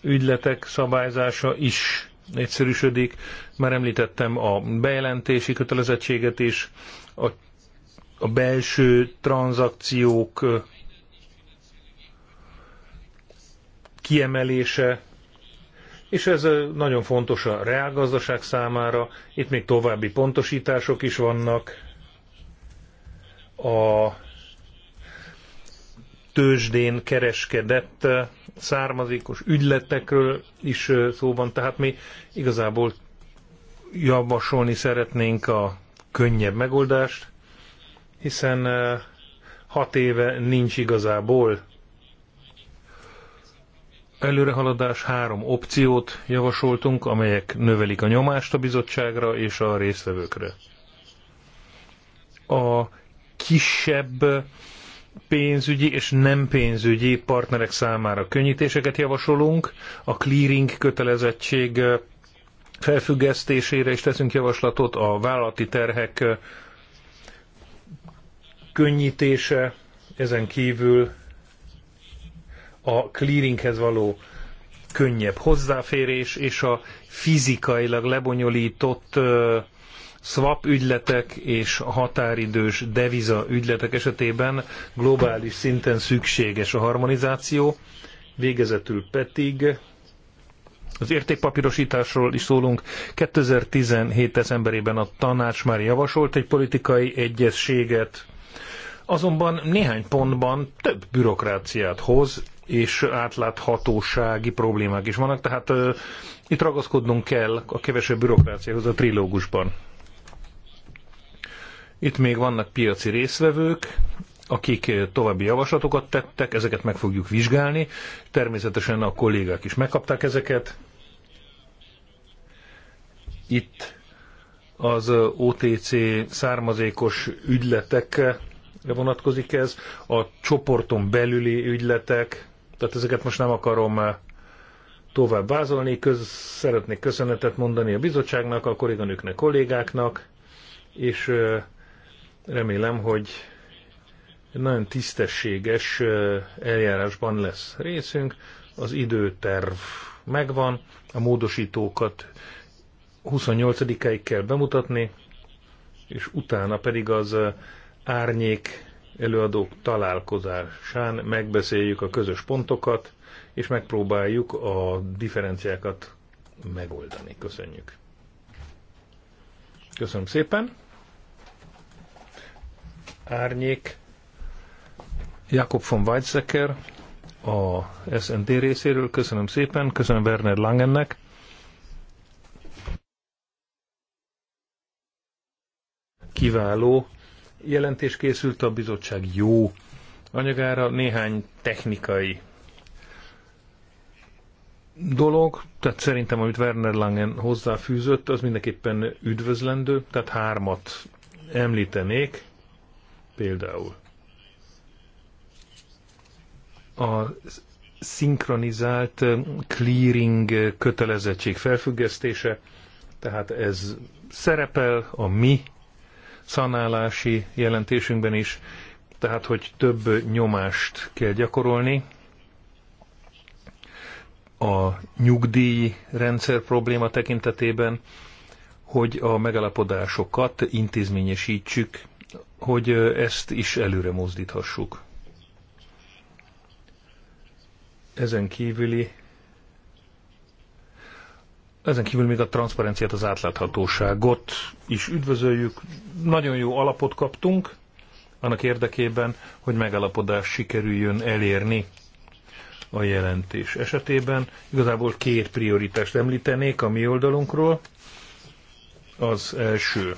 ügyletek szabályzása is egyszerűsödik. Már említettem a bejelentési kötelezettséget is, a, a belső tranzakciók kiemelése és ez nagyon fontos a reálgazdaság számára. Itt még további pontosítások is vannak. A tőzsdén kereskedett származékos ügyletekről is szó van, tehát mi igazából javasolni szeretnénk a könnyebb megoldást, hiszen hat éve nincs igazából előrehaladás három opciót javasoltunk, amelyek növelik a nyomást a bizottságra és a résztvevőkre. A kisebb pénzügyi és nem pénzügyi partnerek számára könnyítéseket javasolunk, a clearing kötelezettség felfüggesztésére is teszünk javaslatot, a vállalati terhek könnyítése, ezen kívül a clearinghez való könnyebb hozzáférés és a fizikailag lebonyolított swap ügyletek és határidős deviza ügyletek esetében globális szinten szükséges a harmonizáció, végezetül pedig az értékpapírosításról is szólunk. 2017. decemberében a tanács már javasolt egy politikai egyezséget, azonban néhány pontban több bürokráciát hoz, és átláthatósági problémák is vannak, tehát uh, itt ragaszkodnunk kell a kevesebb bürokráciához a trilógusban. Itt még vannak piaci részvevők, akik további javaslatokat tettek, ezeket meg fogjuk vizsgálni. Természetesen a kollégák is megkapták ezeket. Itt az OTC származékos ügyletekre vonatkozik ez, a csoporton belüli ügyletek, tehát ezeket most nem akarom eh, tovább vázolni. Köz, szeretnék köszönetet mondani a bizottságnak, a kolléganőknek, kollégáknak, és eh, remélem, hogy nagyon tisztességes eh, eljárásban lesz részünk. Az időterv megvan, a módosítókat 28-ig kell bemutatni, és utána pedig az árnyék előadók találkozásán megbeszéljük a közös pontokat, és megpróbáljuk a differenciákat megoldani. Köszönjük. Köszönöm szépen. Árnyék. Jakob von Weizsäcker a SND részéről. Köszönöm szépen. Köszönöm Werner Langennek. Kiváló jelentés készült a bizottság jó anyagára, néhány technikai dolog, tehát szerintem, amit Werner Langen hozzáfűzött, az mindenképpen üdvözlendő, tehát hármat említenék, például a szinkronizált clearing kötelezettség felfüggesztése, tehát ez szerepel a mi szanálási jelentésünkben is, tehát hogy több nyomást kell gyakorolni a nyugdíj rendszer probléma tekintetében, hogy a megalapodásokat intézményesítsük, hogy ezt is előre mozdíthassuk. Ezen kívüli ezen kívül még a transzparenciát, az átláthatóságot is üdvözöljük. Nagyon jó alapot kaptunk annak érdekében, hogy megalapodás sikerüljön elérni a jelentés esetében. Igazából két prioritást említenék a mi oldalunkról. Az első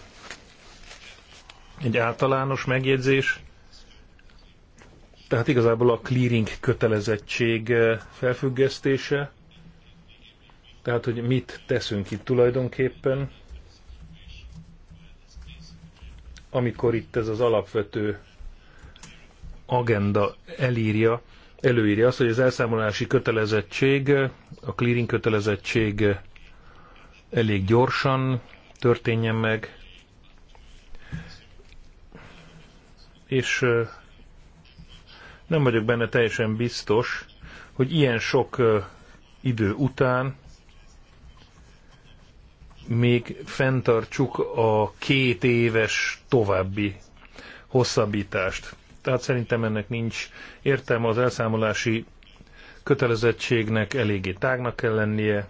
egy általános megjegyzés, tehát igazából a clearing kötelezettség eh, felfüggesztése, tehát, hogy mit teszünk itt tulajdonképpen, amikor itt ez az alapvető agenda elírja, előírja azt, hogy az elszámolási kötelezettség, a clearing kötelezettség elég gyorsan történjen meg, és nem vagyok benne teljesen biztos, hogy ilyen sok idő után még fenntartsuk a két éves további hosszabbítást. Tehát szerintem ennek nincs értelme az elszámolási kötelezettségnek eléggé tágnak kell lennie,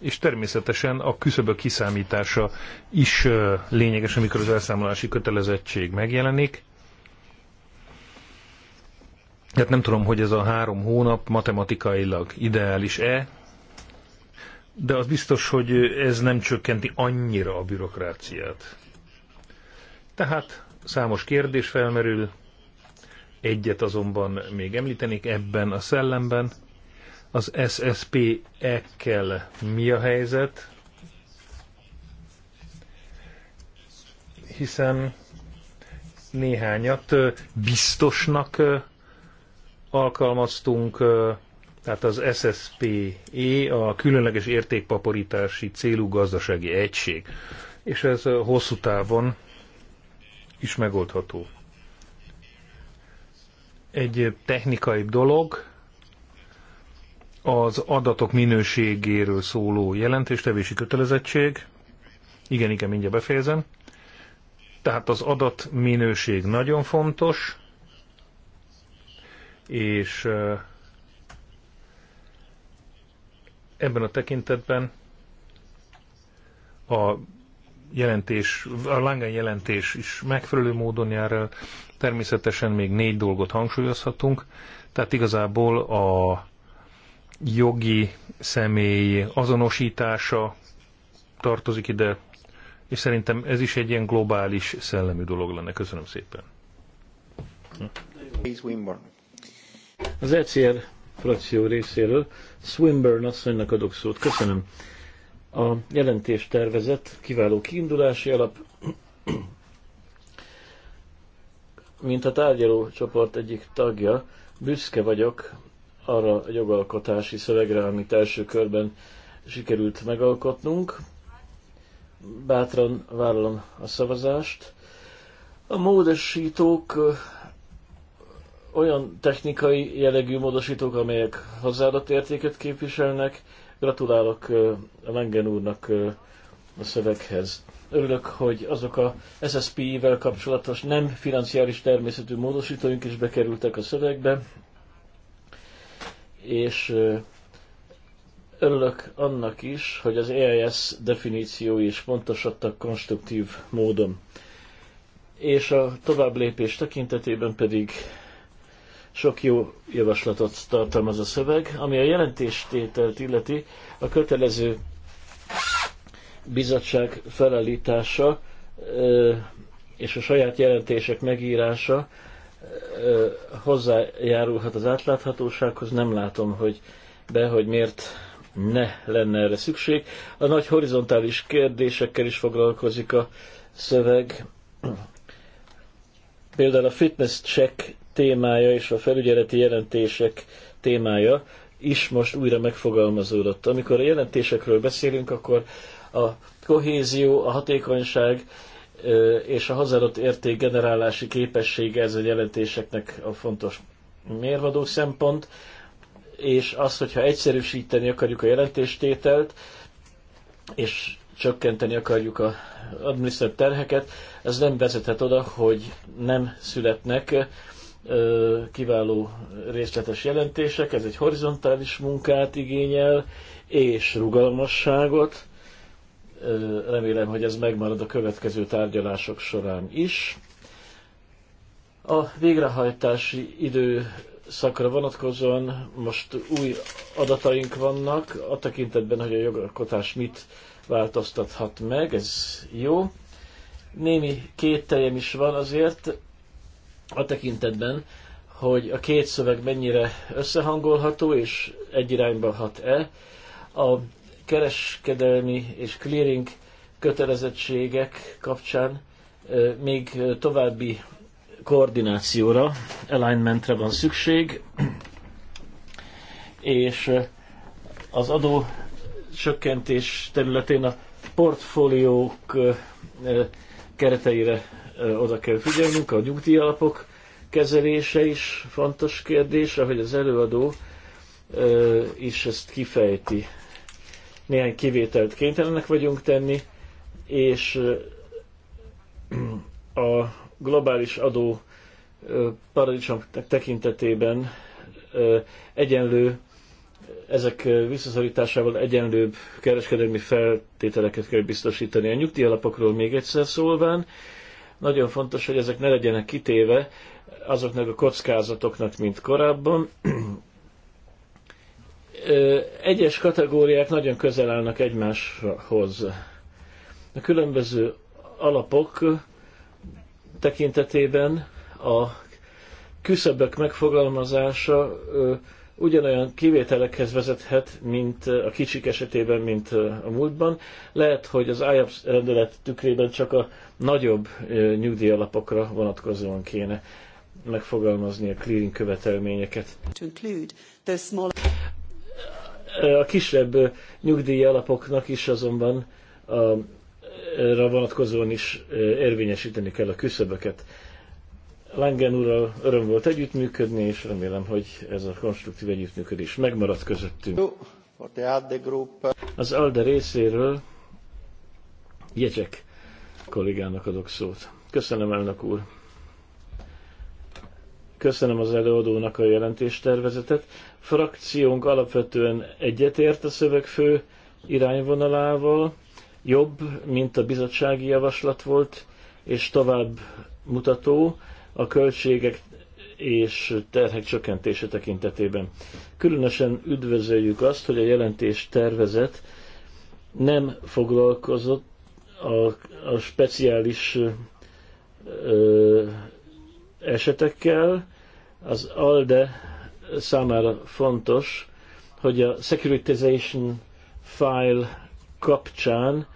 és természetesen a küszöbök kiszámítása is lényeges, amikor az elszámolási kötelezettség megjelenik. Hát nem tudom, hogy ez a három hónap matematikailag ideális-e, de az biztos, hogy ez nem csökkenti annyira a bürokráciát. Tehát számos kérdés felmerül, egyet azonban még említenék ebben a szellemben, az SSP-ekkel mi a helyzet, hiszen néhányat biztosnak alkalmaztunk, tehát az SSPE a különleges értékpaporítási célú gazdasági egység, és ez hosszú távon is megoldható. Egy technikai dolog, az adatok minőségéről szóló jelentéstevési kötelezettség. Igen, igen, mindjárt befejezem. Tehát az adat minőség nagyon fontos, és ebben a tekintetben a jelentés, a Langen jelentés is megfelelő módon jár el. Természetesen még négy dolgot hangsúlyozhatunk. Tehát igazából a jogi személy azonosítása tartozik ide, és szerintem ez is egy ilyen globális szellemű dolog lenne. Köszönöm szépen. Az ECR frakció részéről Swinburne asszonynak adok szót. Köszönöm. A jelentés tervezet kiváló kiindulási alap. Mint a tárgyaló csoport egyik tagja, büszke vagyok arra a jogalkotási szövegre, amit első körben sikerült megalkotnunk. Bátran vállalom a szavazást. A módosítók olyan technikai jellegű módosítók, amelyek hozzáadott értéket képviselnek. Gratulálok a Langen úrnak a szöveghez. Örülök, hogy azok a SSP-vel kapcsolatos nem financiális természetű módosítóink is bekerültek a szövegbe, és örülök annak is, hogy az EIS definíciói is pontosodtak konstruktív módon. És a tovább lépés tekintetében pedig sok jó javaslatot tartalmaz a szöveg, ami a jelentéstételt illeti, a kötelező bizottság felállítása és a saját jelentések megírása hozzájárulhat az átláthatósághoz. Nem látom, hogy be, hogy miért ne lenne erre szükség. A nagy horizontális kérdésekkel is foglalkozik a szöveg. Például a fitness check témája és a felügyeleti jelentések témája is most újra megfogalmazódott. Amikor a jelentésekről beszélünk, akkor a kohézió, a hatékonyság és a hazadott érték generálási képessége ez a jelentéseknek a fontos mérvadó szempont, és az, hogyha egyszerűsíteni akarjuk a jelentéstételt, és csökkenteni akarjuk a adminisztrált terheket, ez nem vezethet oda, hogy nem születnek kiváló részletes jelentések, ez egy horizontális munkát igényel, és rugalmasságot. Remélem, hogy ez megmarad a következő tárgyalások során is. A végrehajtási időszakra vonatkozóan most új adataink vannak, a tekintetben, hogy a jogalkotás mit változtathat meg, ez jó. Némi kételjem is van azért, a tekintetben, hogy a két szöveg mennyire összehangolható és egy irányba hat-e. A kereskedelmi és clearing kötelezettségek kapcsán még további koordinációra, alignmentre van szükség, és az adó csökkentés területén a portfóliók kereteire oda kell figyelnünk, a nyugdíjalapok kezelése is fontos kérdés, ahogy az előadó is ezt kifejti. Néhány kivételt kénytelenek vagyunk tenni, és a globális adó paradicsom tekintetében egyenlő ezek visszaszorításával egyenlőbb kereskedelmi feltételeket kell biztosítani a nyugdíjalapokról még egyszer szólván. Nagyon fontos, hogy ezek ne legyenek kitéve azoknak a kockázatoknak, mint korábban. Egyes kategóriák nagyon közel állnak egymáshoz. A különböző alapok tekintetében a küszöbök megfogalmazása ugyanolyan kivételekhez vezethet, mint a kicsik esetében, mint a múltban. Lehet, hogy az IAPS rendelet tükrében csak a nagyobb nyugdíjalapokra vonatkozóan kéne megfogalmazni a clearing követelményeket. A kisebb nyugdíjalapoknak is azonban a, a vonatkozóan is érvényesíteni kell a küszöböket. Langen úrral öröm volt együttműködni, és remélem, hogy ez a konstruktív együttműködés megmarad közöttünk. Az ALDE részéről Jecsek kollégának adok szót. Köszönöm, elnök úr! Köszönöm az előadónak a jelentéstervezetet. Frakciónk alapvetően egyetért a szöveg fő irányvonalával, jobb, mint a bizottsági javaslat volt, és tovább mutató a költségek és terhek csökkentése tekintetében. Különösen üdvözöljük azt, hogy a jelentés tervezet nem foglalkozott a, a speciális ö, esetekkel. Az ALDE számára fontos, hogy a securitization file kapcsán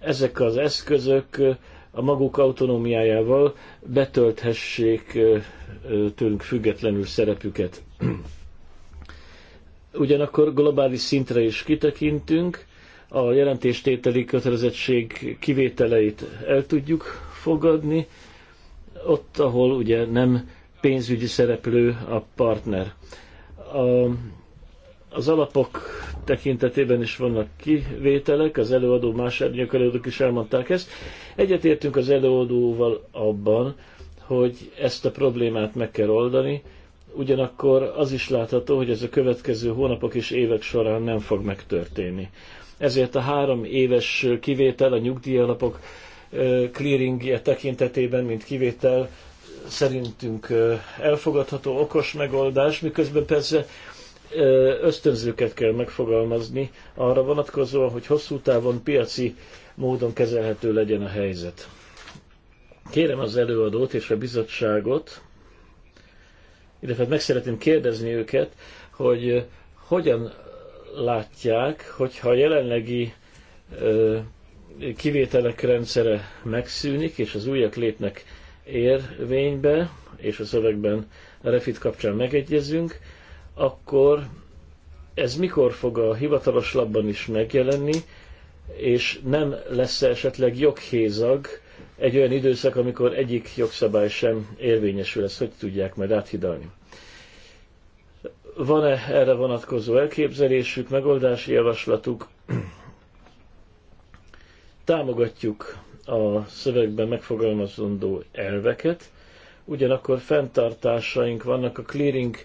ezek az eszközök a maguk autonómiájával betölthessék tőlünk függetlenül szerepüket. <clears throat> Ugyanakkor globális szintre is kitekintünk, a jelentéstételi kötelezettség kivételeit el tudjuk fogadni, ott, ahol ugye nem pénzügyi szereplő a partner. A az alapok tekintetében is vannak kivételek, az előadó, más előadók is elmondták ezt. Egyetértünk az előadóval abban, hogy ezt a problémát meg kell oldani, ugyanakkor az is látható, hogy ez a következő hónapok és évek során nem fog megtörténni. Ezért a három éves kivétel a nyugdíjalapok clearingje tekintetében, mint kivétel, szerintünk elfogadható, okos megoldás, miközben persze ösztönzőket kell megfogalmazni arra vonatkozóan, hogy hosszú távon piaci módon kezelhető legyen a helyzet. Kérem az előadót és a bizottságot, illetve meg szeretném kérdezni őket, hogy hogyan látják, hogyha a jelenlegi kivételek rendszere megszűnik, és az újak lépnek érvénybe, és a szövegben a refit kapcsán megegyezünk, akkor ez mikor fog a hivatalos labban is megjelenni, és nem lesz -e esetleg joghézag egy olyan időszak, amikor egyik jogszabály sem érvényesül, ezt hogy tudják majd áthidalni? Van-e erre vonatkozó elképzelésük, megoldási javaslatuk? Támogatjuk a szövegben megfogalmazandó elveket, ugyanakkor fenntartásaink vannak a clearing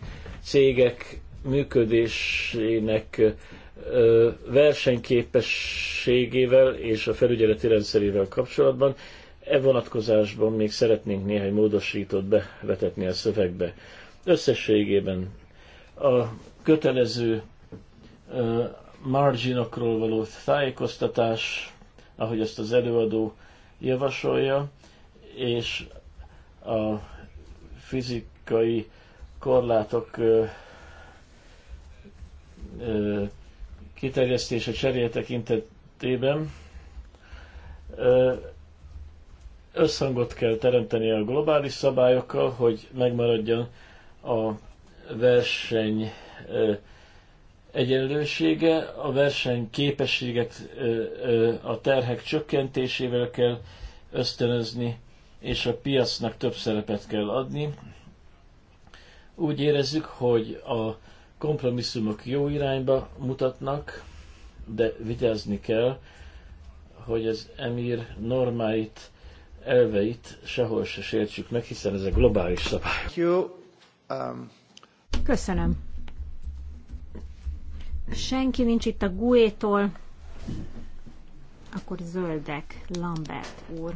cégek működésének versenyképességével és a felügyeleti rendszerével kapcsolatban. E vonatkozásban még szeretnénk néhány módosítót bevetetni a szövegbe. Összességében a kötelező marginokról való tájékoztatás, ahogy ezt az előadó javasolja, és a fizikai korlátok ö, ö, kiterjesztése cseréje tekintetében ö, összhangot kell teremteni a globális szabályokkal, hogy megmaradjon a verseny ö, egyenlősége, a verseny képességet a terhek csökkentésével kell ösztönözni, és a piacnak több szerepet kell adni, úgy érezzük, hogy a kompromisszumok jó irányba mutatnak, de vigyázni kell, hogy az emír normáit, elveit sehol se sértsük meg, hiszen a globális szabály. Um, Köszönöm. Senki nincs itt a GUE-tól. Akkor zöldek, Lambert úr.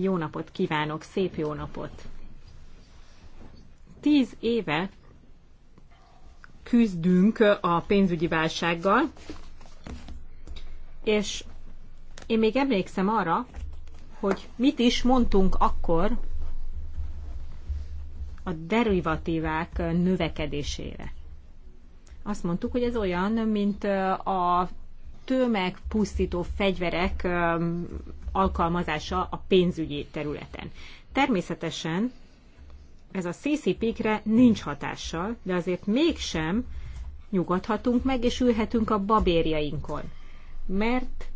Jó napot kívánok, szép jó napot! tíz éve küzdünk a pénzügyi válsággal, és én még emlékszem arra, hogy mit is mondtunk akkor a derivatívák növekedésére. Azt mondtuk, hogy ez olyan, mint a tömegpusztító fegyverek alkalmazása a pénzügyi területen. Természetesen ez a CCP-kre nincs hatással, de azért mégsem nyugodhatunk meg, és ülhetünk a babérjainkon. Mert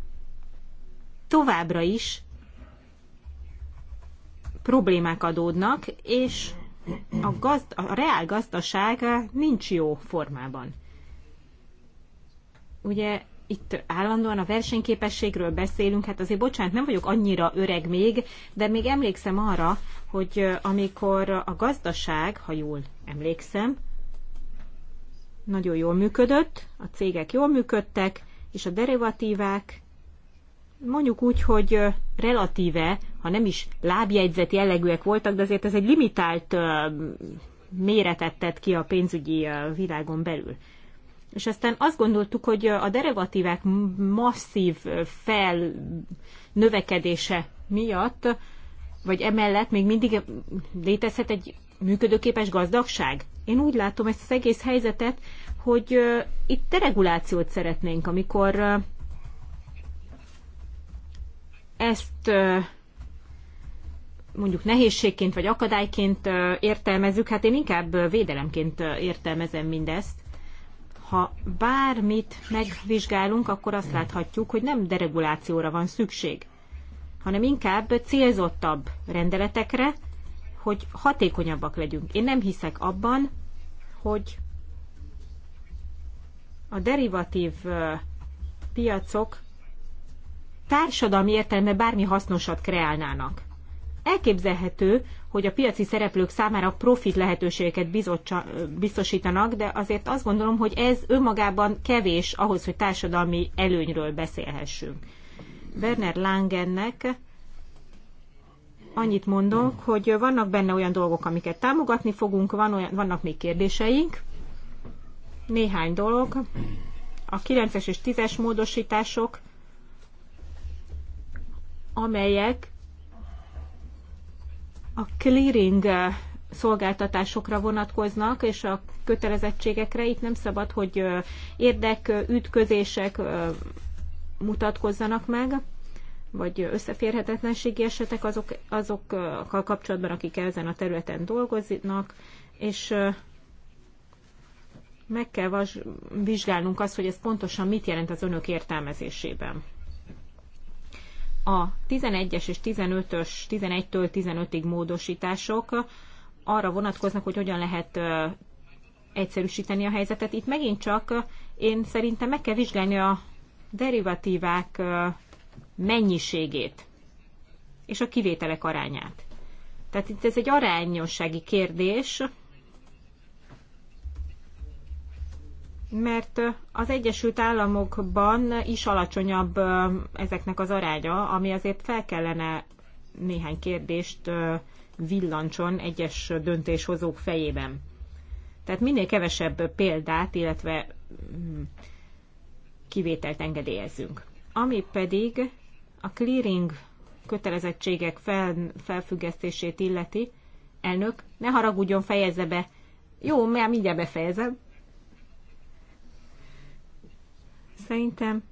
továbbra is problémák adódnak, és a, gazd- a reál gazdaság nincs jó formában. Ugye itt állandóan a versenyképességről beszélünk, hát azért bocsánat, nem vagyok annyira öreg még, de még emlékszem arra, hogy amikor a gazdaság, ha jól emlékszem, nagyon jól működött, a cégek jól működtek, és a derivatívák mondjuk úgy, hogy relatíve, ha nem is lábjegyzet jellegűek voltak, de azért ez egy limitált méretet tett ki a pénzügyi világon belül. És aztán azt gondoltuk, hogy a derivatívák masszív fel növekedése miatt, vagy emellett még mindig létezhet egy működőképes gazdagság? Én úgy látom ezt az egész helyzetet, hogy uh, itt deregulációt szeretnénk, amikor uh, ezt uh, mondjuk nehézségként vagy akadályként uh, értelmezzük, hát én inkább védelemként uh, értelmezem mindezt ha bármit megvizsgálunk, akkor azt láthatjuk, hogy nem deregulációra van szükség, hanem inkább célzottabb rendeletekre, hogy hatékonyabbak legyünk. Én nem hiszek abban, hogy a derivatív piacok társadalmi értelme bármi hasznosat kreálnának. Elképzelhető, hogy a piaci szereplők számára profit lehetőségeket biztosítanak, de azért azt gondolom, hogy ez önmagában kevés ahhoz, hogy társadalmi előnyről beszélhessünk. Werner Langennek annyit mondok, hogy vannak benne olyan dolgok, amiket támogatni fogunk, van olyan, vannak még kérdéseink. Néhány dolog. A 9-es és 10-es módosítások, amelyek a clearing eh, szolgáltatásokra vonatkoznak, és a kötelezettségekre itt nem szabad, hogy eh, érdek, eh, ütközések mutatkozzanak meg, vagy összeférhetetlenségi esetek azok, azokkal kapcsolatban, akik ezen a területen dolgoznak, és meg kell vizsgálnunk azt, hogy ez pontosan mit jelent az önök értelmezésében. A 11-es és 15-ös, 11-től 15-ig módosítások arra vonatkoznak, hogy hogyan lehet egyszerűsíteni a helyzetet. Itt megint csak én szerintem meg kell vizsgálni a derivatívák mennyiségét és a kivételek arányát. Tehát itt ez egy arányossági kérdés, mert az Egyesült Államokban is alacsonyabb ezeknek az aránya, ami azért fel kellene néhány kérdést villancson egyes döntéshozók fejében. Tehát minél kevesebb példát, illetve mm, kivételt engedélyezünk. Ami pedig a clearing kötelezettségek fel, felfüggesztését illeti, elnök, ne haragudjon, fejezze be. Jó, mert mindjárt befejezem. Szerintem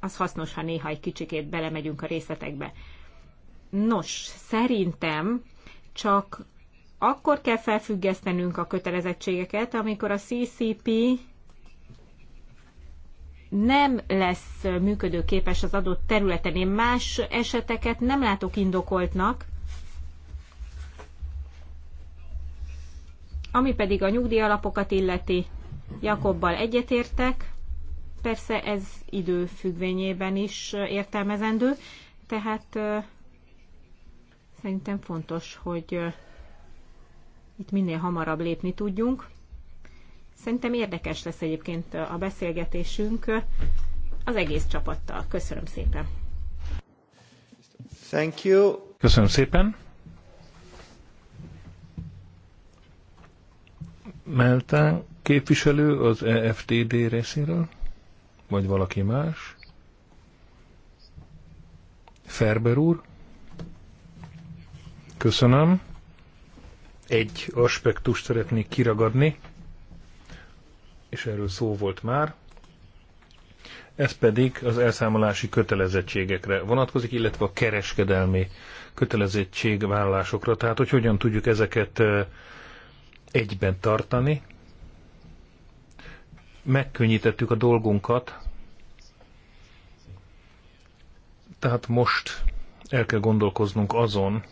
az hasznos, ha néha egy kicsikét belemegyünk a részletekbe. Nos, szerintem csak akkor kell felfüggesztenünk a kötelezettségeket, amikor a CCP nem lesz működőképes az adott területen. Én más eseteket nem látok indokoltnak, ami pedig a nyugdíjalapokat illeti. Jakobbal egyetértek, Persze ez idő függvényében is értelmezendő, tehát szerintem fontos, hogy itt minél hamarabb lépni tudjunk. Szerintem érdekes lesz egyébként a beszélgetésünk az egész csapattal. Köszönöm szépen. Thank you. Köszönöm szépen. Meltán képviselő az EFTD részéről. Vagy valaki más? Ferber úr? Köszönöm. Egy aspektust szeretnék kiragadni, és erről szó volt már. Ez pedig az elszámolási kötelezettségekre vonatkozik, illetve a kereskedelmi kötelezettségvállalásokra. Tehát, hogy hogyan tudjuk ezeket egyben tartani, megkönnyítettük a dolgunkat, tehát most el kell gondolkoznunk azon,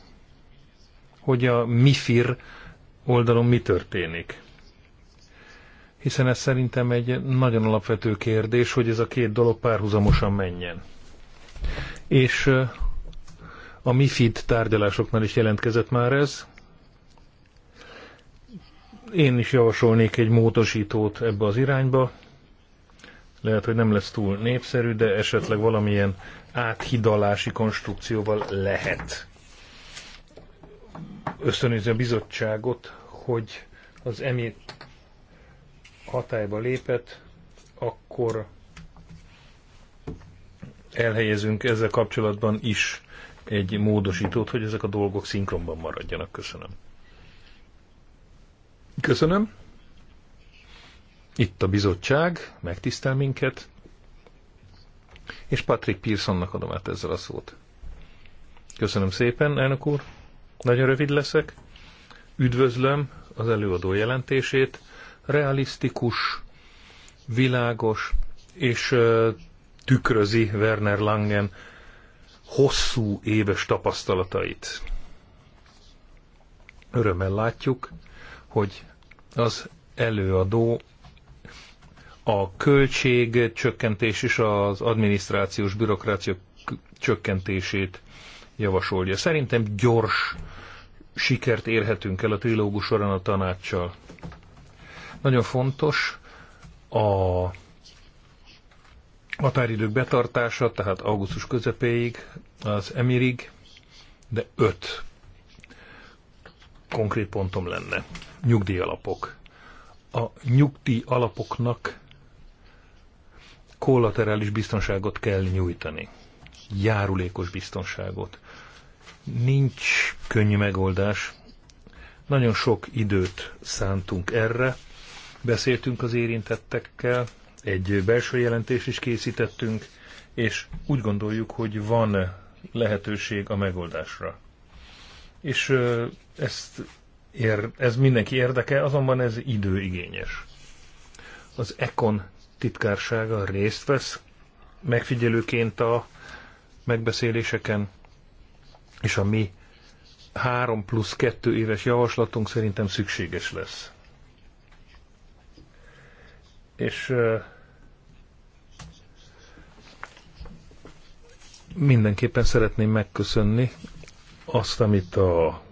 hogy a MIFIR oldalon mi történik. Hiszen ez szerintem egy nagyon alapvető kérdés, hogy ez a két dolog párhuzamosan menjen. És a MIFID tárgyalásoknál is jelentkezett már ez, én is javasolnék egy módosítót ebbe az irányba. Lehet, hogy nem lesz túl népszerű, de esetleg valamilyen áthidalási konstrukcióval lehet ösztönözi a bizottságot, hogy az emi hatályba lépett, akkor elhelyezünk ezzel kapcsolatban is egy módosítót, hogy ezek a dolgok szinkronban maradjanak. Köszönöm. Köszönöm. Itt a bizottság megtisztel minket, és Patrick Pearsonnak adom át ezzel a szót. Köszönöm szépen, elnök úr. Nagyon rövid leszek. Üdvözlöm az előadó jelentését. Realisztikus, világos, és tükrözi Werner Langen hosszú éves tapasztalatait. Örömmel látjuk, hogy az előadó a költség csökkentés és az adminisztrációs bürokrácia csökkentését javasolja. Szerintem gyors sikert érhetünk el a trilógus során a tanácssal. Nagyon fontos a határidők betartása, tehát augusztus közepéig, az emirig, de öt konkrét pontom lenne. Nyugdíjalapok. A nyugdíjalapoknak kollaterális biztonságot kell nyújtani. Járulékos biztonságot. Nincs könnyű megoldás. Nagyon sok időt szántunk erre. Beszéltünk az érintettekkel, egy belső jelentést is készítettünk, és úgy gondoljuk, hogy van lehetőség a megoldásra. És ezt ér, ez mindenki érdeke, azonban ez időigényes. Az Econ titkársága részt vesz megfigyelőként a megbeszéléseken, és a mi 3 plusz 2 éves javaslatunk szerintem szükséges lesz. És mindenképpen szeretném megköszönni azt, amit a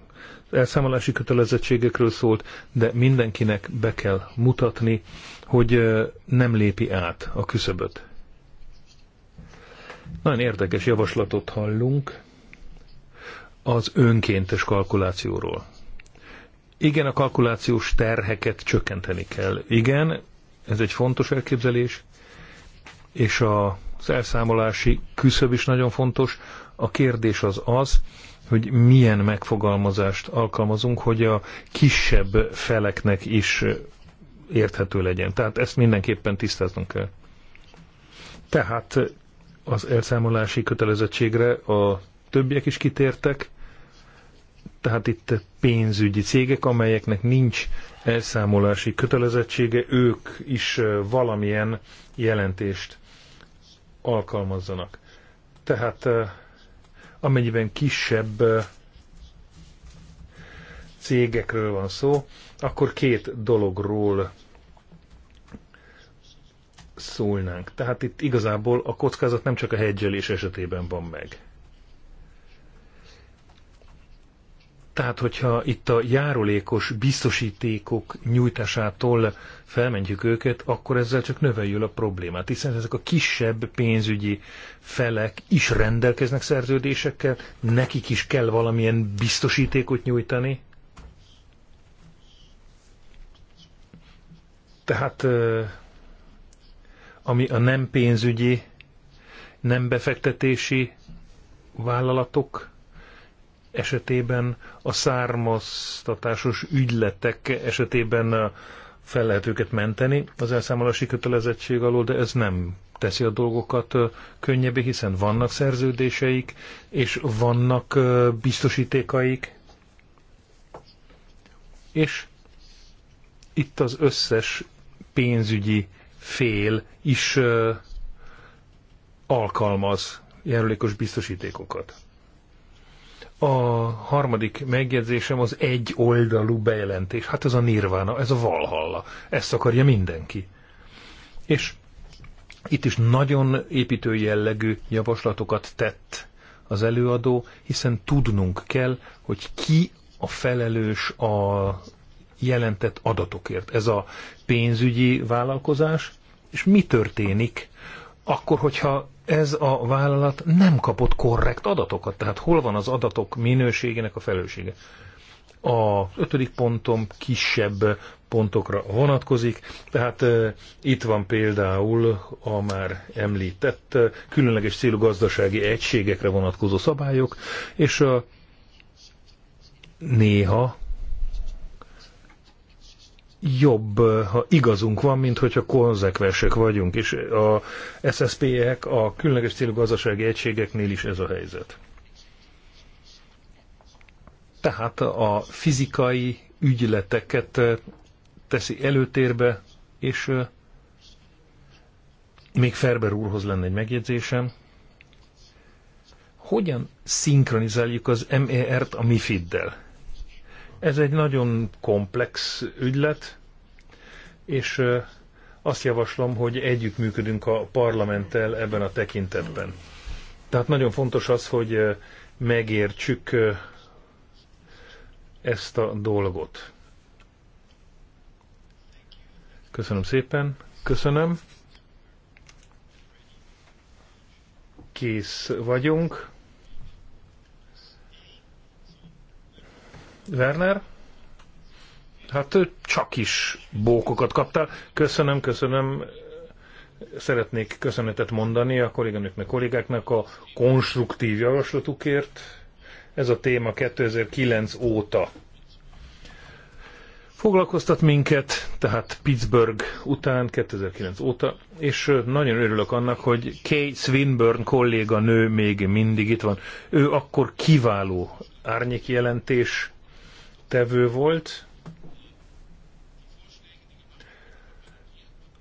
elszámolási kötelezettségekről szólt, de mindenkinek be kell mutatni, hogy nem lépi át a küszöböt. Nagyon érdekes javaslatot hallunk az önkéntes kalkulációról. Igen, a kalkulációs terheket csökkenteni kell. Igen, ez egy fontos elképzelés, és az elszámolási küszöb is nagyon fontos. A kérdés az az, hogy milyen megfogalmazást alkalmazunk, hogy a kisebb feleknek is érthető legyen. Tehát ezt mindenképpen tisztáznunk kell. Tehát az elszámolási kötelezettségre a többiek is kitértek, tehát itt pénzügyi cégek, amelyeknek nincs elszámolási kötelezettsége, ők is valamilyen jelentést alkalmazzanak. Tehát eh, amennyiben kisebb cégekről van szó, akkor két dologról szólnánk. Tehát itt igazából a kockázat nem csak a hedzselés esetében van meg. Tehát, hogyha itt a járulékos biztosítékok nyújtásától felmentjük őket, akkor ezzel csak növeljül a problémát, hiszen ezek a kisebb pénzügyi felek is rendelkeznek szerződésekkel, nekik is kell valamilyen biztosítékot nyújtani. Tehát ami a nem pénzügyi, nem befektetési vállalatok esetében a származtatásos ügyletek esetében eh, fel lehet őket menteni az elszámolási kötelezettség alól, de ez nem teszi a dolgokat eh, könnyebbé, hiszen vannak szerződéseik, és vannak eh, biztosítékaik, és itt az összes pénzügyi fél is alkalmaz járulékos biztosítékokat. A harmadik megjegyzésem az egy oldalú bejelentés. Hát ez a nirvána, ez a valhalla. Ezt akarja mindenki. És itt is nagyon építő jellegű javaslatokat tett az előadó, hiszen tudnunk kell, hogy ki a felelős a jelentett adatokért. Ez a pénzügyi vállalkozás, és mi történik akkor, hogyha ez a vállalat nem kapott korrekt adatokat, tehát hol van az adatok minőségének a felelőssége. A ötödik pontom kisebb pontokra vonatkozik, tehát e, itt van például a már említett e, különleges célú gazdasági egységekre vonatkozó szabályok, és a, néha jobb, ha igazunk van, mint hogyha konzekvensek vagyunk, és a SSP-ek, a különleges célú gazdasági egységeknél is ez a helyzet. Tehát a fizikai ügyleteket teszi előtérbe, és még Ferber úrhoz lenne egy megjegyzésem. Hogyan szinkronizáljuk az MER-t a MIFID-del? Ez egy nagyon komplex ügylet, és azt javaslom, hogy együttműködünk a parlamenttel ebben a tekintetben. Tehát nagyon fontos az, hogy megértsük ezt a dolgot. Köszönöm szépen. Köszönöm. Kész vagyunk. Werner. Hát csak is bókokat kaptál. Köszönöm, köszönöm. Szeretnék köszönetet mondani a kolléganőknek, kollégáknak a konstruktív javaslatukért. Ez a téma 2009 óta foglalkoztat minket, tehát Pittsburgh után, 2009 óta, és nagyon örülök annak, hogy Kay Swinburne kolléga nő még mindig itt van. Ő akkor kiváló jelentés tevő volt.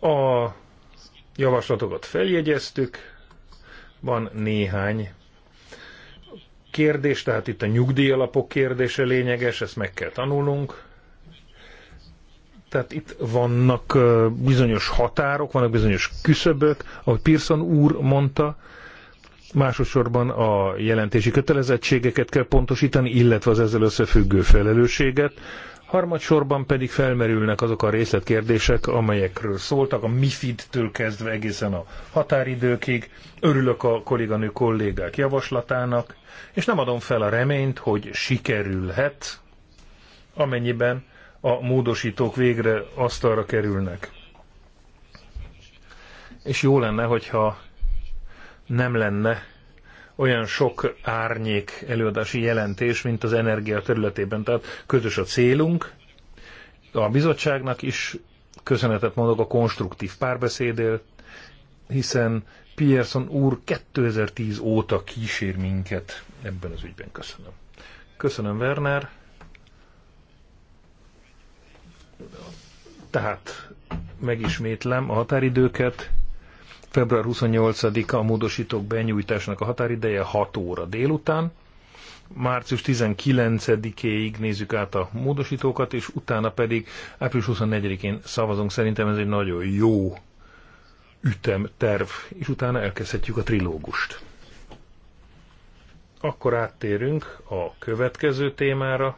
A javaslatokat feljegyeztük, van néhány kérdés, tehát itt a nyugdíjalapok kérdése lényeges, ezt meg kell tanulnunk. Tehát itt vannak bizonyos határok, vannak bizonyos küszöbök, ahogy Pearson úr mondta, Másosorban a jelentési kötelezettségeket kell pontosítani, illetve az ezzel összefüggő felelősséget. Harmadsorban pedig felmerülnek azok a részletkérdések, amelyekről szóltak, a MIFID-től kezdve egészen a határidőkig. Örülök a kolléganő kollégák javaslatának, és nem adom fel a reményt, hogy sikerülhet, amennyiben a módosítók végre asztalra kerülnek. És jó lenne, hogyha nem lenne olyan sok árnyék előadási jelentés, mint az energia területében. Tehát közös a célunk, a bizottságnak is köszönetet mondok a konstruktív párbeszédél, hiszen Pierson úr 2010 óta kísér minket ebben az ügyben. Köszönöm. Köszönöm, Werner. Tehát megismétlem a határidőket. Február 28-a a módosítók benyújtásnak a határideje 6 óra délután. Március 19-éig nézzük át a módosítókat, és utána pedig április 24-én szavazunk. Szerintem ez egy nagyon jó ütemterv, és utána elkezdhetjük a trilógust. Akkor áttérünk a következő témára.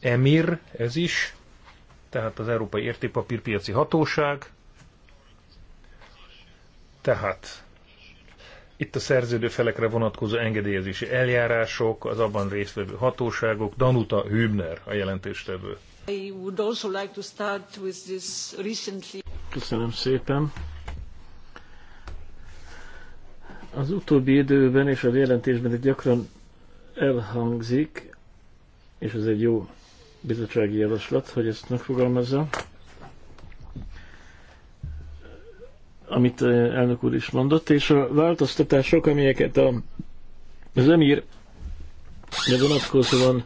Emir, ez is, tehát az Európai Értékpapírpiaci Hatóság. Tehát itt a szerződő felekre vonatkozó engedélyezési eljárások, az abban résztvevő hatóságok, Danuta Hübner a jelentéstevő. I would also like to start with this recently... Köszönöm szépen. Az utóbbi időben és a jelentésben itt gyakran elhangzik, és ez egy jó bizottsági javaslat, hogy ezt megfogalmazza, amit eh, elnök úr is mondott, és a változtatások, amelyeket a, az emír vonatkozóan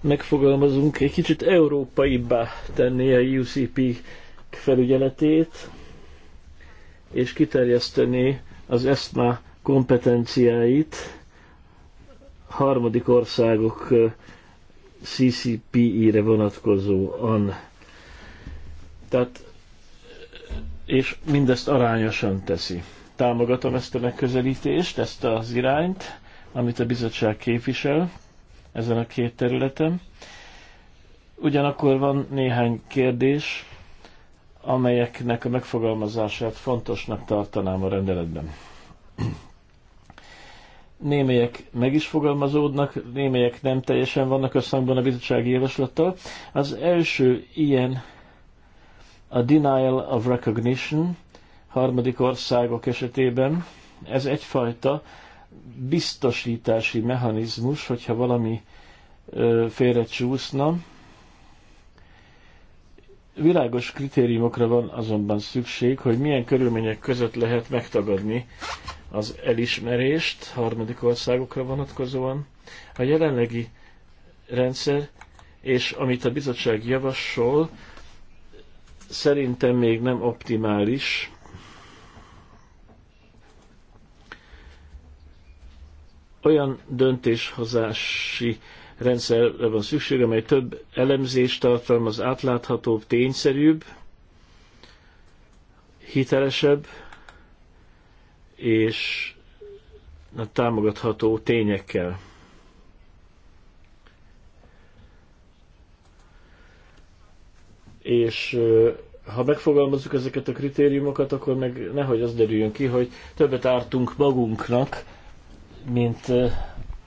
megfogalmazunk, egy kicsit európaibbá tenni a UCP felügyeletét, és kiterjeszteni az ESMA kompetenciáit harmadik országok eh, CCPI-re vonatkozóan. Tehát és mindezt arányosan teszi. Támogatom ezt a megközelítést, ezt az irányt, amit a bizottság képvisel ezen a két területen. Ugyanakkor van néhány kérdés, amelyeknek a megfogalmazását fontosnak tartanám a rendeletben. Némelyek meg is fogalmazódnak, némelyek nem teljesen vannak összhangban a bizottsági javaslattal. Az első ilyen a denial of recognition harmadik országok esetében, ez egyfajta biztosítási mechanizmus, hogyha valami félre csúszna. Világos kritériumokra van azonban szükség, hogy milyen körülmények között lehet megtagadni az elismerést harmadik országokra vonatkozóan. A jelenlegi rendszer, és amit a bizottság javasol, szerintem még nem optimális. Olyan döntéshozási rendszerre van szükség, amely több elemzést tartalmaz, átláthatóbb, tényszerűbb, hitelesebb és támogatható tényekkel. és ha megfogalmazzuk ezeket a kritériumokat, akkor meg nehogy az derüljön ki, hogy többet ártunk magunknak, mint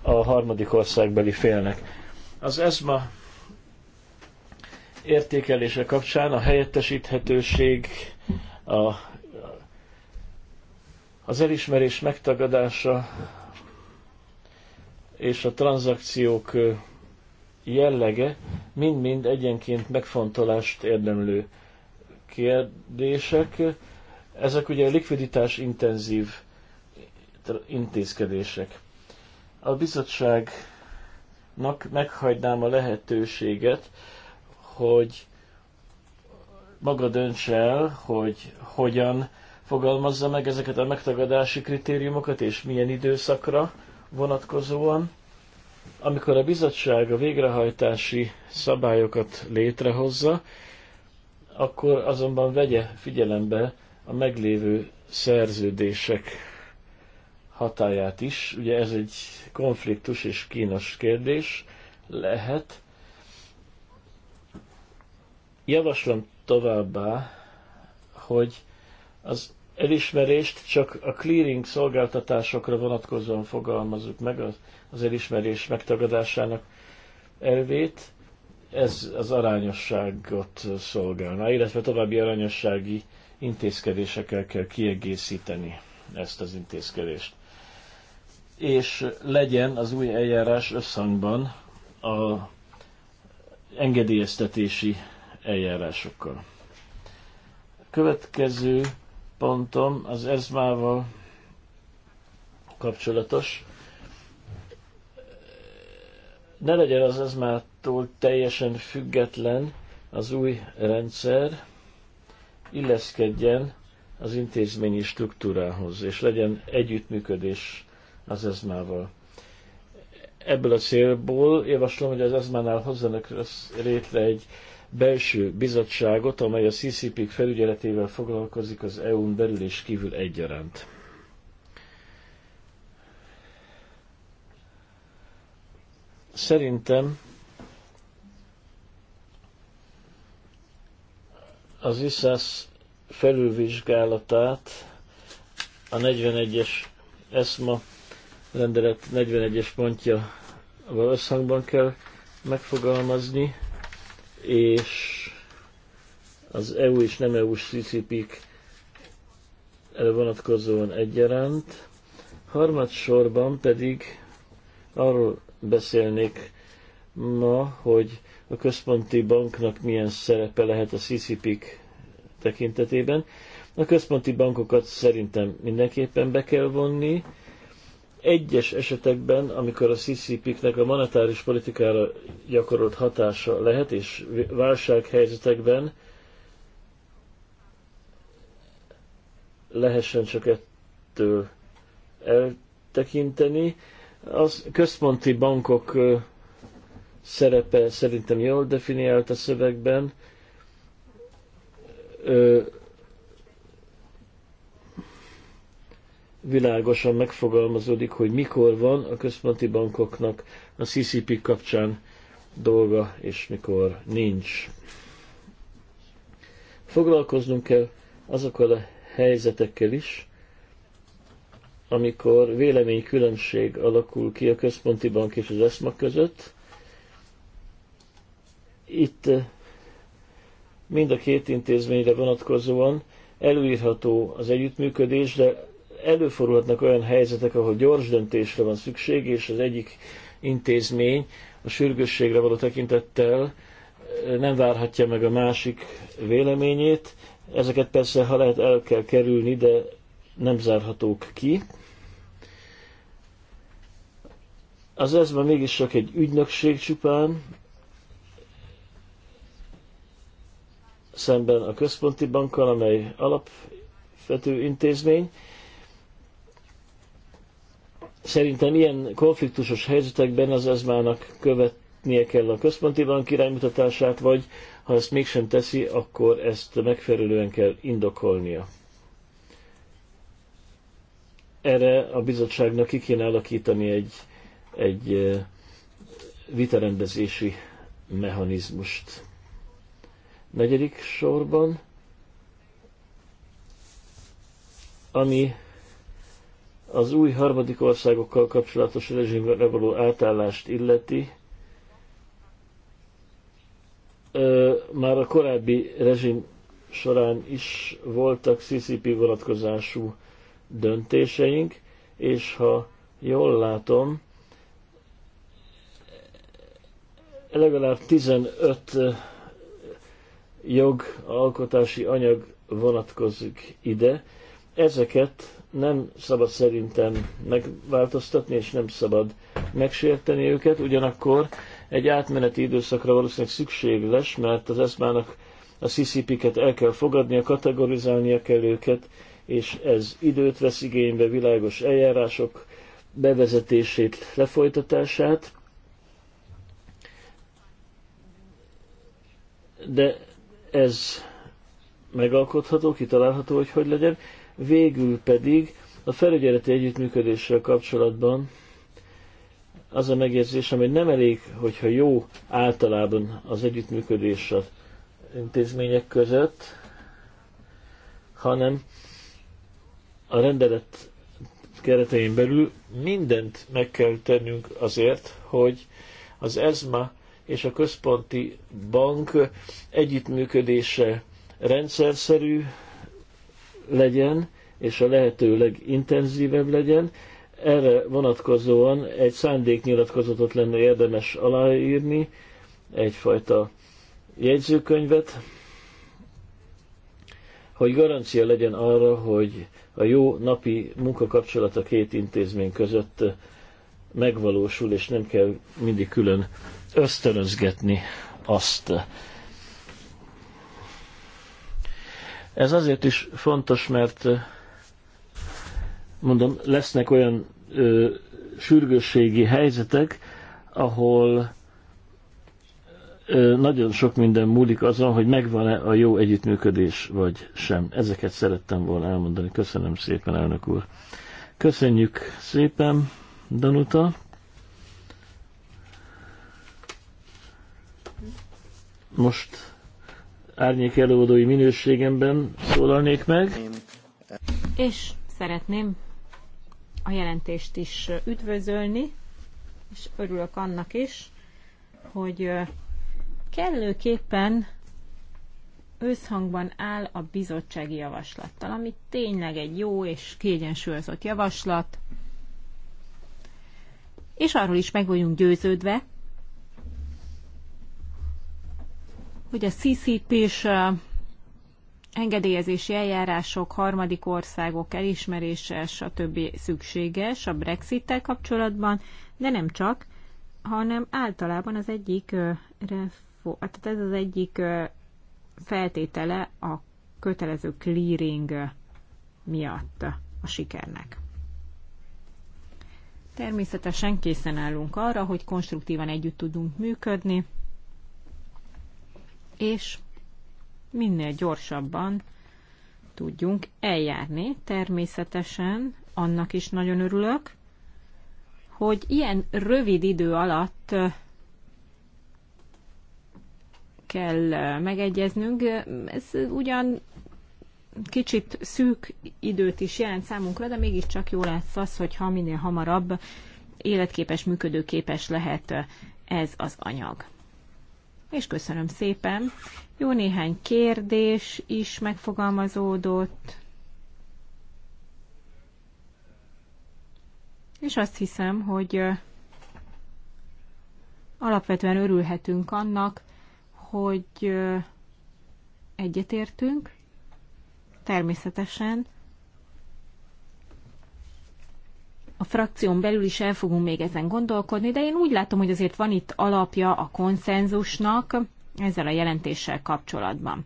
a harmadik országbeli félnek. Az ESMA értékelése kapcsán a helyettesíthetőség, a, az elismerés megtagadása és a tranzakciók jellege mind-mind egyenként megfontolást érdemlő kérdések. Ezek ugye likviditás intenzív intézkedések. A bizottságnak meghagynám a lehetőséget, hogy maga dönts el, hogy hogyan fogalmazza meg ezeket a megtagadási kritériumokat, és milyen időszakra vonatkozóan amikor a bizottság a végrehajtási szabályokat létrehozza, akkor azonban vegye figyelembe a meglévő szerződések hatáját is. Ugye ez egy konfliktus és kínos kérdés lehet. Javaslom továbbá, hogy az elismerést csak a clearing szolgáltatásokra vonatkozóan fogalmazzuk meg, az az elismerés megtagadásának elvét, ez az arányosságot szolgálna, illetve további arányossági intézkedésekkel kell kiegészíteni ezt az intézkedést. És legyen az új eljárás összhangban a engedélyeztetési eljárásokkal. Következő pontom az ezmával kapcsolatos ne legyen az ezmától teljesen független az új rendszer, illeszkedjen az intézményi struktúrához, és legyen együttműködés az ezmával. Ebből a célból javaslom, hogy az ezmánál hozzanak létre egy belső bizottságot, amely a CCP felügyeletével foglalkozik az EU-n belül és kívül egyaránt. Szerintem az ISZÁSZ felülvizsgálatát a 41-es ESMA rendelet 41-es pontja valószínűleg kell megfogalmazni, és az EU és nem EU-s CCP-k vonatkozóan egyaránt. Harmadsorban pedig arról beszélnék ma, hogy a központi banknak milyen szerepe lehet a ccp tekintetében. A központi bankokat szerintem mindenképpen be kell vonni. Egyes esetekben, amikor a ccp nek a monetáris politikára gyakorolt hatása lehet, és válsághelyzetekben lehessen csak ettől eltekinteni, az központi bankok szerepe szerintem jól definiált a szövegben. világosan megfogalmazódik, hogy mikor van a központi bankoknak a CCP kapcsán dolga, és mikor nincs. Foglalkoznunk kell azokkal a helyzetekkel is, amikor véleménykülönbség alakul ki a központi bank és az ESMA között. Itt eh, mind a két intézményre vonatkozóan előírható az együttműködés, de előfordulhatnak olyan helyzetek, ahol gyors döntésre van szükség, és az egyik intézmény a sürgősségre való tekintettel eh, nem várhatja meg a másik véleményét. Ezeket persze, ha lehet, el kell kerülni, de nem zárhatók ki. Az ez már mégis csak egy ügynökség csupán, szemben a központi bankkal, amely alapvető intézmény. Szerintem ilyen konfliktusos helyzetekben az ezmának követnie kell a központi bank iránymutatását, vagy ha ezt mégsem teszi, akkor ezt megfelelően kell indokolnia erre a bizottságnak ki kéne alakítani egy, egy vitarendezési mechanizmust. Negyedik sorban, ami az új harmadik országokkal kapcsolatos rezsimre való átállást illeti, már a korábbi rezsim során is voltak CCP vonatkozású döntéseink, és ha jól látom, legalább 15 jogalkotási anyag vonatkozik ide. Ezeket nem szabad szerintem megváltoztatni, és nem szabad megsérteni őket, ugyanakkor egy átmeneti időszakra valószínűleg szükség lesz, mert az eszmának a CCP-ket el kell fogadnia, kategorizálnia kell őket, és ez időt vesz igénybe, világos eljárások bevezetését, lefolytatását, de ez megalkotható, kitalálható, hogy hogy legyen. Végül pedig a felügyeleti együttműködéssel kapcsolatban az a megjegyzésem, hogy nem elég, hogyha jó általában az együttműködés az intézmények között, hanem a rendelet keretein belül mindent meg kell tennünk azért, hogy az ESMA és a központi bank együttműködése rendszerszerű legyen, és a lehető legintenzívebb legyen. Erre vonatkozóan egy szándéknyilatkozatot lenne érdemes aláírni, egyfajta jegyzőkönyvet, hogy garancia legyen arra, hogy a jó napi munkakapcsolat a két intézmény között megvalósul, és nem kell mindig külön ösztönözgetni azt. Ez azért is fontos, mert mondom, lesznek olyan ö, sürgősségi helyzetek, ahol nagyon sok minden múlik azon, hogy megvan-e a jó együttműködés, vagy sem. Ezeket szerettem volna elmondani. Köszönöm szépen, elnök úr. Köszönjük szépen, Danuta. Most árnyék előadói minőségemben szólalnék meg. És szeretném a jelentést is üdvözölni, és örülök annak is, hogy kellőképpen összhangban áll a bizottsági javaslattal, ami tényleg egy jó és kiegyensúlyozott javaslat. És arról is meg vagyunk győződve, hogy a CCP-s engedélyezési eljárások, harmadik országok elismerése, stb. szükséges a Brexit-tel kapcsolatban, de nem csak, hanem általában az egyik fog, hát ez az egyik feltétele a kötelező clearing miatt a sikernek. Természetesen készen állunk arra, hogy konstruktívan együtt tudunk működni, és minél gyorsabban tudjunk eljárni. Természetesen annak is nagyon örülök, hogy ilyen rövid idő alatt kell megegyeznünk. Ez ugyan kicsit szűk időt is jelent számunkra, de mégiscsak jó lesz az, ha minél hamarabb életképes, működőképes lehet ez az anyag. És köszönöm szépen. Jó néhány kérdés is megfogalmazódott. És azt hiszem, hogy alapvetően örülhetünk annak, hogy egyetértünk, természetesen a frakción belül is el fogunk még ezen gondolkodni, de én úgy látom, hogy azért van itt alapja a konszenzusnak ezzel a jelentéssel kapcsolatban.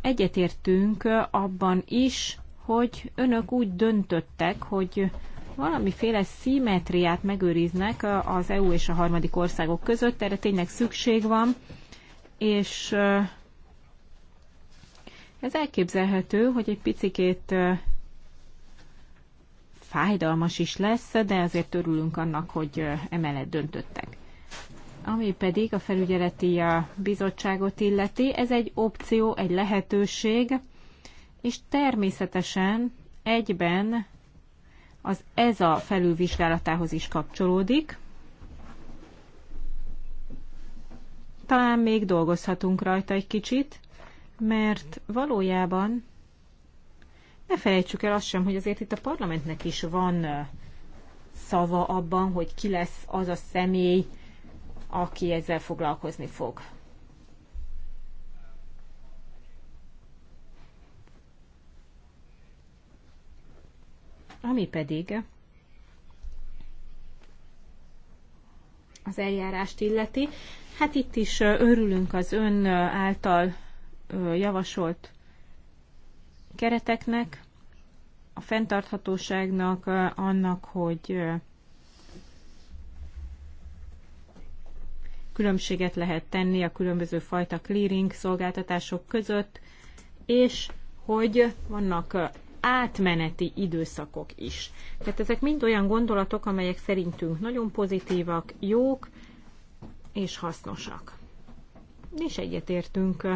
Egyetértünk abban is, hogy önök úgy döntöttek, hogy valamiféle szimetriát megőriznek az EU és a harmadik országok között, erre tényleg szükség van, és ez elképzelhető, hogy egy picikét fájdalmas is lesz, de azért örülünk annak, hogy emellett döntöttek. Ami pedig a felügyeleti bizottságot illeti, ez egy opció, egy lehetőség, és természetesen egyben az ez a felülvizsgálatához is kapcsolódik, talán még dolgozhatunk rajta egy kicsit, mert valójában ne felejtsük el azt sem, hogy azért itt a parlamentnek is van szava abban, hogy ki lesz az a személy, aki ezzel foglalkozni fog. Ami pedig az eljárást illeti. Hát itt is örülünk az ön által javasolt kereteknek, a fenntarthatóságnak, annak, hogy különbséget lehet tenni a különböző fajta clearing szolgáltatások között, és hogy vannak átmeneti időszakok is. Tehát ezek mind olyan gondolatok, amelyek szerintünk nagyon pozitívak, jók, és hasznosak. És egyetértünk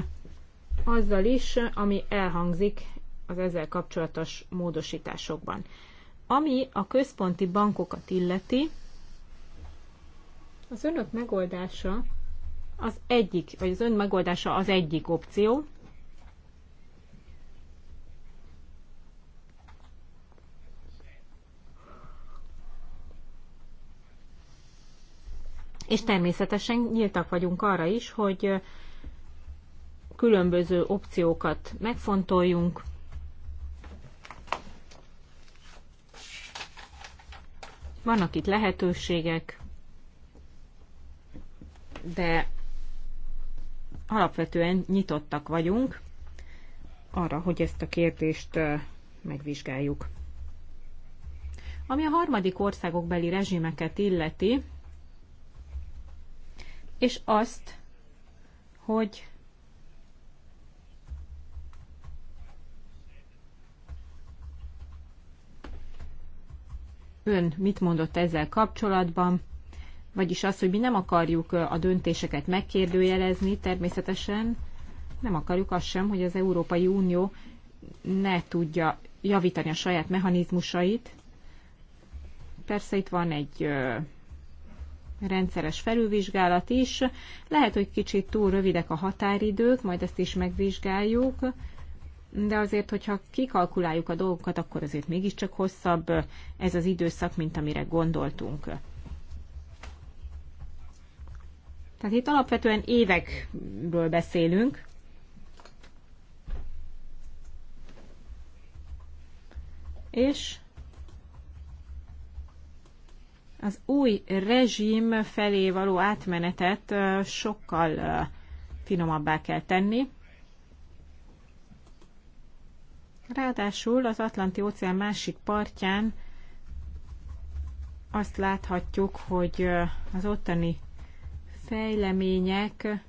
azzal is, ami elhangzik az ezzel kapcsolatos módosításokban. Ami a központi bankokat illeti, az önök megoldása az egyik, vagy az ön megoldása az egyik opció, és természetesen nyíltak vagyunk arra is, hogy különböző opciókat megfontoljunk, Vannak itt lehetőségek, de alapvetően nyitottak vagyunk arra, hogy ezt a kérdést megvizsgáljuk. Ami a harmadik országok beli rezsimeket illeti, és azt, hogy ön mit mondott ezzel kapcsolatban, vagyis az, hogy mi nem akarjuk a döntéseket megkérdőjelezni természetesen, nem akarjuk azt sem, hogy az Európai Unió ne tudja javítani a saját mechanizmusait. Persze itt van egy rendszeres felülvizsgálat is. Lehet, hogy kicsit túl rövidek a határidők, majd ezt is megvizsgáljuk, de azért, hogyha kikalkuláljuk a dolgokat, akkor azért mégiscsak hosszabb ez az időszak, mint amire gondoltunk. Tehát itt alapvetően évekről beszélünk. És az új rezsim felé való átmenetet sokkal finomabbá kell tenni. Ráadásul az Atlanti óceán másik partján azt láthatjuk, hogy az ottani fejlemények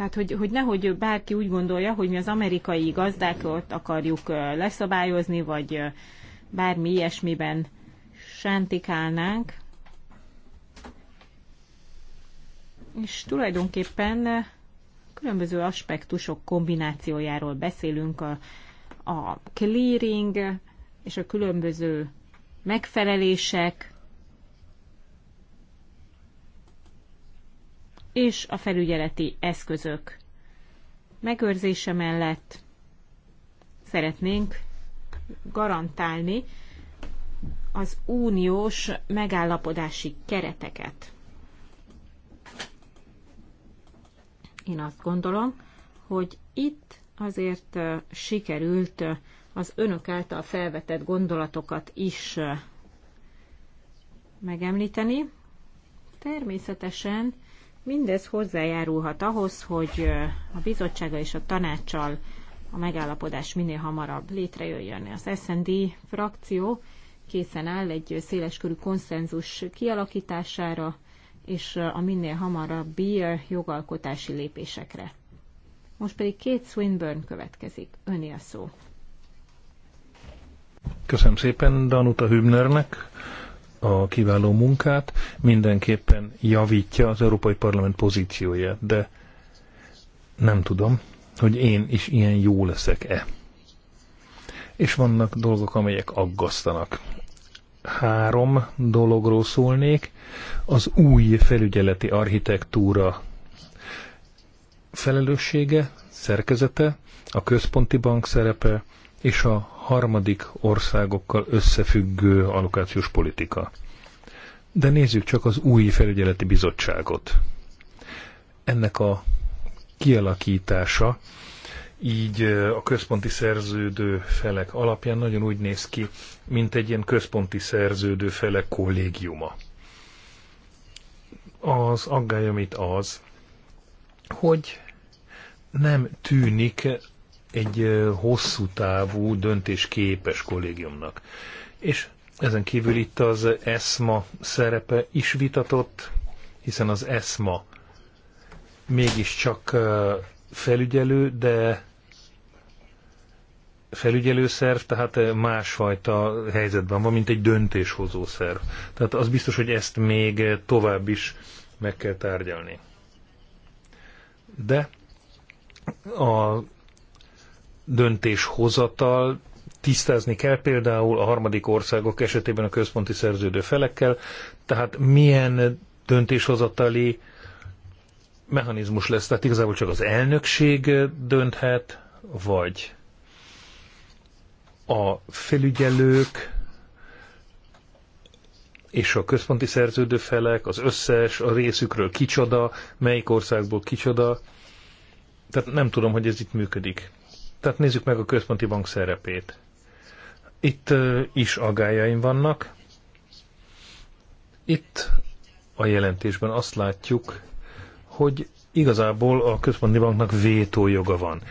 Tehát, hogy, hogy nehogy bárki úgy gondolja, hogy mi az amerikai gazdákat akarjuk leszabályozni, vagy bármi ilyesmiben sántikálnánk. És tulajdonképpen különböző aspektusok kombinációjáról beszélünk, a, a clearing és a különböző megfelelések, és a felügyeleti eszközök megőrzése mellett szeretnénk garantálni az uniós megállapodási kereteket. Én azt gondolom, hogy itt azért sikerült az önök által felvetett gondolatokat is megemlíteni. Természetesen Mindez hozzájárulhat ahhoz, hogy a bizottsága és a tanácssal a megállapodás minél hamarabb létrejöjjön. Az SND frakció készen áll egy széleskörű konszenzus kialakítására és a minél bír jogalkotási lépésekre. Most pedig két Swinburne következik. Öné a szó. Köszönöm szépen Danuta Hübnernek a kiváló munkát, mindenképpen javítja az Európai Parlament pozícióját, de nem tudom, hogy én is ilyen jó leszek-e. És vannak dolgok, amelyek aggasztanak. Három dologról szólnék. Az új felügyeleti architektúra felelőssége, szerkezete, a központi bank szerepe és a harmadik országokkal összefüggő allokációs politika. De nézzük csak az új felügyeleti bizottságot. Ennek a kialakítása így a központi szerződő felek alapján nagyon úgy néz ki, mint egy ilyen központi szerződő felek kollégiuma. Az aggályom itt az, hogy nem tűnik egy hosszú távú döntésképes kollégiumnak. És ezen kívül itt az ESMA szerepe is vitatott, hiszen az ESMA mégiscsak felügyelő, de felügyelő szerv, tehát másfajta helyzetben van, mint egy döntéshozó szerv. Tehát az biztos, hogy ezt még tovább is meg kell tárgyalni. De a döntéshozatal tisztázni kell például a harmadik országok esetében a központi szerződő felekkel, tehát milyen döntéshozatali mechanizmus lesz, tehát igazából csak az elnökség dönthet, vagy a felügyelők és a központi szerződő felek, az összes, a részükről kicsoda, melyik országból kicsoda. Tehát nem tudom, hogy ez itt működik. Tehát nézzük meg a központi bank szerepét. Itt is agályaim vannak. Itt a jelentésben azt látjuk, hogy igazából a központi banknak vétójoga van.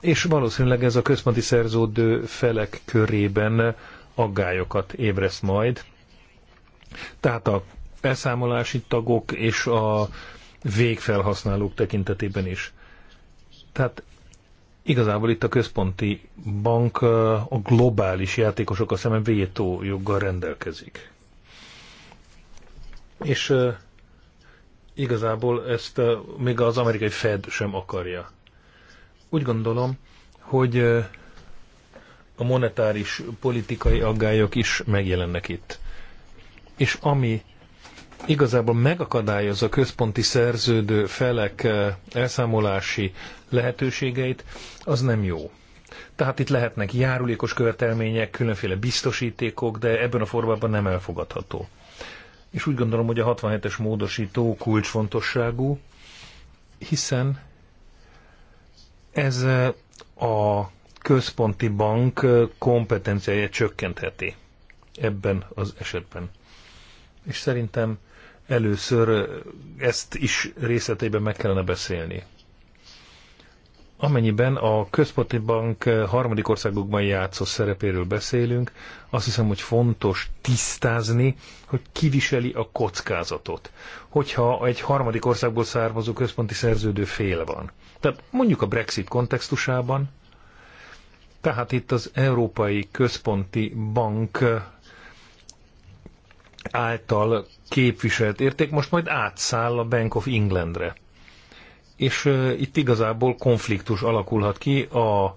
És valószínűleg ez a központi szerződő felek körében aggályokat ébreszt majd. Tehát a elszámolási tagok és a végfelhasználók tekintetében is. Tehát Igazából itt a központi bank a globális a szemben vétó joggal rendelkezik. És igazából ezt még az amerikai Fed sem akarja. Úgy gondolom, hogy a monetáris politikai aggályok is megjelennek itt. És ami igazából megakadályozza a központi szerződő felek eh, elszámolási lehetőségeit, az nem jó. Tehát itt lehetnek járulékos követelmények, különféle biztosítékok, de ebben a formában nem elfogadható. És úgy gondolom, hogy a 67-es módosító kulcsfontosságú, hiszen ez eh, a központi bank eh, kompetenciáját csökkentheti ebben az esetben. És szerintem először ezt is részletében meg kellene beszélni. Amennyiben a központi bank harmadik országokban játszó szerepéről beszélünk, azt hiszem, hogy fontos tisztázni, hogy kiviseli a kockázatot, hogyha egy harmadik országból származó központi szerződő fél van. Tehát mondjuk a Brexit kontextusában, tehát itt az Európai Központi Bank által képviselt érték most majd átszáll a Bank of Englandre. És uh, itt igazából konfliktus alakulhat ki a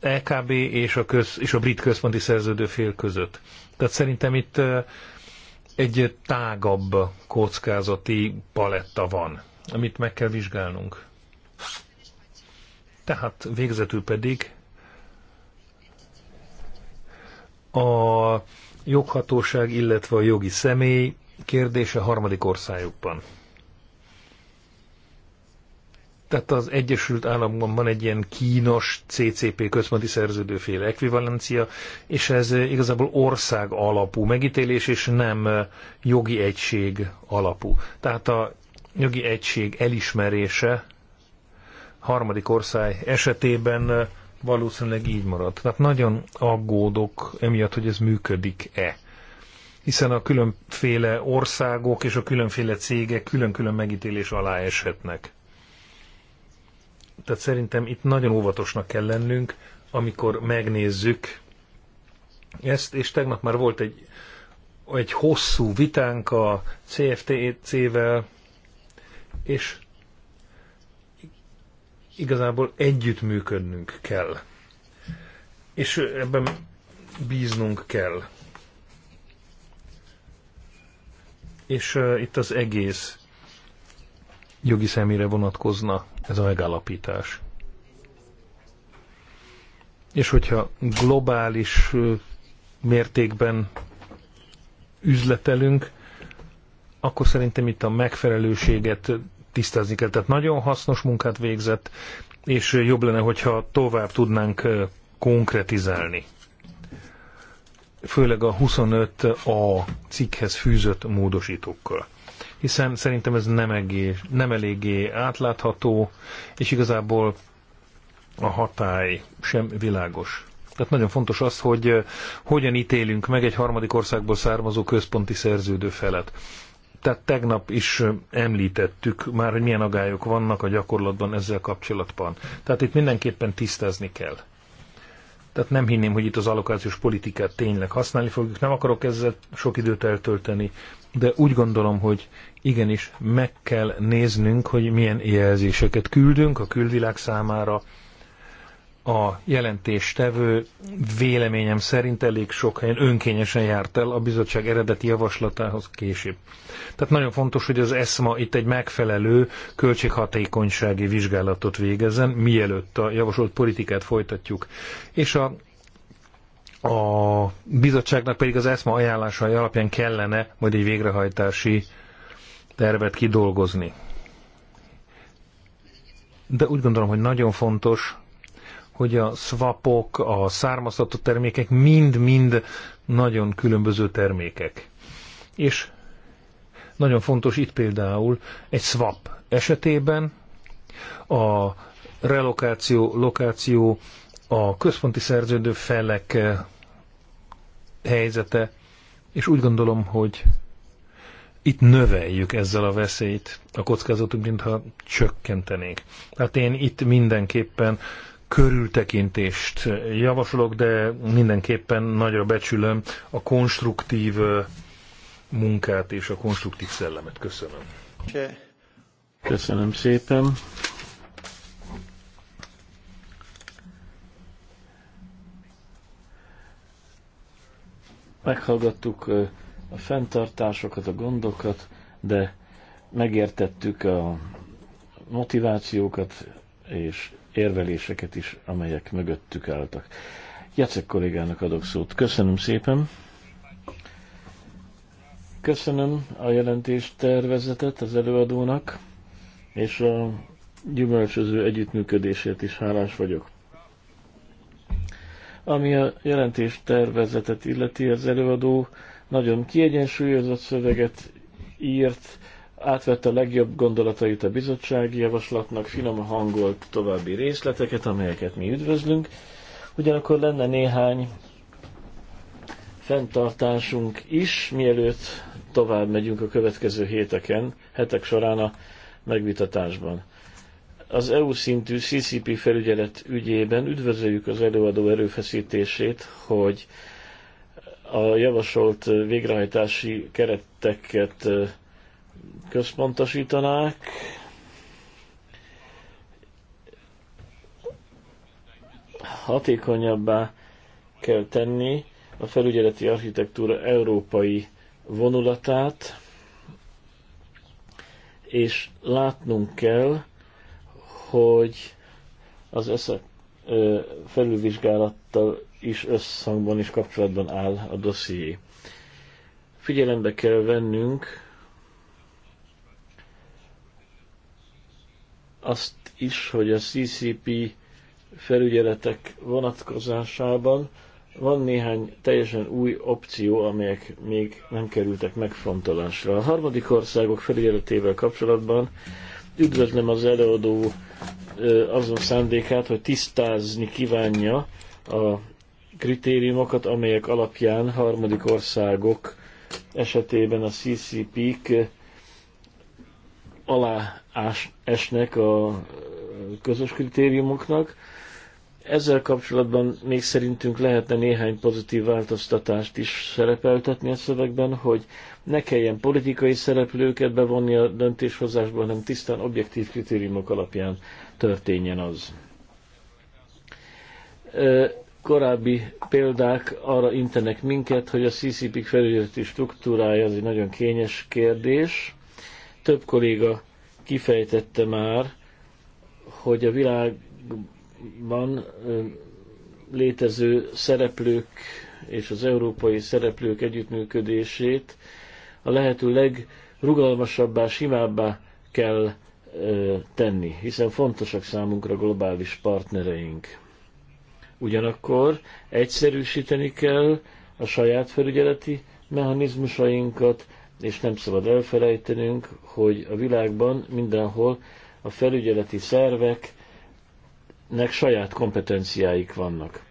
LKB e és a, köz, és a brit központi szerződő fél között. Tehát szerintem itt uh, egy tágabb kockázati paletta van, amit meg kell vizsgálnunk. Tehát végzetül pedig a joghatóság, illetve a jogi személy kérdése harmadik országokban. Tehát az Egyesült Államokban van egy ilyen kínos CCP központi szerződőféle ekvivalencia, és ez igazából ország alapú megítélés, és nem jogi egység alapú. Tehát a jogi egység elismerése harmadik ország esetében valószínűleg így marad. Tehát nagyon aggódok emiatt, hogy ez működik-e. Hiszen a különféle országok és a különféle cégek külön-külön megítélés alá eshetnek. Tehát szerintem itt nagyon óvatosnak kell lennünk, amikor megnézzük ezt, és tegnap már volt egy, egy hosszú vitánk a CFTC-vel, e és igazából együttműködnünk kell. És ebben bíznunk kell. És uh, itt az egész jogi személyre vonatkozna ez a megállapítás. És hogyha globális uh, mértékben üzletelünk, akkor szerintem itt a megfelelőséget tisztázni kell. Tehát nagyon hasznos munkát végzett, és jobb lenne, hogyha tovább tudnánk konkretizálni. Főleg a 25a cikkhez fűzött módosítókkal. Hiszen szerintem ez nem, egész, nem eléggé átlátható, és igazából a hatály sem világos. Tehát nagyon fontos az, hogy hogyan ítélünk meg egy harmadik országból származó központi szerződő felet. Tehát tegnap is említettük már, hogy milyen agályok vannak a gyakorlatban ezzel kapcsolatban. Tehát itt mindenképpen tisztázni kell. Tehát nem hinném, hogy itt az allokációs politikát tényleg használni fogjuk. Nem akarok ezzel sok időt eltölteni, de úgy gondolom, hogy igenis meg kell néznünk, hogy milyen jelzéseket küldünk a külvilág számára, a jelentéstevő véleményem szerint elég sok helyen önkényesen járt el a bizottság eredeti javaslatához később. Tehát nagyon fontos, hogy az ESMA itt egy megfelelő költséghatékonysági vizsgálatot végezzen, mielőtt a javasolt politikát folytatjuk. És a a bizottságnak pedig az ESMA ajánlásai alapján kellene majd egy végrehajtási tervet kidolgozni. De úgy gondolom, hogy nagyon fontos, hogy a swapok, a származható termékek mind-mind nagyon különböző termékek. És nagyon fontos itt például egy swap esetében a relokáció, lokáció, a központi szerződő felek eh, helyzete, és úgy gondolom, hogy itt növeljük ezzel a veszélyt, a kockázatot, mintha csökkentenék, Tehát én itt mindenképpen körültekintést javasolok, de mindenképpen nagyra becsülöm a konstruktív munkát és a konstruktív szellemet. Köszönöm. Köszönöm szépen. Meghallgattuk a fenntartásokat, a gondokat, de megértettük a motivációkat és érveléseket is, amelyek mögöttük álltak. Jacek kollégának adok szót. Köszönöm szépen. Köszönöm a jelentést tervezetet az előadónak, és a gyümölcsöző együttműködését is hálás vagyok. Ami a jelentés tervezetet illeti, az előadó nagyon kiegyensúlyozott szöveget írt, átvette a legjobb gondolatait a bizottsági javaslatnak, finom hangolt további részleteket, amelyeket mi üdvözlünk. Ugyanakkor lenne néhány fenntartásunk is, mielőtt tovább megyünk a következő héteken, hetek során a megvitatásban. Az EU szintű CCP felügyelet ügyében üdvözöljük az előadó erőfeszítését, hogy a javasolt végrehajtási kereteket központosítanák. Hatékonyabbá kell tenni a felügyeleti architektúra európai vonulatát, és látnunk kell, hogy az ESZA felülvizsgálattal is összhangban és kapcsolatban áll a dosszié. Figyelembe kell vennünk azt is, hogy a CCP felügyeletek vonatkozásában van néhány teljesen új opció, amelyek még nem kerültek megfontolásra. A harmadik országok felügyeletével kapcsolatban üdvözlöm az előadó azon szándékát, hogy tisztázni kívánja a kritériumokat, amelyek alapján harmadik országok esetében a CCP-k alá esnek a közös kritériumoknak. Ezzel kapcsolatban még szerintünk lehetne néhány pozitív változtatást is szerepeltetni a szövegben, hogy ne kelljen politikai szereplőket bevonni a döntéshozásba, hanem tisztán objektív kritériumok alapján történjen az. Korábbi példák arra intenek minket, hogy a CCP felügyeleti struktúrája az egy nagyon kényes kérdés, több kolléga kifejtette már, hogy a világban létező szereplők és az európai szereplők együttműködését a lehető legrugalmasabbá, simábbá kell tenni, hiszen fontosak számunkra globális partnereink. Ugyanakkor egyszerűsíteni kell a saját felügyeleti mechanizmusainkat, és nem szabad elfelejtenünk, hogy a világban mindenhol a felügyeleti szerveknek saját kompetenciáik vannak.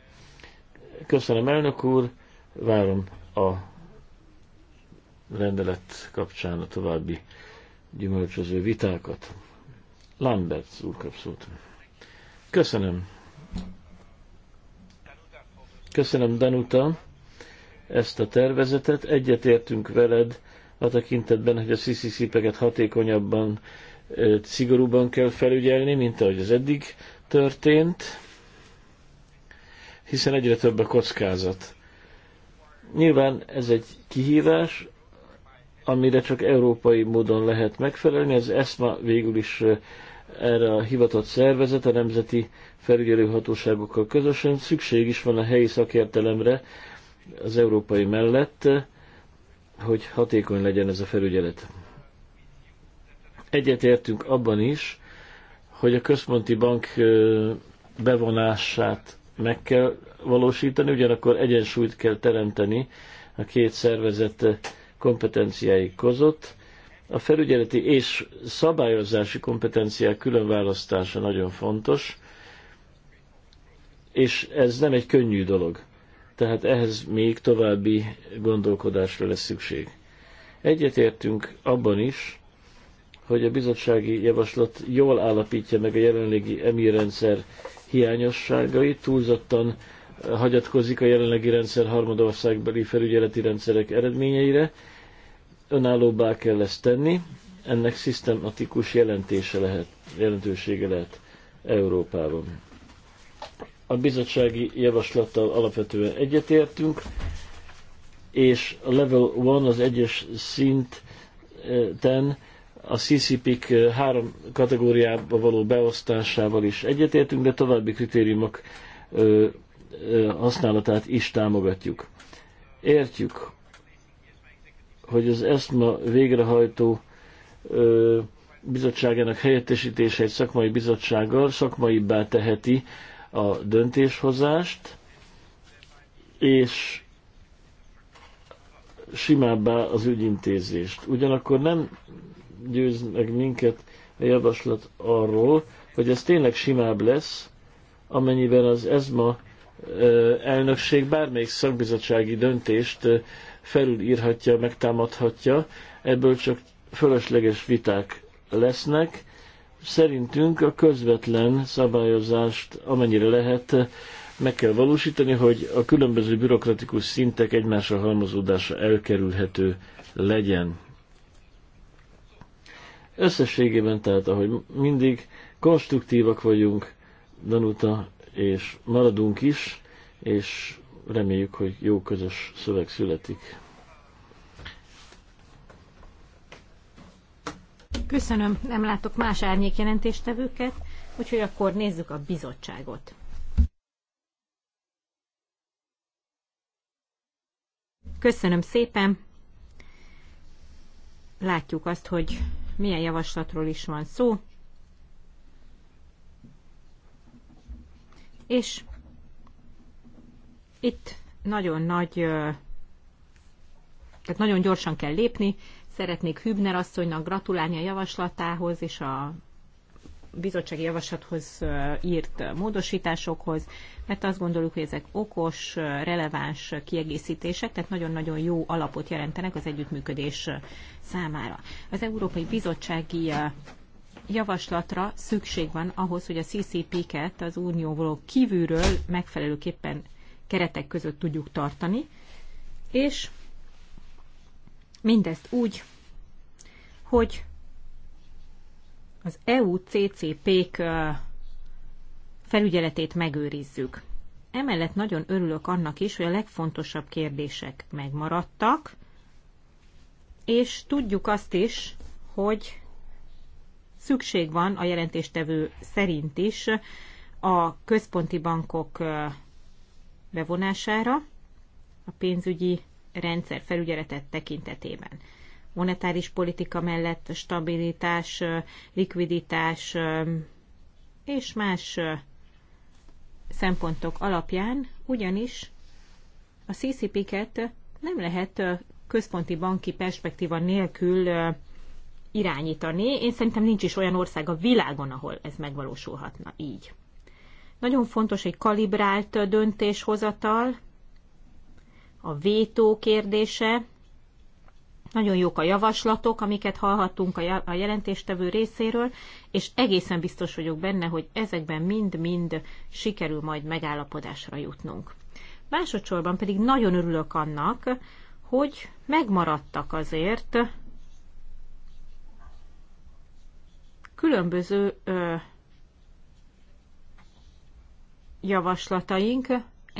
Köszönöm, elnök úr, várom a rendelet kapcsán a további gyümölcsöző vitákat. Lambert úr kap szót. Köszönöm. Köszönöm, Danuta, ezt a tervezetet. Egyetértünk veled a tekintetben, hogy a CCCP-eket hatékonyabban, szigorúban kell felügyelni, mint ahogy az eddig történt, hiszen egyre több a kockázat. Nyilván ez egy kihívás, amire csak európai módon lehet megfelelni. Az ESMA végül is erre a hivatott szervezet, a nemzeti felügyelőhatóságokkal közösen. Szükség is van a helyi szakértelemre az európai mellett, hogy hatékony legyen ez a felügyelet. Egyetértünk abban is, hogy a központi bank bevonását meg kell valósítani, ugyanakkor egyensúlyt kell teremteni a két szervezet kompetenciái között. A felügyeleti és szabályozási kompetenciák különválasztása nagyon fontos, és ez nem egy könnyű dolog tehát ehhez még további gondolkodásra lesz szükség. Egyetértünk abban is, hogy a bizottsági javaslat jól állapítja meg a jelenlegi EMI rendszer hiányosságait, túlzottan hagyatkozik a jelenlegi rendszer harmadországbeli felügyeleti rendszerek eredményeire, önállóbbá kell ezt tenni, ennek szisztematikus jelentése lehet, jelentősége lehet Európában a bizottsági javaslattal alapvetően egyetértünk, és a level 1 az egyes szinten a CCP-k három kategóriába való beosztásával is egyetértünk, de további kritériumok használatát is támogatjuk. Értjük, hogy az ESMA végrehajtó bizottságának helyettesítése egy szakmai bizottsággal szakmaibbá teheti a döntéshozást, és simábbá az ügyintézést. Ugyanakkor nem győz meg minket a javaslat arról, hogy ez tényleg simább lesz, amennyiben az ESMA elnökség bármelyik szakbizottsági döntést felülírhatja, megtámadhatja, ebből csak fölösleges viták lesznek, szerintünk a közvetlen szabályozást amennyire lehet meg kell valósítani, hogy a különböző bürokratikus szintek egymásra halmozódása elkerülhető legyen. Összességében tehát, ahogy mindig, konstruktívak vagyunk, Danuta, és maradunk is, és reméljük, hogy jó közös szöveg születik. Köszönöm, nem látok más árnyékjelentéstevőket, úgyhogy akkor nézzük a bizottságot. Köszönöm szépen. Látjuk azt, hogy milyen javaslatról is van szó. És itt nagyon nagy, tehát nagyon gyorsan kell lépni, Szeretnék Hübner asszonynak gratulálni a javaslatához és a bizottsági javaslathoz írt módosításokhoz, mert azt gondoljuk, hogy ezek okos, releváns kiegészítések, tehát nagyon-nagyon jó alapot jelentenek az együttműködés számára. Az Európai Bizottsági javaslatra szükség van ahhoz, hogy a CCP-ket az unióval kívülről megfelelőképpen keretek között tudjuk tartani, és Mindezt úgy, hogy az EU-CCP-k felügyeletét megőrizzük. Emellett nagyon örülök annak is, hogy a legfontosabb kérdések megmaradtak, és tudjuk azt is, hogy szükség van a jelentéstevő szerint is a központi bankok bevonására, a pénzügyi rendszer felügyeletet tekintetében. Monetáris politika mellett stabilitás, likviditás és más szempontok alapján, ugyanis a CCP-ket nem lehet központi banki perspektíva nélkül irányítani. Én szerintem nincs is olyan ország a világon, ahol ez megvalósulhatna így. Nagyon fontos egy kalibrált döntéshozatal, a vétó kérdése. Nagyon jók a javaslatok, amiket hallhattunk a jelentéstevő részéről, és egészen biztos vagyok benne, hogy ezekben mind-mind sikerül majd megállapodásra jutnunk. Másodszorban pedig nagyon örülök annak, hogy megmaradtak azért különböző ö, javaslataink,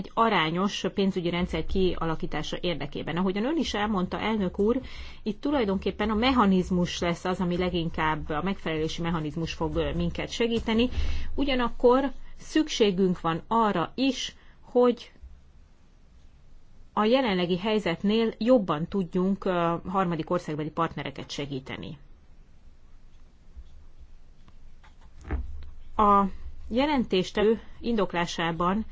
egy arányos pénzügyi rendszer kialakítása érdekében. Ahogyan ön is elmondta, elnök úr, itt tulajdonképpen a mechanizmus lesz az, ami leginkább a megfelelési mechanizmus fog minket segíteni. Ugyanakkor szükségünk van arra is, hogy a jelenlegi helyzetnél jobban tudjunk harmadik országbeli partnereket segíteni. A jelentéstevő indoklásában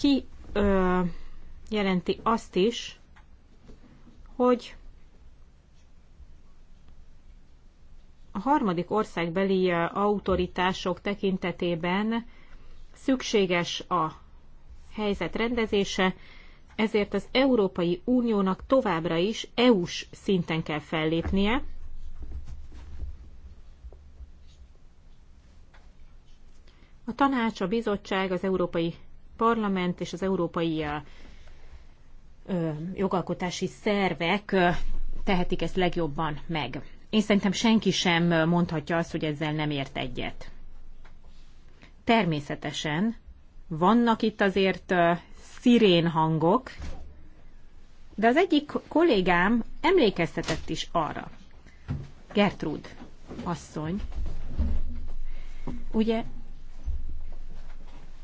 ki ö, jelenti azt is, hogy a harmadik országbeli autoritások tekintetében szükséges a helyzet rendezése, ezért az Európai Uniónak továbbra is EU-s szinten kell fellépnie, A tanács, a bizottság, az Európai Parlament és az európai jogalkotási szervek tehetik ezt legjobban meg. Én szerintem senki sem mondhatja azt, hogy ezzel nem ért egyet. Természetesen vannak itt azért szirén hangok, de az egyik kollégám emlékeztetett is arra. Gertrud asszony. Ugye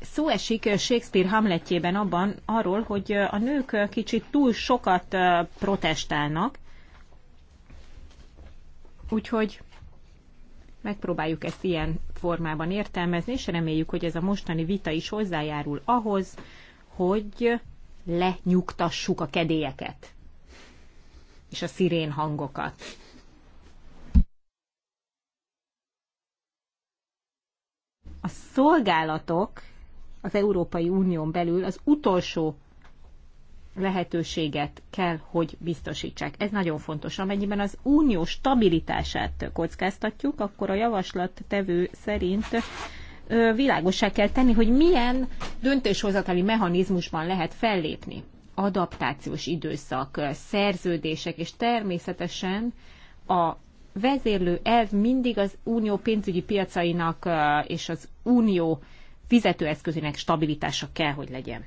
szó esik Shakespeare Hamletjében abban arról, hogy a nők kicsit túl sokat protestálnak, úgyhogy megpróbáljuk ezt ilyen formában értelmezni, és reméljük, hogy ez a mostani vita is hozzájárul ahhoz, hogy lenyugtassuk a kedélyeket és a szirén hangokat. A szolgálatok az Európai Unión belül az utolsó lehetőséget kell, hogy biztosítsák. Ez nagyon fontos. Amennyiben az unió stabilitását kockáztatjuk, akkor a javaslat tevő szerint világosá kell tenni, hogy milyen döntéshozatali mechanizmusban lehet fellépni. Adaptációs időszak, szerződések, és természetesen a vezérlő elv mindig az unió pénzügyi piacainak és az unió fizetőeszközének stabilitása kell, hogy legyen.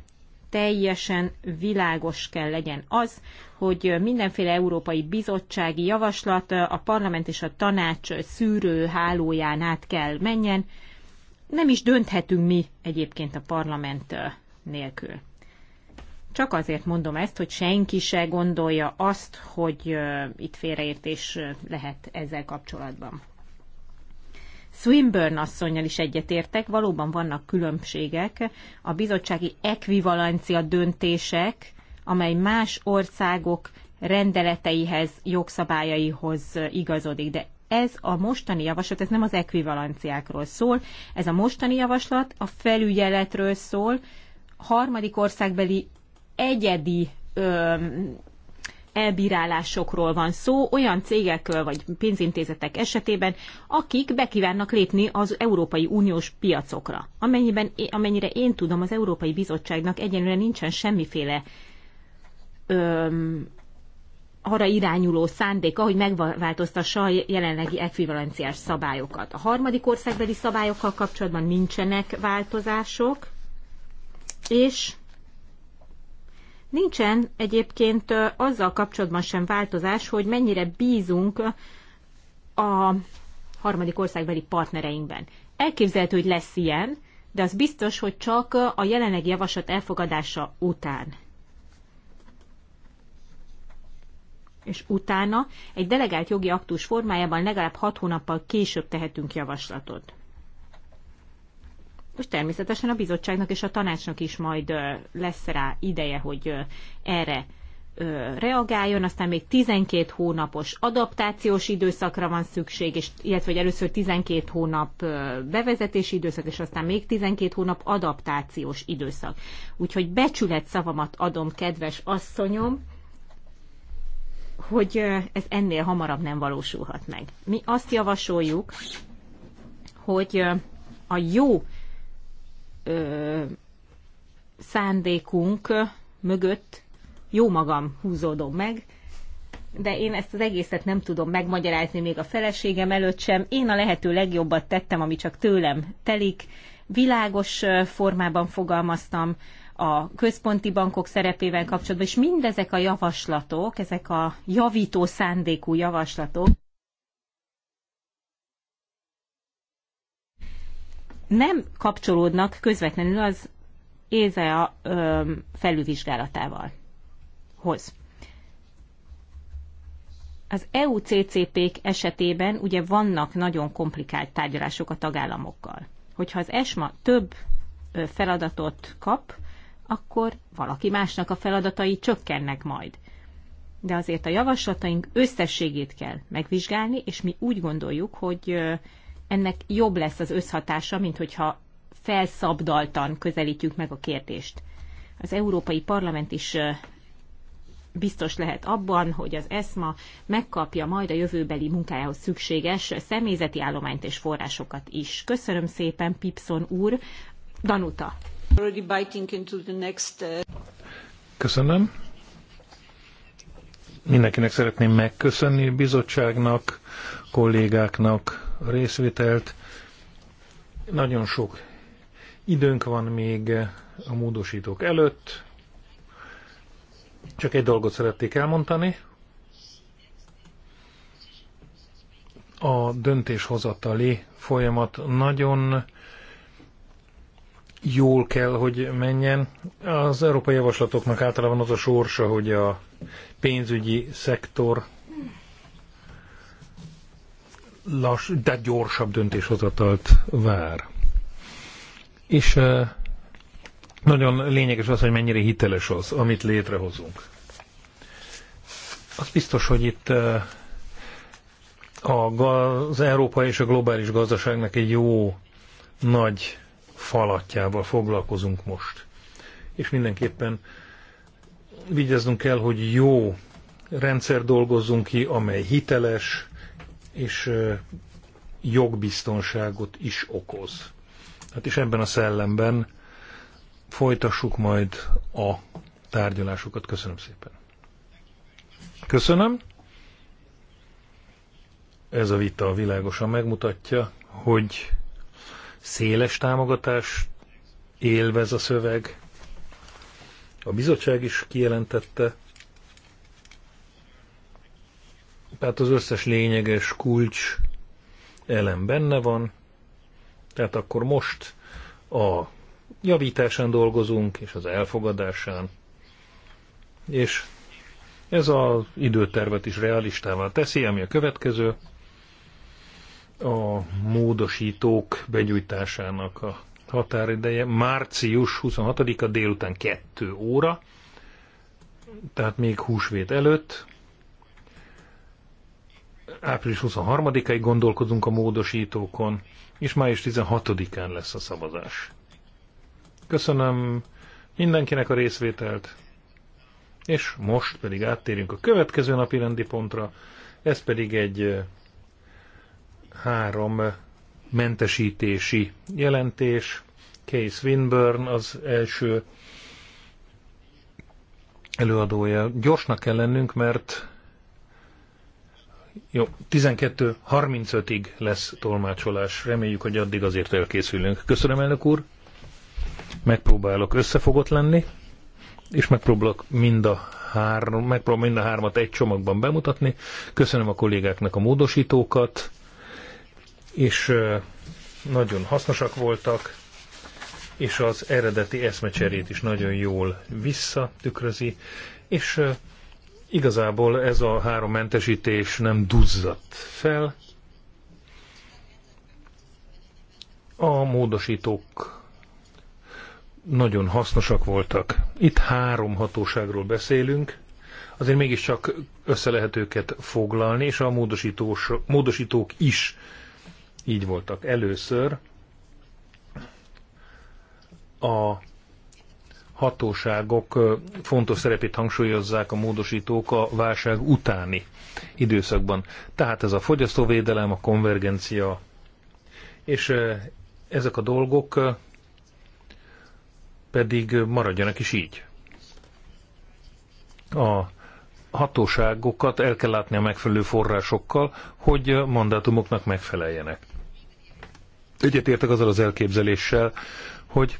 Teljesen világos kell legyen az, hogy mindenféle európai bizottsági javaslat a parlament és a tanács szűrő hálóján át kell menjen. Nem is dönthetünk mi egyébként a parlament nélkül. Csak azért mondom ezt, hogy senki se gondolja azt, hogy itt félreértés lehet ezzel kapcsolatban. Swinburne asszonynal is egyetértek, valóban vannak különbségek. A bizottsági ekvivalencia döntések, amely más országok rendeleteihez, jogszabályaihoz igazodik, de ez a mostani javaslat, ez nem az ekvivalenciákról szól, ez a mostani javaslat a felügyeletről szól, harmadik országbeli egyedi ö, elbírálásokról van szó olyan cégek vagy pénzintézetek esetében, akik bekívánnak lépni az Európai Uniós piacokra. Amennyiben, amennyire én tudom, az Európai Bizottságnak egyenlően nincsen semmiféle öm, arra irányuló szándéka, hogy megváltoztassa a jelenlegi ekvivalenciás szabályokat. A harmadik országbeli szabályokkal kapcsolatban nincsenek változások, és Nincsen egyébként azzal kapcsolatban sem változás, hogy mennyire bízunk a harmadik országbeli partnereinkben. Elképzelhető, hogy lesz ilyen, de az biztos, hogy csak a jelenlegi javaslat elfogadása után. És utána egy delegált jogi aktus formájában legalább hat hónappal később tehetünk javaslatot. Most természetesen a bizottságnak és a tanácsnak is majd lesz rá ideje, hogy erre reagáljon, aztán még 12 hónapos adaptációs időszakra van szükség, és, illetve hogy először 12 hónap bevezetési időszak, és aztán még 12 hónap adaptációs időszak. Úgyhogy becsület szavamat adom, kedves asszonyom, hogy ez ennél hamarabb nem valósulhat meg. Mi azt javasoljuk, hogy a jó ö, szándékunk mögött jó magam húzódom meg, de én ezt az egészet nem tudom megmagyarázni még a feleségem előtt sem. Én a lehető legjobbat tettem, ami csak tőlem telik. Világos formában fogalmaztam a központi bankok szerepével kapcsolatban, és mindezek a javaslatok, ezek a javító szándékú javaslatok, nem kapcsolódnak közvetlenül az ÉZEA felülvizsgálatával. Hoz. Az EUCCP-k esetében ugye vannak nagyon komplikált tárgyalások a tagállamokkal. Hogyha az ESMA több feladatot kap, akkor valaki másnak a feladatai csökkennek majd. De azért a javaslataink összességét kell megvizsgálni, és mi úgy gondoljuk, hogy ennek jobb lesz az összhatása, mint hogyha felszabdaltan közelítjük meg a kérdést. Az Európai Parlament is biztos lehet abban, hogy az ESMA megkapja majd a jövőbeli munkájához szükséges személyzeti állományt és forrásokat is. Köszönöm szépen, Pipson úr. Danuta. Uh, Köszönöm. Mindenkinek szeretném megköszönni a bizottságnak, kollégáknak, részvételt. Nagyon sok időnk van még a módosítók előtt. Csak egy dolgot szerették elmondani. A döntéshozatali folyamat nagyon jól kell, hogy menjen. Az európai javaslatoknak általában az a sorsa, hogy a pénzügyi szektor lass, de gyorsabb döntéshozatalt vár. És eh, nagyon lényeges az, hogy mennyire hiteles az, amit létrehozunk. Az biztos, hogy itt eh, a az európai és a globális gazdaságnak egy jó nagy falatjával foglalkozunk most. És mindenképpen vigyázzunk kell, hogy jó rendszer dolgozzunk ki, amely hiteles, és jogbiztonságot is okoz. Hát és ebben a szellemben folytassuk majd a tárgyalásokat. Köszönöm szépen. Köszönöm. Ez a vita világosan megmutatja, hogy széles támogatás élvez a szöveg. A bizottság is kijelentette, Tehát az összes lényeges kulcs elem benne van. Tehát akkor most a javításán dolgozunk, és az elfogadásán. És ez az időtervet is realistává teszi, ami a következő, a módosítók begyújtásának a határideje március 26-a délután 2 óra, tehát még húsvét előtt, április 23-ig gondolkodunk a módosítókon, és május 16-án lesz a szavazás. Köszönöm mindenkinek a részvételt, és most pedig áttérünk a következő napi rendi pontra, ez pedig egy három mentesítési jelentés. Case Winburn az első előadója. Gyorsnak kell lennünk, mert jó, 12.35-ig lesz tolmácsolás. Reméljük, hogy addig azért elkészülünk. Köszönöm, elnök úr. Megpróbálok összefogott lenni, és megpróbálok mind a, három, megpróbálok mind a hármat egy csomagban bemutatni. Köszönöm a kollégáknak a módosítókat, és nagyon hasznosak voltak, és az eredeti eszmecserét is nagyon jól visszatükrözi, és Igazából ez a három mentesítés nem duzzadt fel. A módosítók nagyon hasznosak voltak. Itt három hatóságról beszélünk, azért mégiscsak össze lehet őket foglalni, és a módosítós, módosítók is így voltak. Először a hatóságok fontos szerepét hangsúlyozzák a módosítók a válság utáni időszakban. Tehát ez a fogyasztóvédelem, a konvergencia, és ezek a dolgok pedig maradjanak is így. A hatóságokat el kell látni a megfelelő forrásokkal, hogy mandátumoknak megfeleljenek. Egyetértek azzal az elképzeléssel, hogy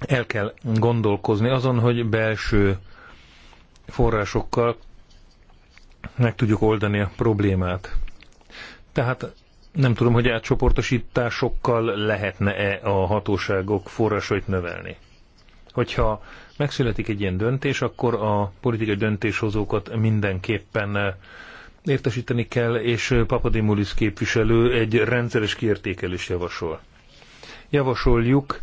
el kell gondolkozni azon, hogy belső forrásokkal meg tudjuk oldani a problémát. Tehát nem tudom, hogy átcsoportosításokkal lehetne-e a hatóságok forrásait növelni. Hogyha megszületik egy ilyen döntés, akkor a politikai döntéshozókat mindenképpen értesíteni kell, és Papadimulis képviselő egy rendszeres kiértékelés javasol. Javasoljuk,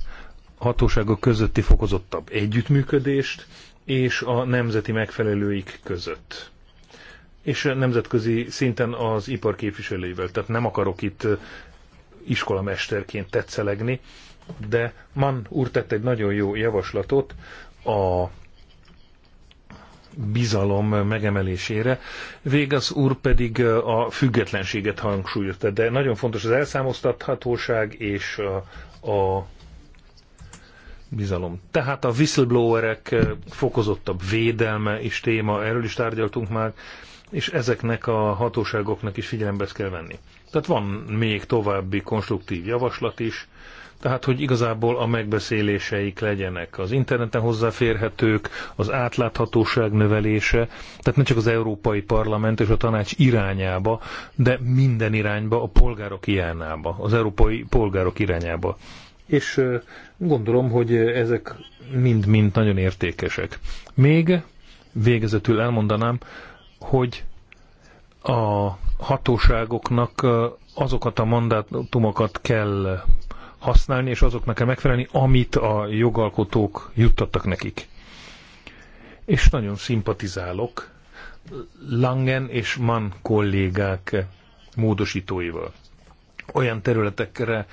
hatóságok közötti fokozottabb együttműködést és a nemzeti megfelelőik között. És nemzetközi szinten az ipar képviselőivel. Tehát nem akarok itt iskolamesterként tetszelegni, de Mann úr tett egy nagyon jó javaslatot a bizalom megemelésére. Végaz úr pedig a függetlenséget hangsúlyozta, de nagyon fontos az elszámoztathatóság és a, a bizalom. Tehát a whistleblowerek eh, fokozottabb védelme is téma, erről is tárgyaltunk már, és ezeknek a hatóságoknak is figyelembe kell venni. Tehát van még további konstruktív javaslat is, tehát hogy igazából a megbeszéléseik legyenek az interneten hozzáférhetők, az átláthatóság növelése, tehát ne csak az Európai Parlament és a tanács irányába, de minden irányba, a polgárok irányába, az európai polgárok irányába. És eh, Gondolom, hogy ezek mind-mind nagyon értékesek. Még végezetül elmondanám, hogy a hatóságoknak azokat a mandátumokat kell használni, és azoknak kell megfelelni, amit a jogalkotók juttattak nekik. És nagyon szimpatizálok Langen és Mann kollégák módosítóival olyan területekre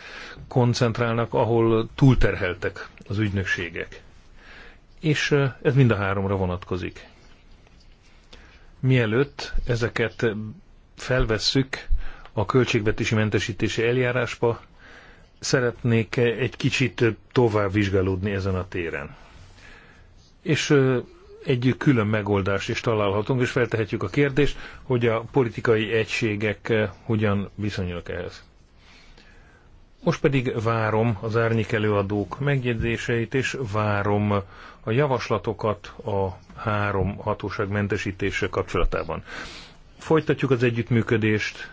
koncentrálnak, ahol túlterheltek az ügynökségek. És ez mind a háromra vonatkozik. Mielőtt ezeket felvesszük a költségvetési mentesítési eljárásba, szeretnék egy kicsit tovább vizsgálódni ezen a téren. És egy külön megoldást is találhatunk, és feltehetjük a kérdést, hogy a politikai egységek hogyan viszonyulnak ehhez. Most pedig várom az árnyék előadók megjegyzéseit, és várom a javaslatokat a három hatóság mentesítése kapcsolatában. Folytatjuk az együttműködést,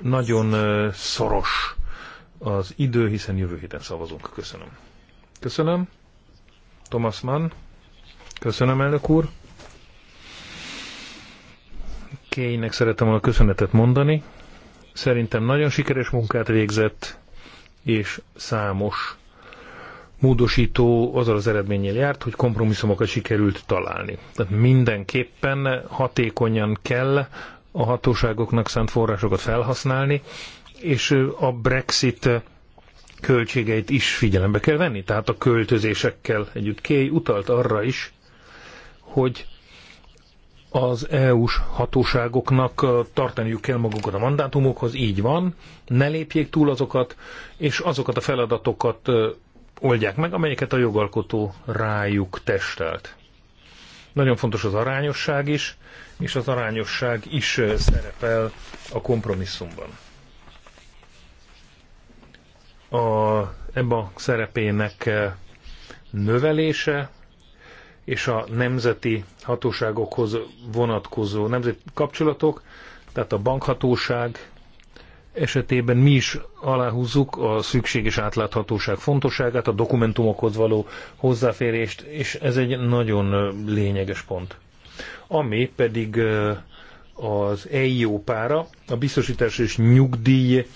nagyon szoros az idő, hiszen jövő héten szavazunk. Köszönöm. Köszönöm. Thomas Mann. Köszönöm, elnök úr. Kénynek szeretem volna köszönetet mondani. Szerintem nagyon sikeres munkát végzett és számos módosító azzal az eredménnyel járt, hogy kompromisszumokat sikerült találni. Tehát mindenképpen hatékonyan kell a hatóságoknak szánt forrásokat felhasználni, és a Brexit költségeit is figyelembe kell venni, tehát a költözésekkel együtt. Kay utalt arra is, hogy az EU-s hatóságoknak tartaniuk kell magukat a mandátumokhoz, így van, ne lépjék túl azokat, és azokat a feladatokat oldják meg, amelyeket a jogalkotó rájuk testelt. Nagyon fontos az arányosság is, és az arányosság is szerepel a kompromisszumban. A e a szerepének növelése és a nemzeti hatóságokhoz vonatkozó nemzeti kapcsolatok, tehát a bankhatóság esetében mi is aláhúzzuk a szükséges átláthatóság fontosságát, a dokumentumokhoz való hozzáférést, és ez egy nagyon lényeges pont. Ami pedig az EIO pára, a biztosítás és nyugdíj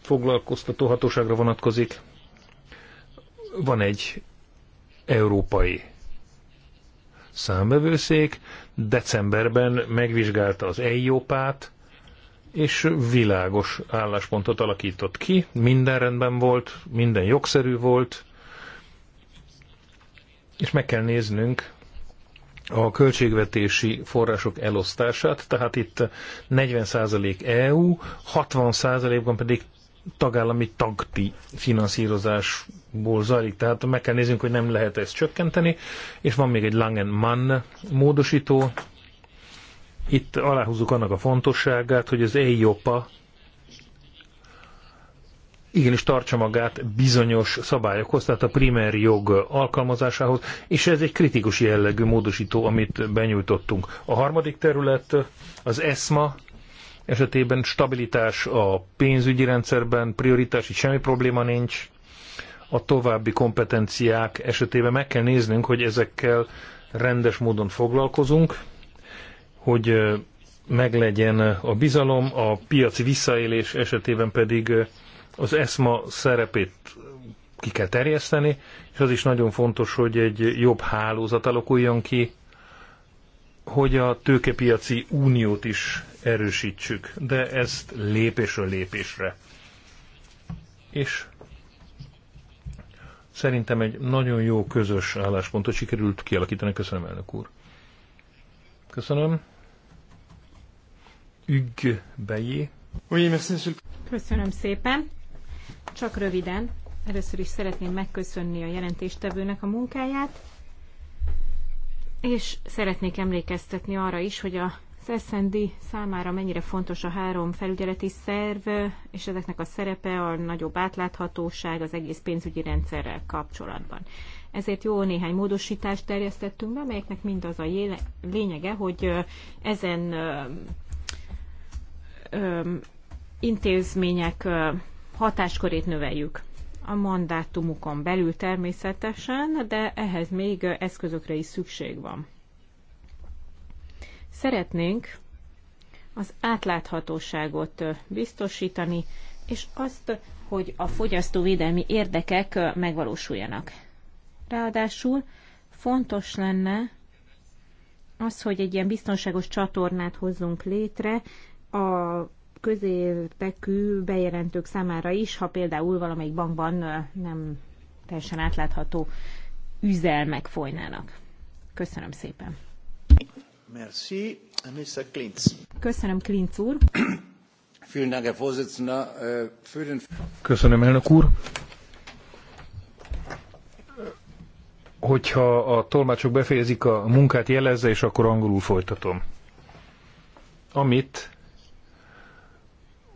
foglalkoztató hatóságra vonatkozik. Van egy európai számbevőszék decemberben megvizsgálta az EIOPÁT, és világos álláspontot alakított ki, minden rendben volt, minden jogszerű volt, és meg kell néznünk a költségvetési források elosztását, tehát itt 40% EU, 60%-ban pedig tagállami tagti finanszírozás ból zajlik, tehát meg kell néznünk, hogy nem lehet ezt csökkenteni, és van még egy Langen-Mann módosító. Itt aláhúzzuk annak a fontosságát, hogy az EIOPA igenis tartsa magát bizonyos szabályokhoz, tehát a primer jog alkalmazásához, és ez egy kritikus jellegű módosító, amit benyújtottunk. A harmadik terület az ESMA, esetében stabilitás a pénzügyi rendszerben, prioritás, itt semmi probléma nincs a további kompetenciák esetében meg kell néznünk, hogy ezekkel rendes módon foglalkozunk, hogy meglegyen a bizalom, a piaci visszaélés esetében pedig az ESMA szerepét ki kell terjeszteni, és az is nagyon fontos, hogy egy jobb hálózat alakuljon ki, hogy a tőkepiaci uniót is erősítsük, de ezt lépésről lépésre. És Szerintem egy nagyon jó közös álláspontot sikerült kialakítani. Köszönöm, elnök úr. Köszönöm. Ügg Bejé. Köszönöm szépen. Csak röviden. Először is szeretném megköszönni a jelentéstevőnek a munkáját, és szeretnék emlékeztetni arra is, hogy a az SND számára mennyire fontos a három felügyeleti szerv, és ezeknek a szerepe a nagyobb átláthatóság az egész pénzügyi rendszerrel kapcsolatban. Ezért jó néhány módosítást terjesztettünk be, amelyeknek mind az a lényege, hogy ezen intézmények hatáskörét növeljük a mandátumukon belül természetesen, de ehhez még eszközökre is szükség van. Szeretnénk az átláthatóságot biztosítani, és azt, hogy a fogyasztóvédelmi érdekek megvalósuljanak. Ráadásul fontos lenne az, hogy egy ilyen biztonságos csatornát hozzunk létre a közértekű bejelentők számára is, ha például valamelyik bankban nem teljesen átlátható üzelmek folynának. Köszönöm szépen! Merci. Mr. Klintz. Köszönöm, Klintz úr. Äh, Köszönöm, elnök úr. Hogyha a tolmácsok befejezik a munkát, jelezze, és akkor angolul folytatom. Amit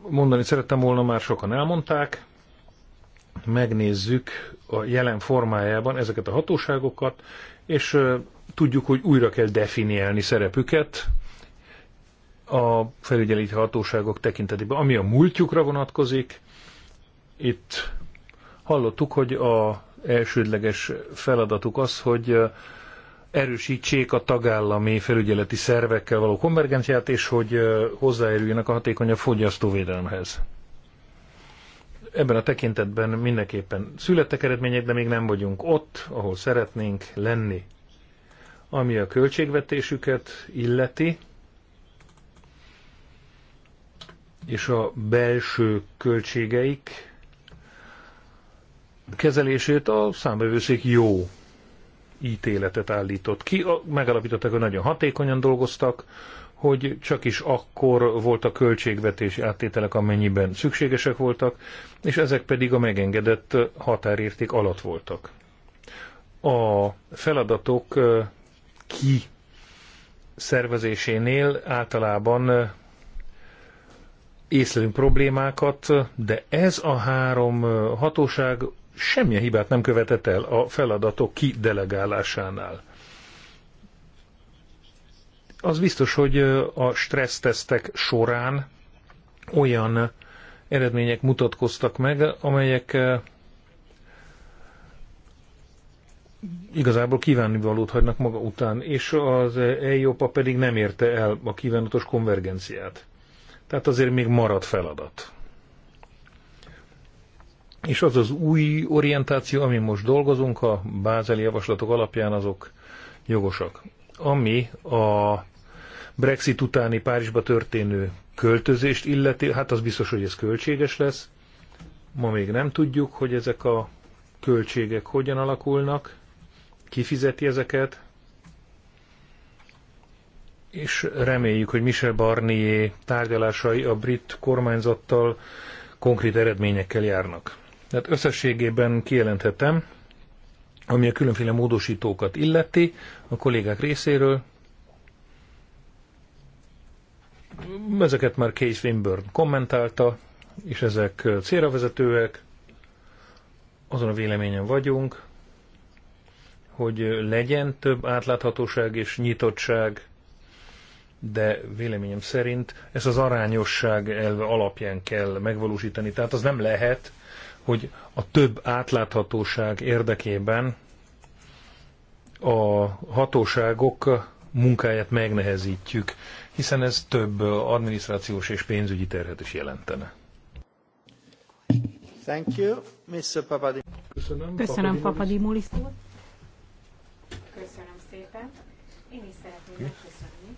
mondani szerettem volna, már sokan elmondták. Megnézzük a jelen formájában ezeket a hatóságokat, és tudjuk, hogy újra kell definiálni szerepüket a felügyeléti hatóságok tekintetében. Ami a múltjukra vonatkozik, itt hallottuk, hogy a elsődleges feladatuk az, hogy erősítsék a tagállami felügyeleti szervekkel való konvergenciát, és hogy hozzájáruljanak a hatékonyabb fogyasztóvédelemhez. Ebben a tekintetben mindenképpen születtek eredmények, de még nem vagyunk ott, ahol szeretnénk lenni ami a költségvetésüket illeti, és a belső költségeik kezelését a számbevőszék jó ítéletet állított ki. Megalapították, hogy nagyon hatékonyan dolgoztak, hogy csak is akkor volt a költségvetési áttételek, amennyiben szükségesek voltak, és ezek pedig a megengedett határérték alatt voltak. A feladatok ki szervezésénél általában észlelünk problémákat, de ez a három hatóság semmilyen hibát nem követett el a feladatok kidelegálásánál. Az biztos, hogy a stressztesztek során olyan eredmények mutatkoztak meg, amelyek igazából kívánnivalót hagynak maga után, és az EIOPA pedig nem érte el a kívánatos konvergenciát. Tehát azért még marad feladat. És az az új orientáció, ami most dolgozunk, a bázeli javaslatok alapján azok jogosak. Ami a Brexit utáni Párizsba történő költözést illeti, hát az biztos, hogy ez költséges lesz. Ma még nem tudjuk, hogy ezek a költségek hogyan alakulnak, kifizeti ezeket, és reméljük, hogy Michel Barnier tárgyalásai a brit kormányzattal konkrét eredményekkel járnak. Tehát összességében kijelenthetem, ami a különféle módosítókat illeti a kollégák részéről. Ezeket már Case Wimburn kommentálta, és ezek célra vezetőek. Azon a véleményen vagyunk, hogy legyen több átláthatóság és nyitottság, de véleményem szerint ezt az arányosság elve alapján kell megvalósítani. Tehát az nem lehet, hogy a több átláthatóság érdekében a hatóságok munkáját megnehezítjük, hiszen ez több adminisztrációs és pénzügyi terhet is jelentene. Thank you, Mr. Papadimoulis. Köszönöm, Köszönöm Papadimoulis. Papadimoulis. megköszönni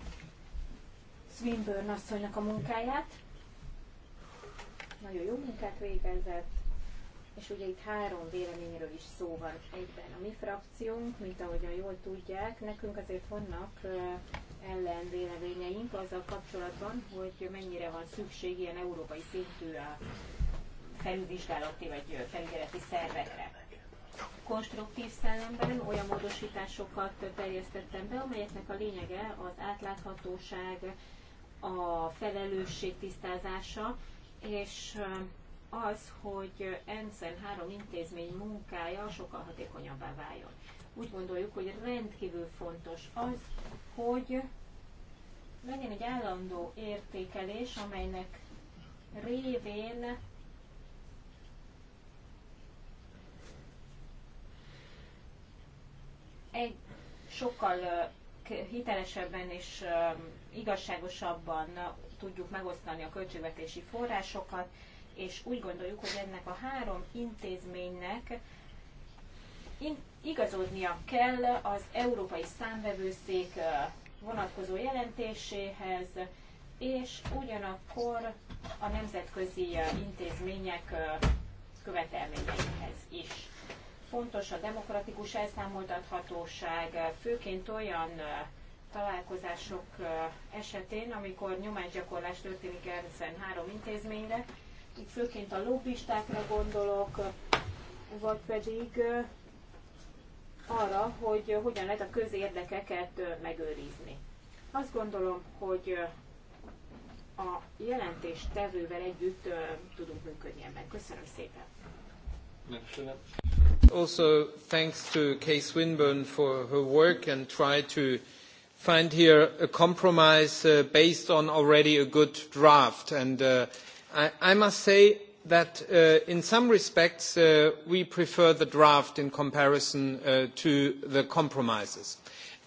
Swinburne asszonynak a munkáját. Nagyon jó munkát végezett, és ugye itt három véleményről is szó van egyben. A mi frakciónk, mint ahogyan jól tudják, nekünk azért vannak ellen véleményeink azzal kapcsolatban, hogy mennyire van szükség ilyen európai szintű a felülvizsgálati vagy felügyeleti szervekre konstruktív szellemben olyan módosításokat terjesztettem be, amelyeknek a lényege az átláthatóság, a felelősség tisztázása, és az, hogy ENSZEN három intézmény munkája sokkal hatékonyabbá váljon. Úgy gondoljuk, hogy rendkívül fontos az, hogy legyen egy állandó értékelés, amelynek révén egy sokkal hitelesebben és igazságosabban tudjuk megosztani a költségvetési forrásokat, és úgy gondoljuk, hogy ennek a három intézménynek igazodnia kell az Európai Számvevőszék vonatkozó jelentéséhez, és ugyanakkor a nemzetközi intézmények követelményeihez is. Fontos a demokratikus elszámoltathatóság, főként olyan találkozások esetén, amikor nyomásgyakorlás történik ezen három intézményre. Itt főként a lobbistákra gondolok, vagy pedig arra, hogy hogyan lehet a közérdekeket megőrizni. Azt gondolom, hogy a jelentéstevővel együtt tudunk működni ebben. Köszönöm szépen! Also, thanks to Kay Swinburne for her work and try to find here a compromise uh, based on already a good draft. And uh, I, I must say that uh, in some respects uh, we prefer the draft in comparison uh, to the compromises.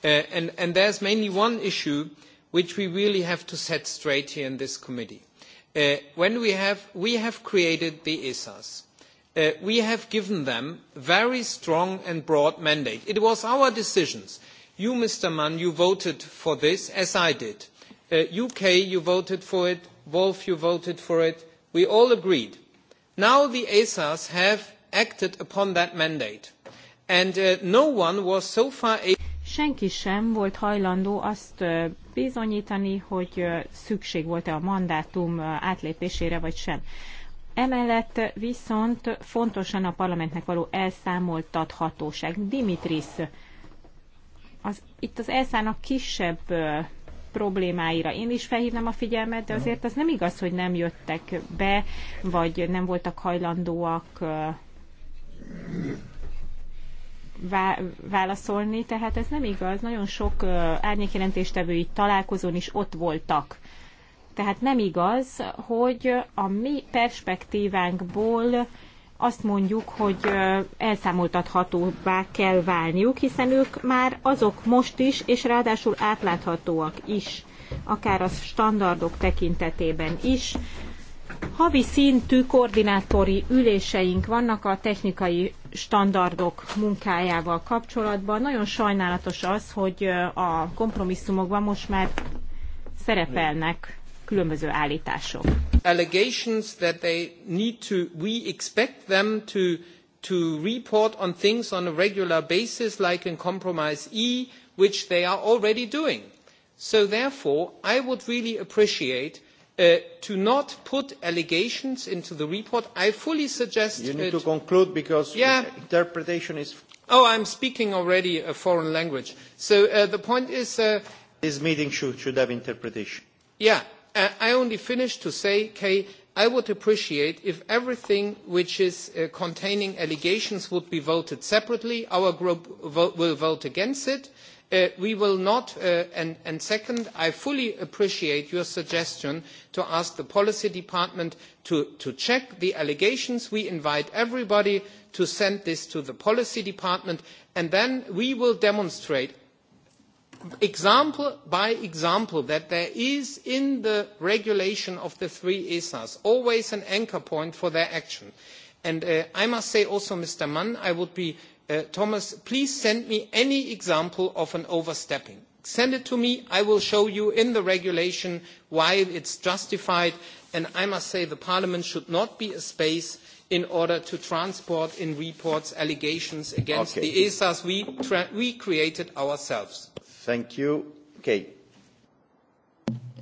Uh, and, and there's mainly one issue which we really have to set straight here in this committee. Uh, when we have, we have created the ESAs Uh, we have given them a very strong and broad mandate. It was our decisions. You, Mr. Mann, you voted for this, as I did. Uh, UK, you voted for it. Wolf, you voted for it. We all agreed. Now the ASAs have acted upon that mandate. And uh, no one was so far able senki sem volt hajlandó azt uh, bizonyítani, hogy uh, szükség volt-e a mandátum átlépésére, vagy sem. Emellett viszont fontosan a parlamentnek való elszámoltathatóság. Dimitris, az, itt az elszának kisebb problémáira. Én is felhívnám a figyelmet, de azért az nem igaz, hogy nem jöttek be, vagy nem voltak hajlandóak válaszolni, tehát ez nem igaz. Nagyon sok árnyékjelentéstevői találkozón is ott voltak tehát nem igaz, hogy a mi perspektívánkból azt mondjuk, hogy elszámoltathatóvá kell válniuk, hiszen ők már azok most is, és ráadásul átláthatóak is, akár a standardok tekintetében is. Havi szintű koordinátori üléseink vannak a technikai standardok munkájával kapcsolatban. Nagyon sajnálatos az, hogy a kompromisszumokban most már szerepelnek különböző állítások. Allegations that they need to, we expect them to to report on things on a regular basis like in compromise E, which they are already doing. So therefore, I would really appreciate uh, to not put allegations into the report. I fully suggest... You need it, to conclude because yeah, interpretation is... Oh, I'm speaking already a foreign language. So uh, the point is... Uh, this meeting should, should have interpretation. Yeah, Uh, I only finish to say, Kay, I would appreciate if everything which is uh, containing allegations would be voted separately. Our group will vote against it. Uh, we will not, uh, and, and second, I fully appreciate your suggestion to ask the policy department to, to check the allegations. We invite everybody to send this to the policy department, and then we will demonstrate example by example that there is in the regulation of the three esas always an anchor point for their action and uh, i must say also mr mann i would be uh, thomas please send me any example of an overstepping send it to me i will show you in the regulation why it's justified and i must say the parliament should not be a space in order to transport in reports allegations against okay. the esas we, we created ourselves Thank you. Kay.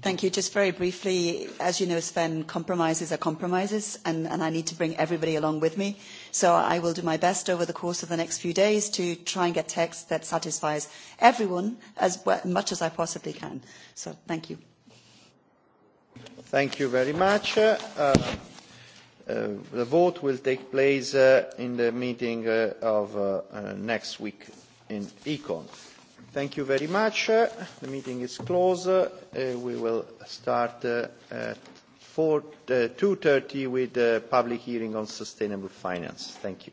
Thank you. Just very briefly, as you know, Sven, compromises are compromises, and, and I need to bring everybody along with me. So I will do my best over the course of the next few days to try and get text that satisfies everyone as well, much as I possibly can. So thank you. Thank you very much. Uh, uh, the vote will take place uh, in the meeting uh, of uh, uh, next week in Econ. Thank you very much. The meeting is closed. Uh, we will start uh, at uh, 2.30 with the public hearing on sustainable finance. Thank you.